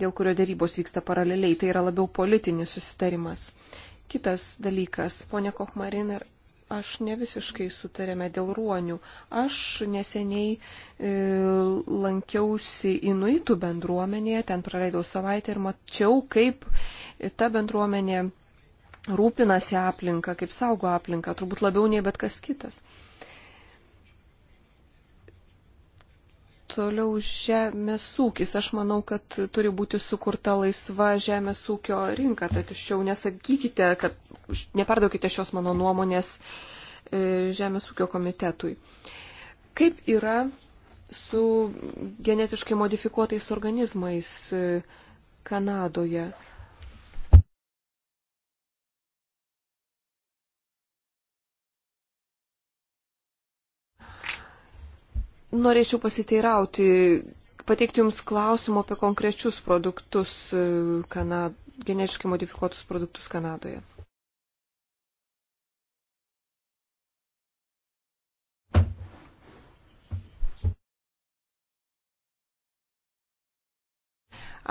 dėl kurio darybos vyksta paraleliai. Tai yra labiau politinis susitarimas. Kitas dalykas, ponė Kochmarin ir aš ne visiškai sutarėme dėl ruonių. Aš neseniai e, lankiausi Inuitų bendruomenėje, ten praleidau savaitę ir mačiau, kaip ta bendruomenė rūpinasi aplinką, kaip saugo aplinką, turbūt labiau nei bet kas kitas. E, Toliau žemės ūkis. Aš manau, kad turi būti sukurta laisva žemės ūkio rinka. Tad iš čia nesakykite, kad neperdaukite šios mano nuomonės e, žemės ūkio komitetui. Kaip yra su genetiškai modifikuotais organizmais e, Kanadoje? norėčiau pasiteirauti, pateikti Jums klausimų apie konkrečius produktus, e, Kanad... genetiškai modifikuotus produktus Kanadoje.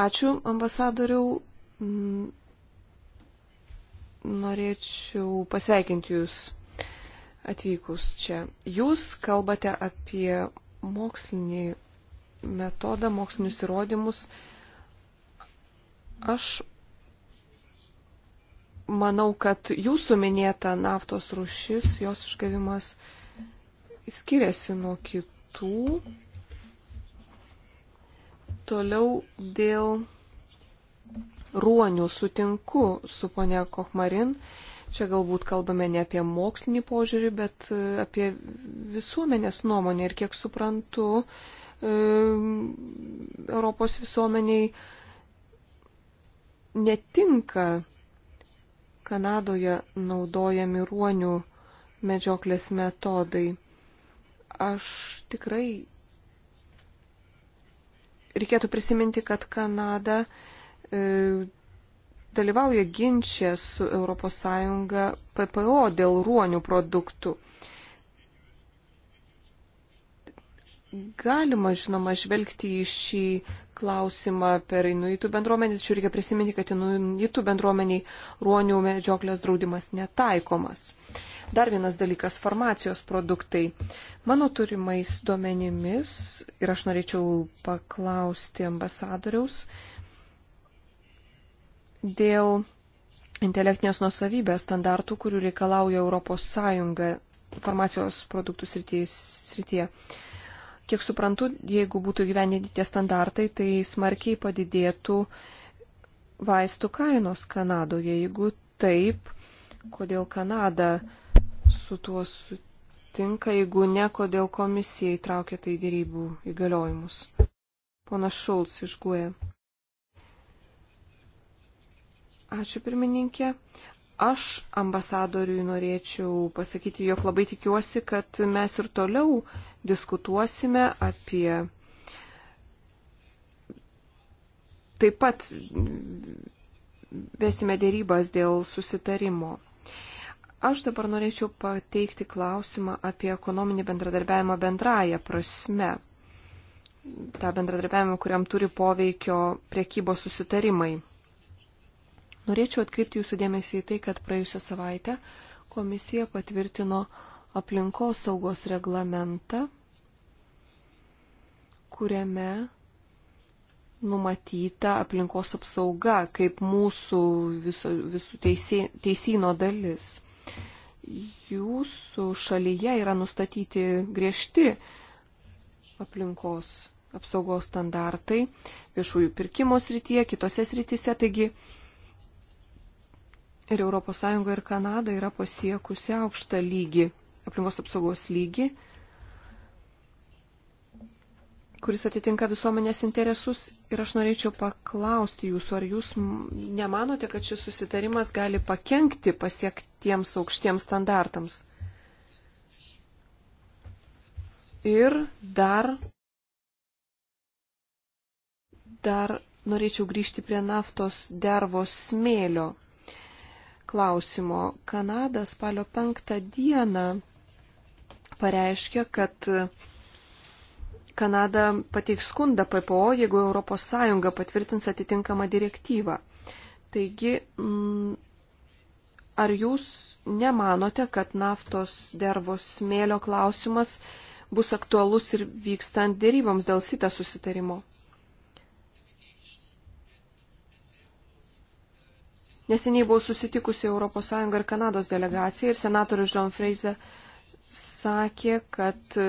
Ačiū, ambasadoriau. Mm, norėčiau pasveikinti Jūs atvykus čia. Jūs kalbate apie mokslinį metodą, mokslinius įrodymus, aš manau, kad jūsų minėta naftos rušis, jos išgavimas skiriasi nuo kitų. Toliau dėl ruonių sutinku su ponia Kochmarin. Uh, Čia galbūt kalbame ne apie mokslinį požiūrį, bet e, apie visuomenės nuomonę. Ir kiek suprantu, e, Europos visuomeniai netinka Kanadoje naudojami ruonių medžioklės metodai. Aš tikrai reikėtų prisiminti, kad Kanada e, dalyvauja ginčia su ES PPO dėl ruonių produktų. Galima, žinoma, žvelgti į šį klausimą per inuitų bendruomenį, tačiau reikia prisiminti, kad inuitų bendruomeniai ruonių medžioklės draudimas netaikomas. Dar vienas dalykas - farmacijos produktai. Mano turimais duomenimis, ir aš norėčiau paklausti ambasadoriaus, dėl intelektinės nusavybės standartų, kurių reikalauja ES farmacijos produktų srityje. Kiek suprantu, jeigu būtų gyveninti tie standartai, tai smarkiai padidėtų vaistų kainos Kanadoje. Jeigu taip, kodėl Kanada su tuo sutinka, jeigu ne, kodėl komisija įtraukia tai dėrybų įgaliojimus. Pona Šulc išguoja. E. Ačiū pirmininkė. Aš ambasadoriui norėčiau pasakyti, jog labai tikiuosi, kad mes ir toliau diskutuosime apie taip pat vesime dėrybas dėl susitarimo. Aš dabar norėčiau pateikti klausimą apie ekonominį bendradarbiavimą bendrają prasme. Ta bendradarbiavimą, kuriam turi poveikio priekybos susitarimai. Norėčiau atkreipti jūsų dėmesį į tai, kad praėjusią savaitę komisija patvirtino aplinkos saugos reglamentą, kuriame numatyta aplinkos apsauga kaip mūsų viso, visų teisė, teisino dalis. Jūsų šalyje yra nustatyti griežti aplinkos apsaugos standartai viešųjų pirkimo srityje, kitose srityse, taigi ir ES ir Kanada yra pasiekusi aukštą lygį, aplinkos apsaugos lygį, kuris atitinka visuomenės interesus. Ir aš norėčiau paklausti jūsų, ar jūs nemanote, kad šis susitarimas gali pakengti pasiektiems aukštiems standartams? Ir dar, dar norėčiau grįžti prie naftos dervos smėlio klausimo. Kanada spalio penktą dieną pareiškė, kad Kanada pateiks skundą PPO, jeigu ES patvirtins atitinkamą direktyvą. Taigi, mm, ar jūs nemanote, kad naftos dervos smėlio klausimas bus aktualus ir vykstant dėryboms dėl sitą susitarimo? Neseniai buvau susitikusi ES ir Kanados delegacija ir senatorius John Fraser sakė, kad e,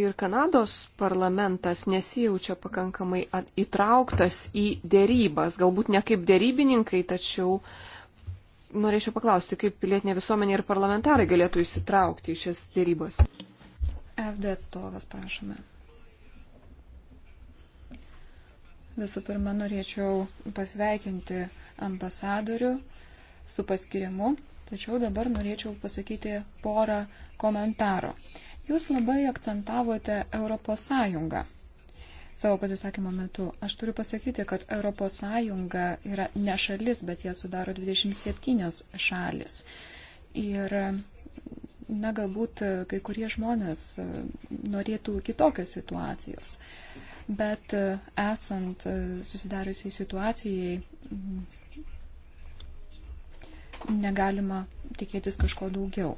ir Kanados parlamentas nesijaučia pakankamai įtrauktas į dėrybas, galbūt ne kaip dėrybininkai, tačiau norėčiau paklausti, kaip pilietinė visuomenė ir parlamentarai galėtų įsitraukti į šias dėrybas. FD atstovas, prašome. Visų pirma, norėčiau pasveikinti ambasadorių su paskirimu, tačiau dabar norėčiau pasakyti porą komentarų. Jūs labai akcentavote Europos Sąjungą savo pasisakymo metu. Aš turiu pasakyti, kad ES yra ne šalis, bet jie sudaro 27 šalis. Ir, na, galbūt kai kurie žmonės e, norėtų kitokios situacijos bet e, esant e, susidariusiai situacijai mm, negalima tikėtis kažko daugiau.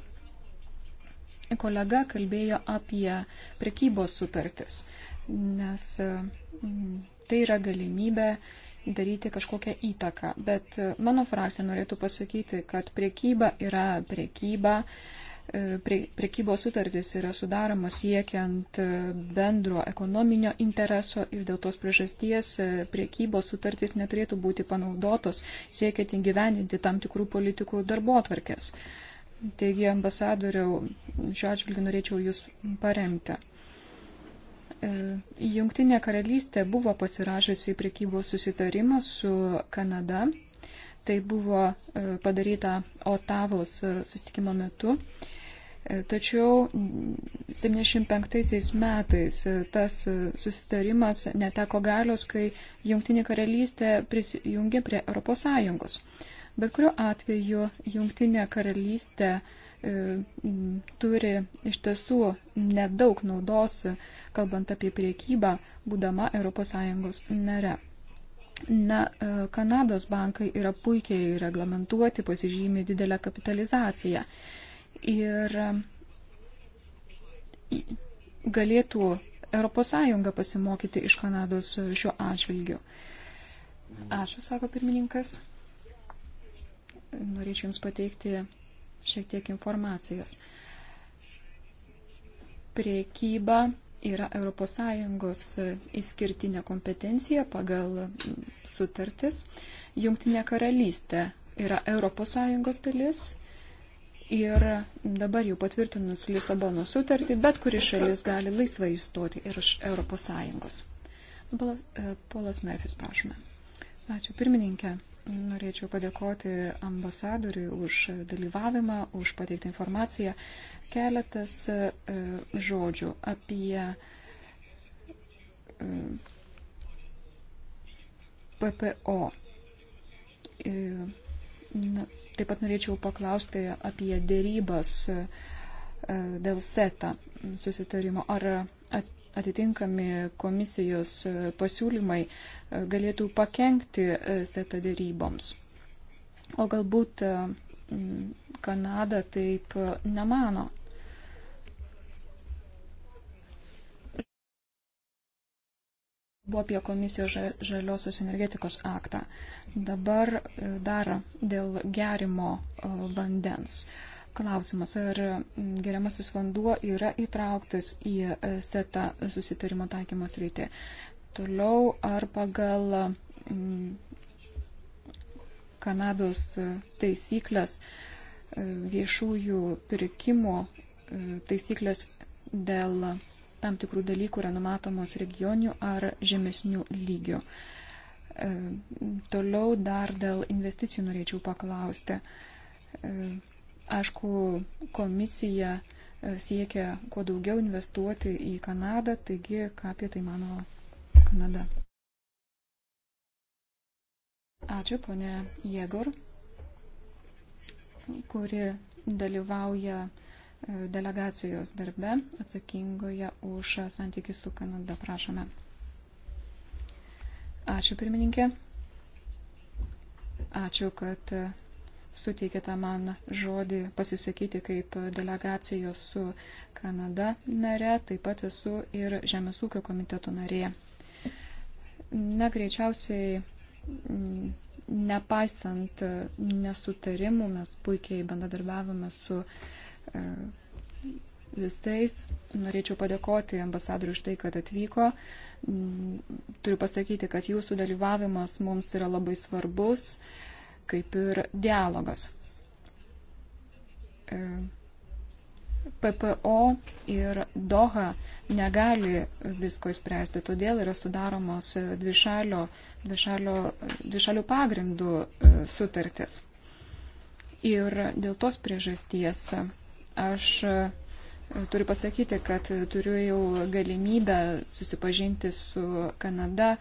Kolega kalbėjo apie prekybos sutartis, nes e, mm, tai yra galimybė daryti kažkokią įtaką. Bet mano frakcija norėtų pasakyti, kad priekyba yra priekyba, prekybos sutartys yra sudaromas siekiant e, bendro ekonominio intereso ir dėl tos priežasties e, prekybos sutartys neturėtų būti panaudotos siekiant įgyvendinti tam tikrų politikų darbo atvarkės. Taigi, ambasadoriau, šiuo atžvilgiu norėčiau Jūs paremti. E, Jungtinė karalystė buvo pasirašusi prekybos susitarimą su Kanada. Tai buvo padaryta Otavos sustikimo metu. E, tačiau 75 metais e, tas e, susitarimas neteko galios, kai Junktinė karalystė prisijungė prie ES. Bet kuriuo atveju Junktinė karalystė turi iš tiesų nedaug naudos, kalbant apie priekybą, būdama ES nare. Na, Kanados bankai yra puikiai reglamentuoti, pasižymi didelę kapitalizaciją ir e, galėtų ES pasimokyti iš Kanados šiuo atžvilgiu. Ačiū, sako pirmininkas. Norėčiau Jums pateikti šiek tiek informacijos. Priekyba yra ES įskirtinė kompetencija pagal sutartis. Jungtinė karalystė yra ES dalis Ir dabar jau patvirtinus Lisabono sutartį, bet kuri šalis gali laisvai įstoti ir iš Europos Sąjungos. E, polas Merfis, prašome. Ačiū pirmininkė. Norėčiau padėkoti ambasadoriui už dalyvavimą, už pateiktą informaciją. Keletas e, žodžių apie e, PPO. Na, Taip pat norėčiau paklausti apie dėrybas e, dėl SETA susitarimo. Ar atitinkami komisijos e, pasiūlymai e, galėtų pakengti SETA dėryboms? O galbūt Kanada taip nemano. Buvo apie komisijos žaliosios energetikos aktą. Dabar e, dar dėl gerimo e, vandens. Klausimas, ar geriamasis vanduo yra įtrauktas į e, setą susitarimo taikymos rytį. Toliau, ar pagal Kanados taisyklės viešųjų pirkimų taisyklės dėl tam tikrų dalykų yra numatomos regionių ar žemesnių lygių. E, toliau dar dėl investicijų norėčiau paklausti. E, aišku, komisija e, siekia kuo daugiau investuoti į Kanadą, taigi ką apie tai mano Kanada. Ačiū, ponė Jėgor, kuri dalyvauja uh, delegacijos darbe atsakingoje už santykių su Kanada. Prašome. Ačiū pirmininkė. Ačiū, kad suteikėte man žodį pasisakyti kaip delegacijos su Kanada nare. Taip pat esu ir Žemės ūkio komiteto narė. Na, greičiausiai mm, nepaisant nesutarimų, mes puikiai bendradarbiavome su visais. Norėčiau padėkoti ambasadoriui už tai, kad atvyko. Mm, turiu pasakyti, kad jūsų dalyvavimas mums yra labai svarbus, kaip ir dialogas. E, PPO ir Doha negali visko įspręsti, todėl yra sudaromos dvišalio, dvišalio, dvišalio pagrindų e, sutartis. Ir dėl tos priežasties Aš e, turiu pasakyti, kad turiu jau galimybę susipažinti su Kanada,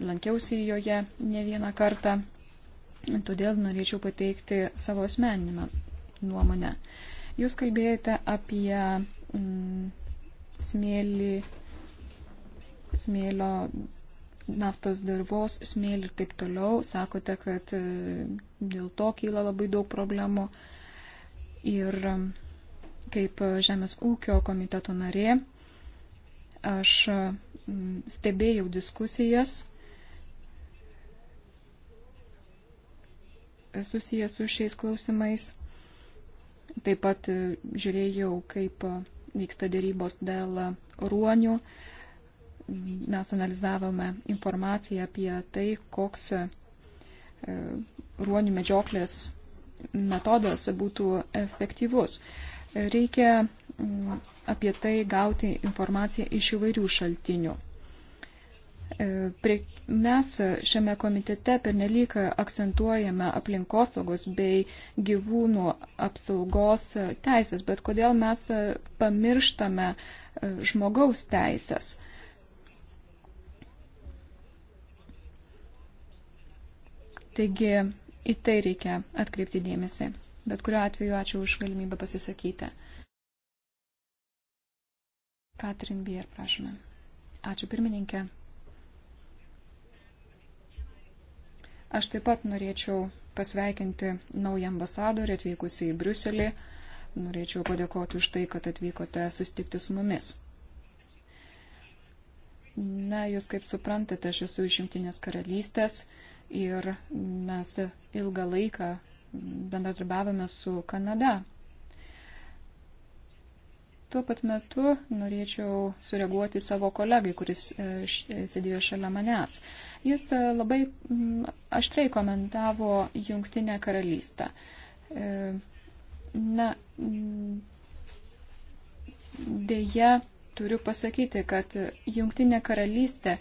lankiausi joje ne vieną kartą, todėl norėčiau pateikti savo asmeninimą nuomonę. Jūs kalbėjote apie mm, smėlį, smėlio naftos dirvos, smėlį ir taip toliau. Sakote, kad e, dėl to kyla labai daug problemų. E, Ir um, kaip uh, Žemės ūkio komiteto narė, aš um, stebėjau diskusijas susijęs su šiais klausimais. Taip pat uh, žiūrėjau, kaip uh, vyksta dėrybos dėl ruonių. Mes analizavome informaciją apie tai, koks ruonių medžioklės metodas būtų efektyvus. Reikia mm, apie tai gauti informaciją iš įvairių šaltinių. E, mes šiame komitete pernelyg akcentuojame aplinkosaugos bei gyvūnų apsaugos teisės, bet kodėl mes pamirštame e, žmogaus teisės? Taigi Į tai reikia atkreipti dėmesį. Bet kuriuo atveju ačiū už galimybę pasisakyti. Katrin Bier, prašome. Ačiū pirmininkė. Aš taip pat norėčiau pasveikinti naują ambasadorį atvykusi į Briuselį. Norėčiau padėkoti už tai, kad atvykote sustikti su mumis. Na, jūs kaip suprantate, aš esu iš Jungtinės karalystės ir mes ilgą laiką bendradarbiavome su Kanada. Tuo pat metu norėčiau sureaguoti savo kolegai, kuris e, e, sėdėjo šalia manęs. Jis e, labai mm, aštrai komentavo Jungtinę karalystę. Na, mm, dėja, turiu pasakyti, kad Jungtinė karalystė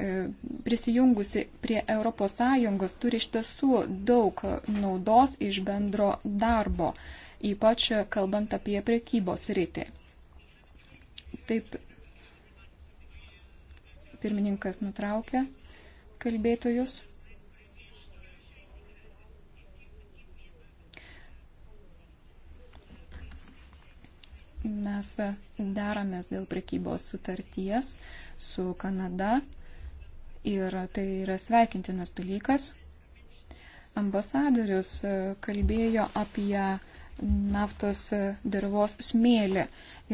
E, prisijungusi prie ES turi iš tiesų daug naudos iš bendro darbo, ypač kalbant apie priekybos rytį. Taip, pirmininkas nutraukė kalbėtojus. Mes deramės dėl prekybos sutarties su Kanada ir tai yra sveikintinas dalykas. Ambasadorius e, kalbėjo apie naftos e, dirvos smėlį.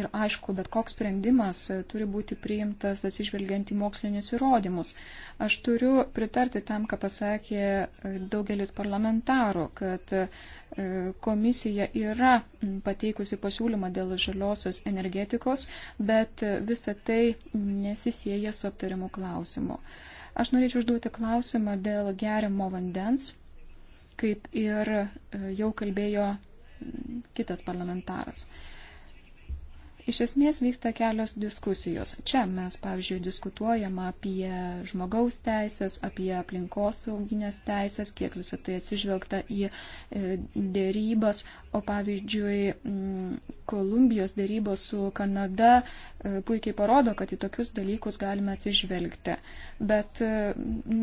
Ir aišku, bet koks sprendimas e, turi būti priimtas atsižvelgiant į mokslinius įrodymus. Aš turiu pritarti tam, ką pasakė daugelis parlamentarų, kad komisija yra pateikusi pasiūlymą dėl žaliosios energetikos, bet visa tai nesisėja su aptariamu klausimu. Aš norėčiau užduoti klausimą dėl gerimo vandens, kaip ir e, jau kalbėjo kitas parlamentaras. Iš esmės vyksta kelios diskusijos. Čia mes, pavyzdžiui, diskutuojam apie žmogaus teisės, apie aplinkos sauginės teisės, kiek visą tai atsižvelgta į e, dėrybas. O pavyzdžiui, mm, Kolumbijos dėrybos su Kanada e, puikiai parodo, kad į tokius dalykus galime atsižvelgti. Bet, e,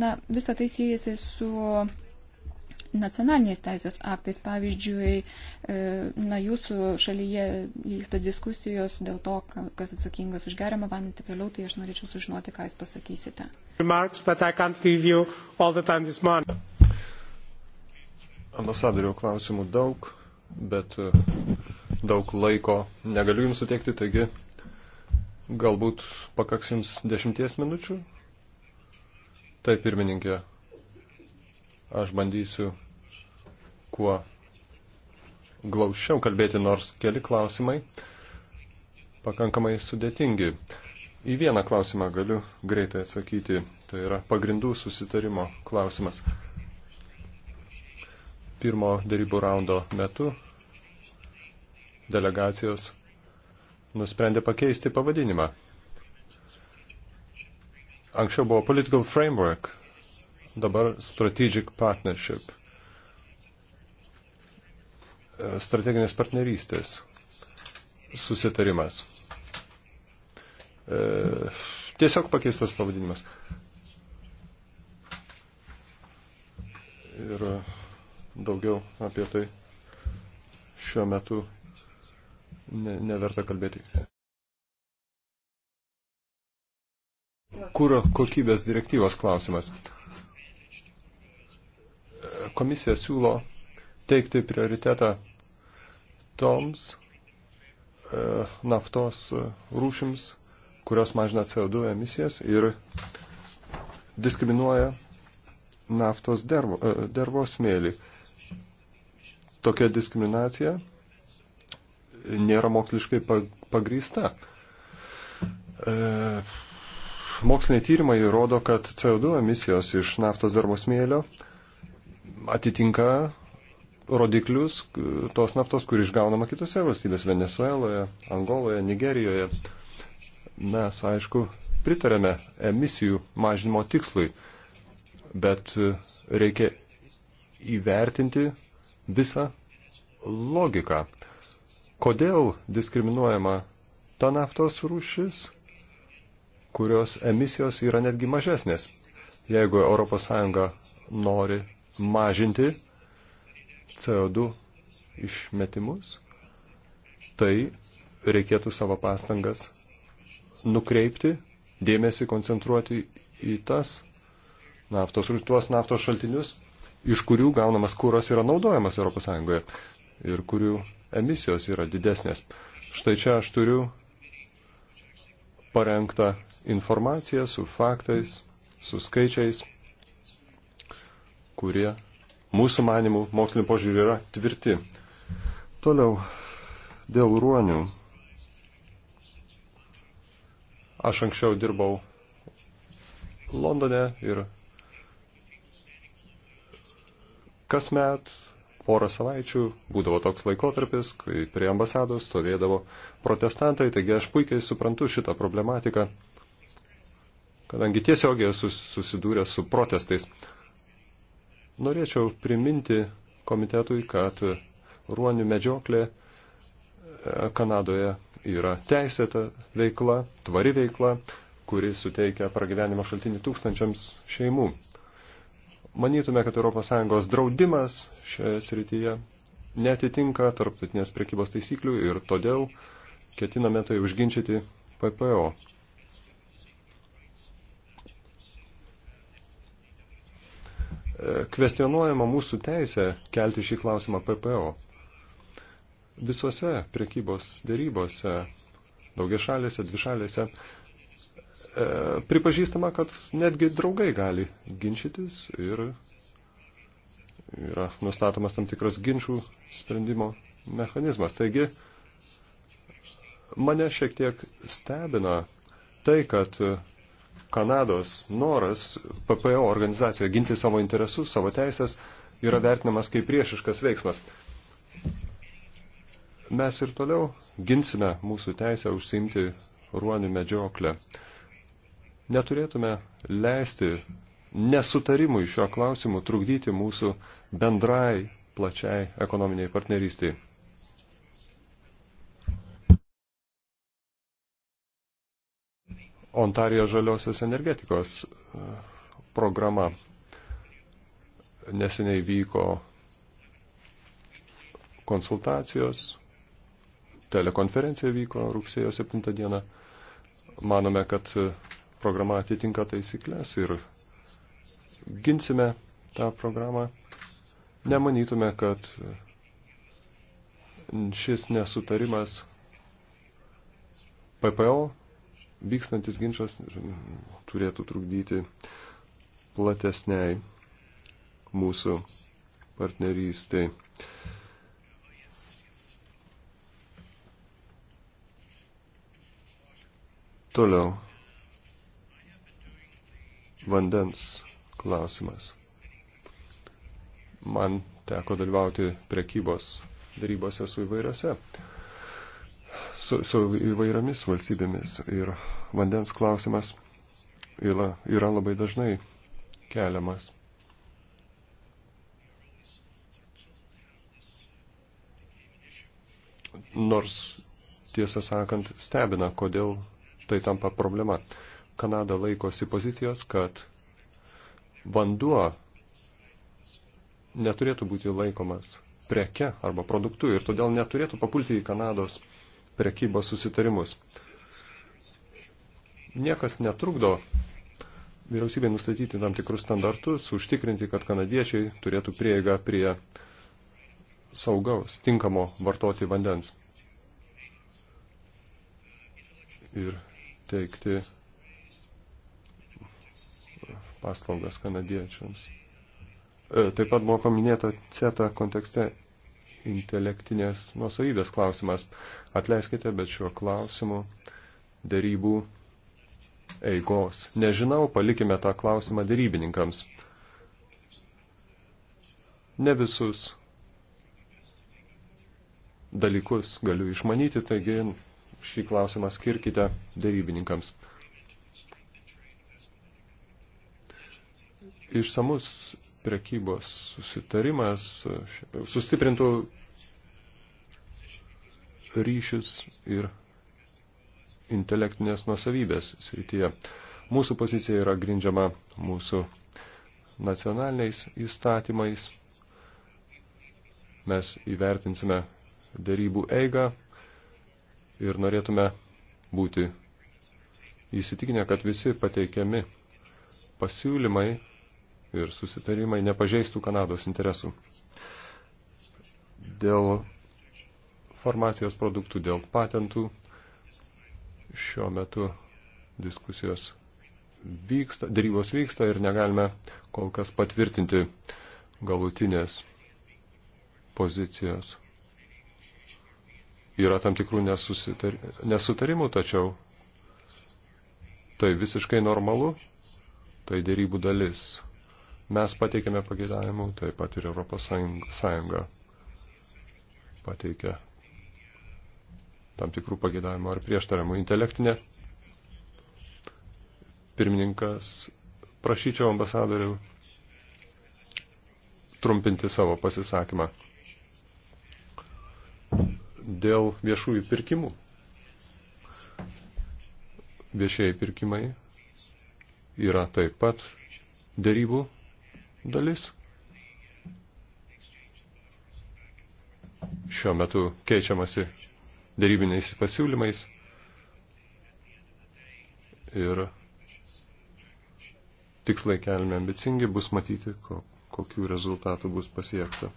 na, visą tai siejasi su nacionaliniais teisės aktais. Pavyzdžiui, e, na, jūsų šalyje vyksta diskusijos dėl to, kas atsakingas už geriamą vandenį ir taip toliau, tai aš norėčiau sužinoti, ką jūs pasakysite. Ambasadorių klausimų daug, bet e, daug laiko negaliu jums suteikti, taigi galbūt pakaks jums dešimties minučių. Taip, pirmininkė, Aš bandysiu kuo glaušiau kalbėti, nors keli klausimai pakankamai sudėtingi. Į vieną klausimą galiu greitai atsakyti. Tai yra pagrindų susitarimo klausimas. Pirmo darybų raundo metu delegacijos nusprendė pakeisti pavadinimą. Anksčiau buvo Political Framework dabar Strategic Partnership, strateginės partnerystės susitarimas. E, tiesiog pakeistas pavadinimas. Ir daugiau apie tai šiuo metu ne, neverta kalbėti. Kūro kokybės direktyvos klausimas komisija siūlo teikti prioritetą toms e, naftos e, rūšims, kurios mažina CO2 emisijas ir diskriminuoja naftos dervo, e, dervos smėlį. Tokia diskriminacija nėra moksliškai pagrįsta. Moksliniai tyrimai rodo, kad CO2 emisijos iš naftos dervos smėlio atitinka rodiklius tos naftos, kur išgaunama kitose valstybės - Venezueloje, Angoloje, Nigerijoje. Mes, aišku, pritarėme emisijų mažinimo tikslui, bet reikia įvertinti visą logiką. Kodėl diskriminuojama ta naftos rūšis, kurios emisijos yra netgi mažesnės? Jeigu ES nori mažinti CO2 išmetimus, tai reikėtų savo pastangas nukreipti, dėmesį koncentruoti į tas naftos, tuos naftos šaltinius, iš kurių gaunamas kūras yra naudojamas ES ir kurių emisijos yra didesnės. Štai čia aš turiu parengtą informaciją su faktais, su skaičiais kurie mūsų manimų mokslinio požiūrį yra tvirti. Toliau, dėl ruonių. Aš anksčiau dirbau Londone ir kasmet porą savaičių būdavo toks laikotarpis, kai prie ambasados stovėdavo protestantai, taigi aš puikiai suprantu šitą problematiką, kadangi tiesiogiai esu susidūręs su protestais. Norėčiau priminti komitetui, kad ruonių medžioklė e, Kanadoje yra teisėta veikla, tvari veikla, kuri suteikia pragyvenimo šaltinį tūkstančiams šeimų. Manytume, kad ES draudimas šioje srityje netitinka tarptautinės prekybos taisyklių ir todėl ketiname tai užginčyti PPO. kvestionuojama mūsų teisė kelti šį klausimą PPO. Visose prekybos dėrybose, daugiašalėse, dvišalėse, e, pripažįstama, kad netgi draugai gali ginčytis ir yra nustatomas tam tikras ginčių sprendimo mechanizmas. Taigi, mane šiek tiek stebina tai, kad Kanados noras PPO organizacijoje ginti savo interesus, savo teisės yra vertinamas kaip priešiškas veiksmas. Mes ir toliau ginsime mūsų teisę užsimti ruonių medžioklę. Neturėtume leisti nesutarimui šio klausimu trukdyti mūsų bendrai plačiai ekonominiai partnerystiai. Ontarijos žaliosios energetikos e, programa. Neseniai vyko konsultacijos, telekonferencija vyko rugsėjo 7 dieną. Manome, kad e, programa atitinka taisyklės ir ginsime tą programą. Nemanytume, kad e, šis nesutarimas PPO vykstantis ginčas turėtų trukdyti platesniai mūsų partnerystiai. Toliau. Vandens klausimas. Man teko dalyvauti prekybos darybose su įvairiose su, su įvairiomis valstybėmis ir vandens klausimas yra, yra labai dažnai keliamas. Nors, tiesą sakant, stebina, kodėl tai tampa problema. Kanada laikosi pozicijos, kad vanduo neturėtų būti laikomas preke arba produktu ir todėl neturėtų papulti į Kanados prekybos susitarimus. Niekas netrukdo vyriausybė nustatyti tam tikrus standartus, užtikrinti, kad kanadiečiai turėtų prieigą prie saugaus, tinkamo vartoti vandens ir teikti paslaugas kanadiečiams. E, taip pat buvo paminėta CETA kontekste intelektinės nuosavybės klausimas. Atleiskite, bet šiuo klausimu darybų eigos. Nežinau, palikime tą klausimą darybininkams. Ne visus dalykus galiu išmanyti, taigi šį klausimą skirkite darybininkams. Išsamus prekybos susitarimas sustiprintų ryšius ir intelektinės nusavybės srityje. Mūsų pozicija yra grindžiama mūsų nacionaliniais įstatymais. Mes įvertinsime darybų eigą ir norėtume būti įsitikinę, kad visi pateikiami pasiūlymai ir susitarimai nepažeistų Kanados interesų. Dėl farmacijos produktų, dėl patentų šiuo metu diskusijos vyksta, darybos vyksta ir negalime kol kas patvirtinti galutinės pozicijos. Yra tam tikrų nesutarimų, tačiau tai visiškai normalu, tai darybų dalis. Mes pateikėme pageidavimų, taip pat ir Europos Sąjunga pateikė tam tikrų pageidavimų ar prieštaramų. Intelektinė pirmininkas, prašyčiau ambasadorių trumpinti savo pasisakymą dėl viešųjų pirkimų. Viešieji pirkimai yra taip pat dėrybų dalis. Šiuo metu keičiamasi dėrybiniais pasiūlymais ir tikslai kelmi ambicingi, bus matyti, ko, kokių rezultatų bus pasiekta.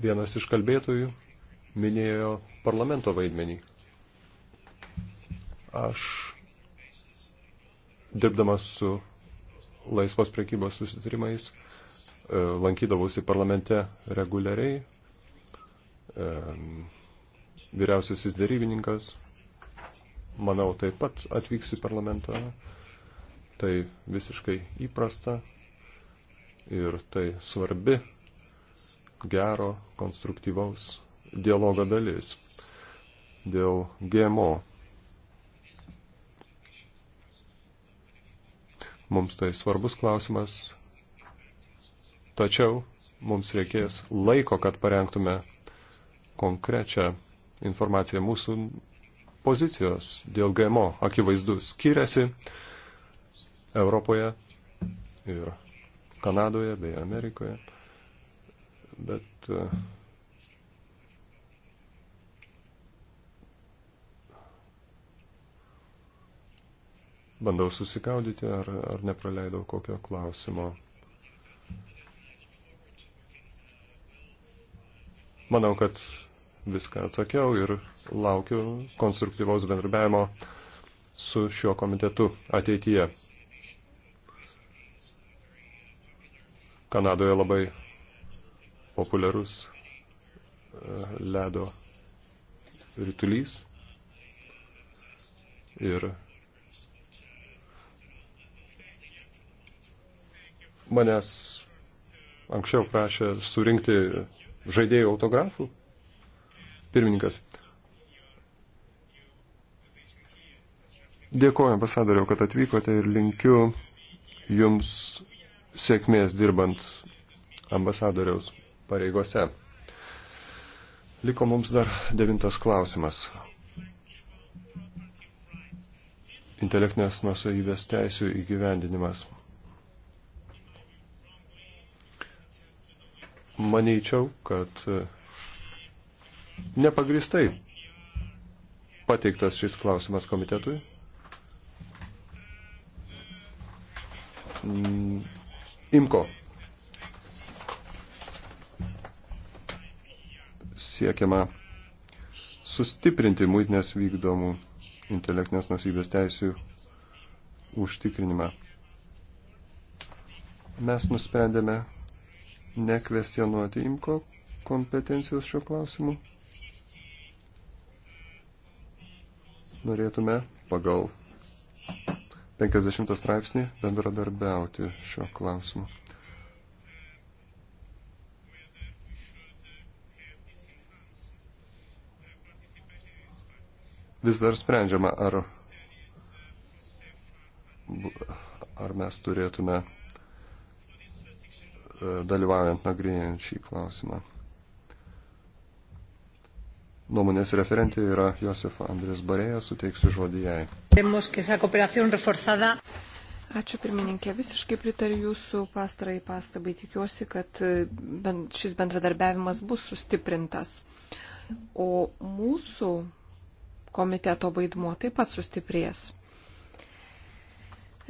Vienas iš kalbėtojų minėjo parlamento vaidmenį. Aš dirbdamas su laisvos prekybos susitarimais, e, lankydavausi parlamente reguliariai, e, vyriausiasis dėrybininkas, manau, taip pat atvyks į parlamentą, tai visiškai įprasta ir tai svarbi gero, konstruktyvaus dialogo dalis dėl GMO Mums tai svarbus klausimas, tačiau mums reikės laiko, kad parengtume konkrečią informaciją. Mūsų pozicijos dėl GMO akivaizdu skiriasi Europoje ir Kanadoje bei Amerikoje, bet uh, Bandau susikaudyti, ar, ar nepraleidau kokio klausimo. Manau, kad viską atsakiau ir laukiu konstruktyvaus bendrabiavimo su šiuo komitetu ateityje. Kanadoje labai populiarus e, ledo rytulys ir manęs anksčiau prašė surinkti žaidėjų autografų. Pirmininkas. Dėkuoju ambasadoriau, kad atvykote ir linkiu jums sėkmės dirbant ambasadoriaus pareigose. Liko mums dar devintas klausimas. Intelektinės nusavybės teisų įgyvendinimas. manyčiau, kad e, nepagristai pateiktas šis klausimas komitetui. Mm, Imko. Siekiama sustiprinti muitinės vykdomų intelektinės nusybės teisių užtikrinimą. Mes nusprendėme nekvestionuoti imko kompetencijos šio klausimu. Norėtume pagal 50 straipsnį bendradarbiauti šio klausimu. Vis dar sprendžiama, ar, ar mes turėtume dalyvaujant nagrinėjant šį klausimą. Nuomonės referentė yra Josefa Andrės Barėja, suteiksiu žodį jai. Ačiū pirmininkė, visiškai pritariu jūsų pastarai pastabai, tikiuosi, kad e, bent šis bendradarbiavimas bus sustiprintas. O mūsų komiteto vaidmuo taip pat sustiprės.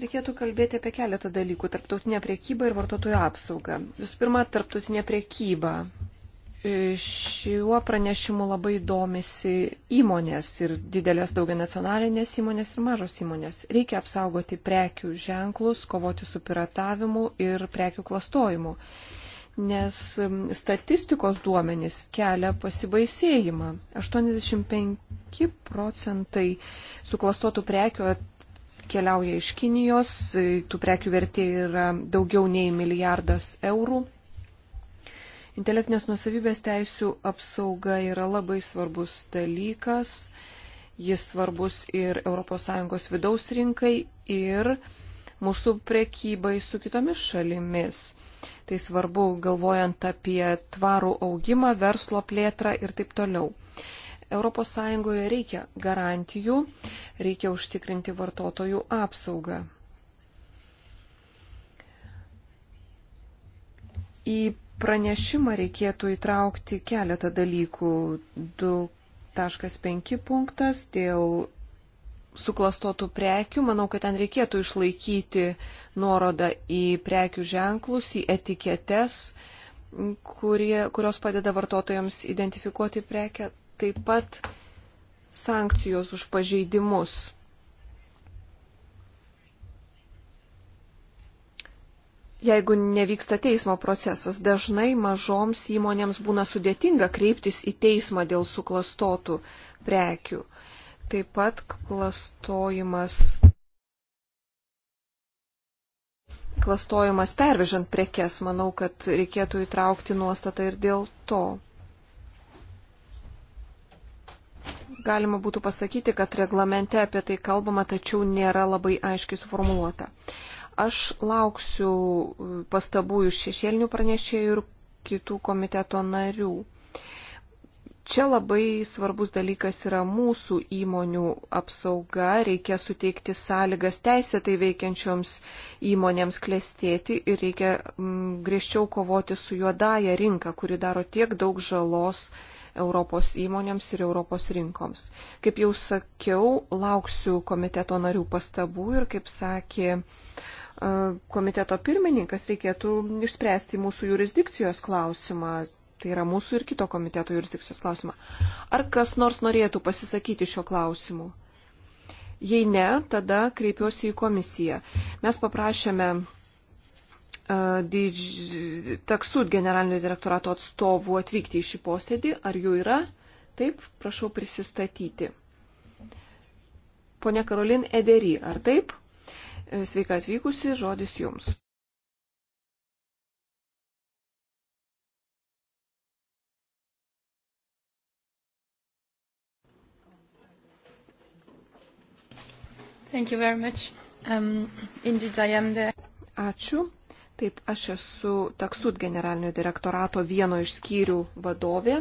Reikėtų kalbėti apie keletą dalykų - tarptautinę priekybą ir vartotojų apsaugą. Visų pirma, tarptautinė priekyba. E, šiuo pranešimu labai domisi įmonės ir didelės daugia nacionalinės įmonės ir mažos įmonės. Reikia apsaugoti prekių ženklus, kovoti su piratavimu ir prekių klastojimu, nes statistikos duomenys kelia pasibaisėjimą. 85 procentai suklastotų prekių keliauja iš Kinijos, tų prekių vertė yra daugiau nei milijardas eurų. Intelektinės nusavybės teisų apsauga yra labai svarbus dalykas, jis svarbus ir ES vidaus rinkai ir mūsų prekybai su kitomis šalimis. Tai svarbu galvojant apie tvarų augimą, verslo plėtrą ir taip toliau. ES reikia garantijų, reikia užtikrinti vartotojų apsaugą. Į pranešimą reikėtų įtraukti keletą dalykų. 2.5 punktas dėl suklastotų prekių. Manau, kad ten reikėtų išlaikyti nuorodą į prekių ženklus, į etiketes, kurie, kurios padeda vartotojams identifikuoti prekę taip pat sankcijos už pažeidimus. Jeigu nevyksta teismo procesas, dažnai mažoms įmonėms būna sudėtinga kreiptis į teismą dėl suklastotų prekių. Taip pat klastojimas klastojimas pervežant prekes, manau, kad reikėtų įtraukti nuostatą ir dėl to. galima būtų pasakyti, kad reglamente apie tai kalbama, tačiau nėra labai aiškiai suformuoluota. Aš lauksiu e, pastabų iš šešėlinių pranešėjų ir kitų komiteto narių. Čia labai svarbus dalykas yra mūsų įmonių apsauga, reikia suteikti sąlygas teisėtai veikiančioms įmonėms klestėti ir reikia mm, griežčiau kovoti su juodąja rinka, kuri daro tiek daug žalos uh, Europos įmonėms ir Europos rinkoms. Kaip jau sakiau, lauksiu komiteto narių pastabų ir, kaip sakė e, komiteto pirmininkas, reikėtų išspręsti mūsų jurisdikcijos klausimą. Tai yra mūsų ir kito komiteto jurisdikcijos klausimą. Ar kas nors norėtų pasisakyti šiuo klausimu? Jei ne, tada kreipiuosi į komisiją. Mes paprašėme dydž... taksud generalinio direktorato atstovų atvykti į šį posėdį. Ar jų yra? Taip, prašau prisistatyti. Pone Karolin Edery, ar taip? E, sveika atvykusi, žodis jums. Thank you very much. Um, indeed, I am the... Ačiū. Taip, aš esu Taksut generalinio direktorato vieno iš skyrių vadovė.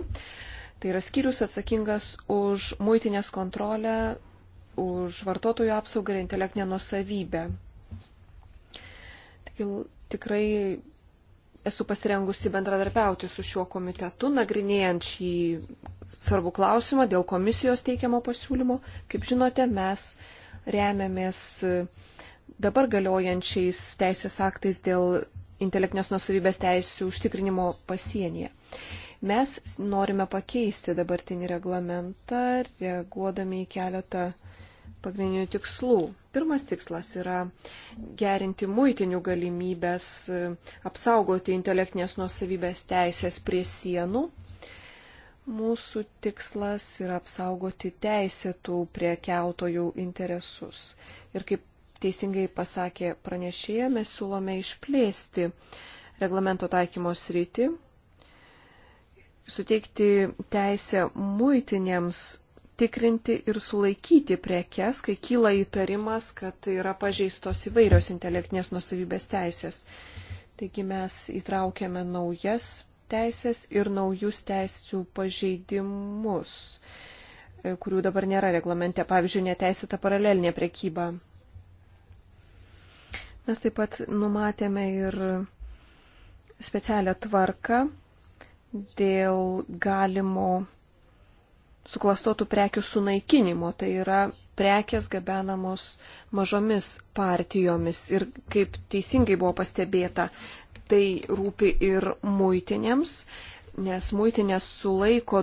Tai yra skyrius atsakingas už muitinės kontrolę, už vartotojų apsaugą ir intelektinę nusavybę. Taigi, tikrai esu pasirengusi bendradarbiauti su šiuo komitetu, nagrinėjant šį svarbų klausimą dėl komisijos teikiamo pasiūlymo. Kaip žinote, mes remiamės dabar galiojančiais teisės aktais dėl intelektinės nusavybės teisų užtikrinimo pasienyje. Mes norime pakeisti dabartinį reglamentą, reaguodami į keletą pagrindinių tikslų. Pirmas tikslas yra gerinti muitinių galimybės apsaugoti intelektinės nusavybės teisės prie sienų. Mūsų tikslas yra apsaugoti teisėtų priekiautojų interesus. Ir kaip teisingai pasakė pranešėja, mes siūlome išplėsti reglamento taikymo sritį, suteikti teisę muitinėms tikrinti ir sulaikyti prekes, kai kyla įtarimas, kad tai yra pažeistos įvairios intelektinės nusavybės teisės. Taigi mes įtraukėme naujas teisės ir naujus teisų pažeidimus, e, kurių dabar nėra reglamente, pavyzdžiui, neteisėta paralelinė prekyba Mes taip pat numatėme ir specialią tvarką dėl galimo suklastotų prekių sunaikinimo. Tai yra prekės gabenamos mažomis partijomis. Ir kaip teisingai buvo pastebėta, tai rūpi ir muitinėms, nes muitinės sulaiko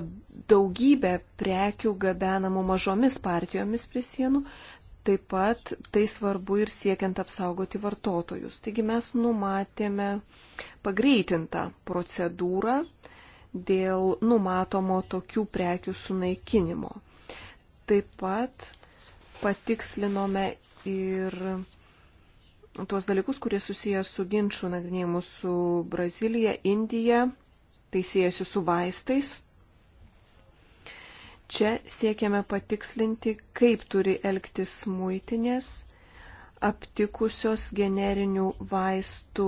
daugybę prekių gabenamų mažomis partijomis prie sienų. Taip pat tai svarbu ir siekiant apsaugoti vartotojus. Taigi mes numatėme pagreitintą procedūrą dėl numatomo tokių prekių sunaikinimo. Taip pat patikslinome ir tuos dalykus, kurie susijęs su ginčių nagrinėjimu su Brazilija, Indija, tai siejasi su vaistais. Čia siekiame patikslinti, kaip turi elgtis muitinės aptikusios generinių vaistų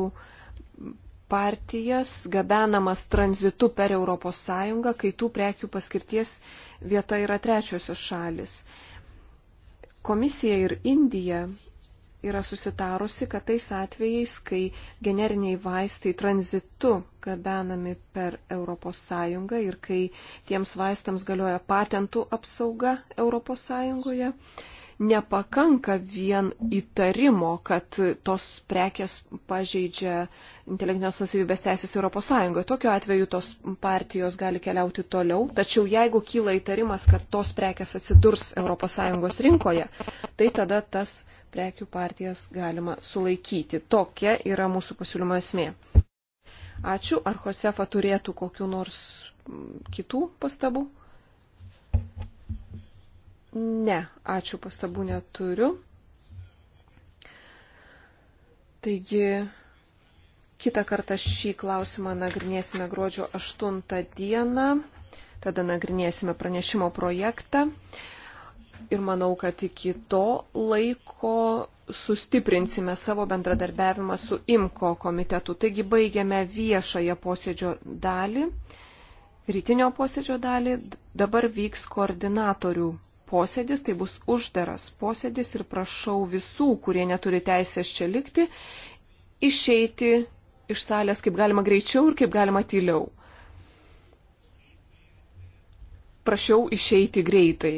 partijas gabenamas tranzitu per ES, kai tų prekių paskirties vieta yra trečiosios šalis. Komisija ir Indija yra susitarusi, kad tais atvejais, kai generiniai vaistai tranzitu gabenami per ES ir kai tiems vaistams galioja patentų apsauga ES, nepakanka vien įtarimo, kad tos prekės pažeidžia intelektinės nusavybės teisės ES. Tokiu atveju tos partijos gali keliauti toliau, tačiau jeigu kyla įtarimas, kad tos prekės atsidurs ES rinkoje, tai tada tas prekių partijas galima sulaikyti. Tokia yra mūsų pasiūlymo esmė. Ačiū. Ar Josefa turėtų kokiu nors kitų pastabų? Ne, ačiū pastabų neturiu. Taigi, kitą kartą šį klausimą nagrinėsime gruodžio 8 dieną, tada nagrinėsime pranešimo projektą ir manau, kad iki to laiko sustiprinsime savo bendradarbiavimą su IMKO komitetu. Taigi baigiame viešąją posėdžio dalį, rytinio posėdžio dalį. Dabar vyks koordinatorių posėdis, tai bus uždaras posėdis ir prašau visų, kurie neturi teisės čia likti, išeiti iš salės kaip galima greičiau ir kaip galima tyliau. Prašiau išeiti greitai.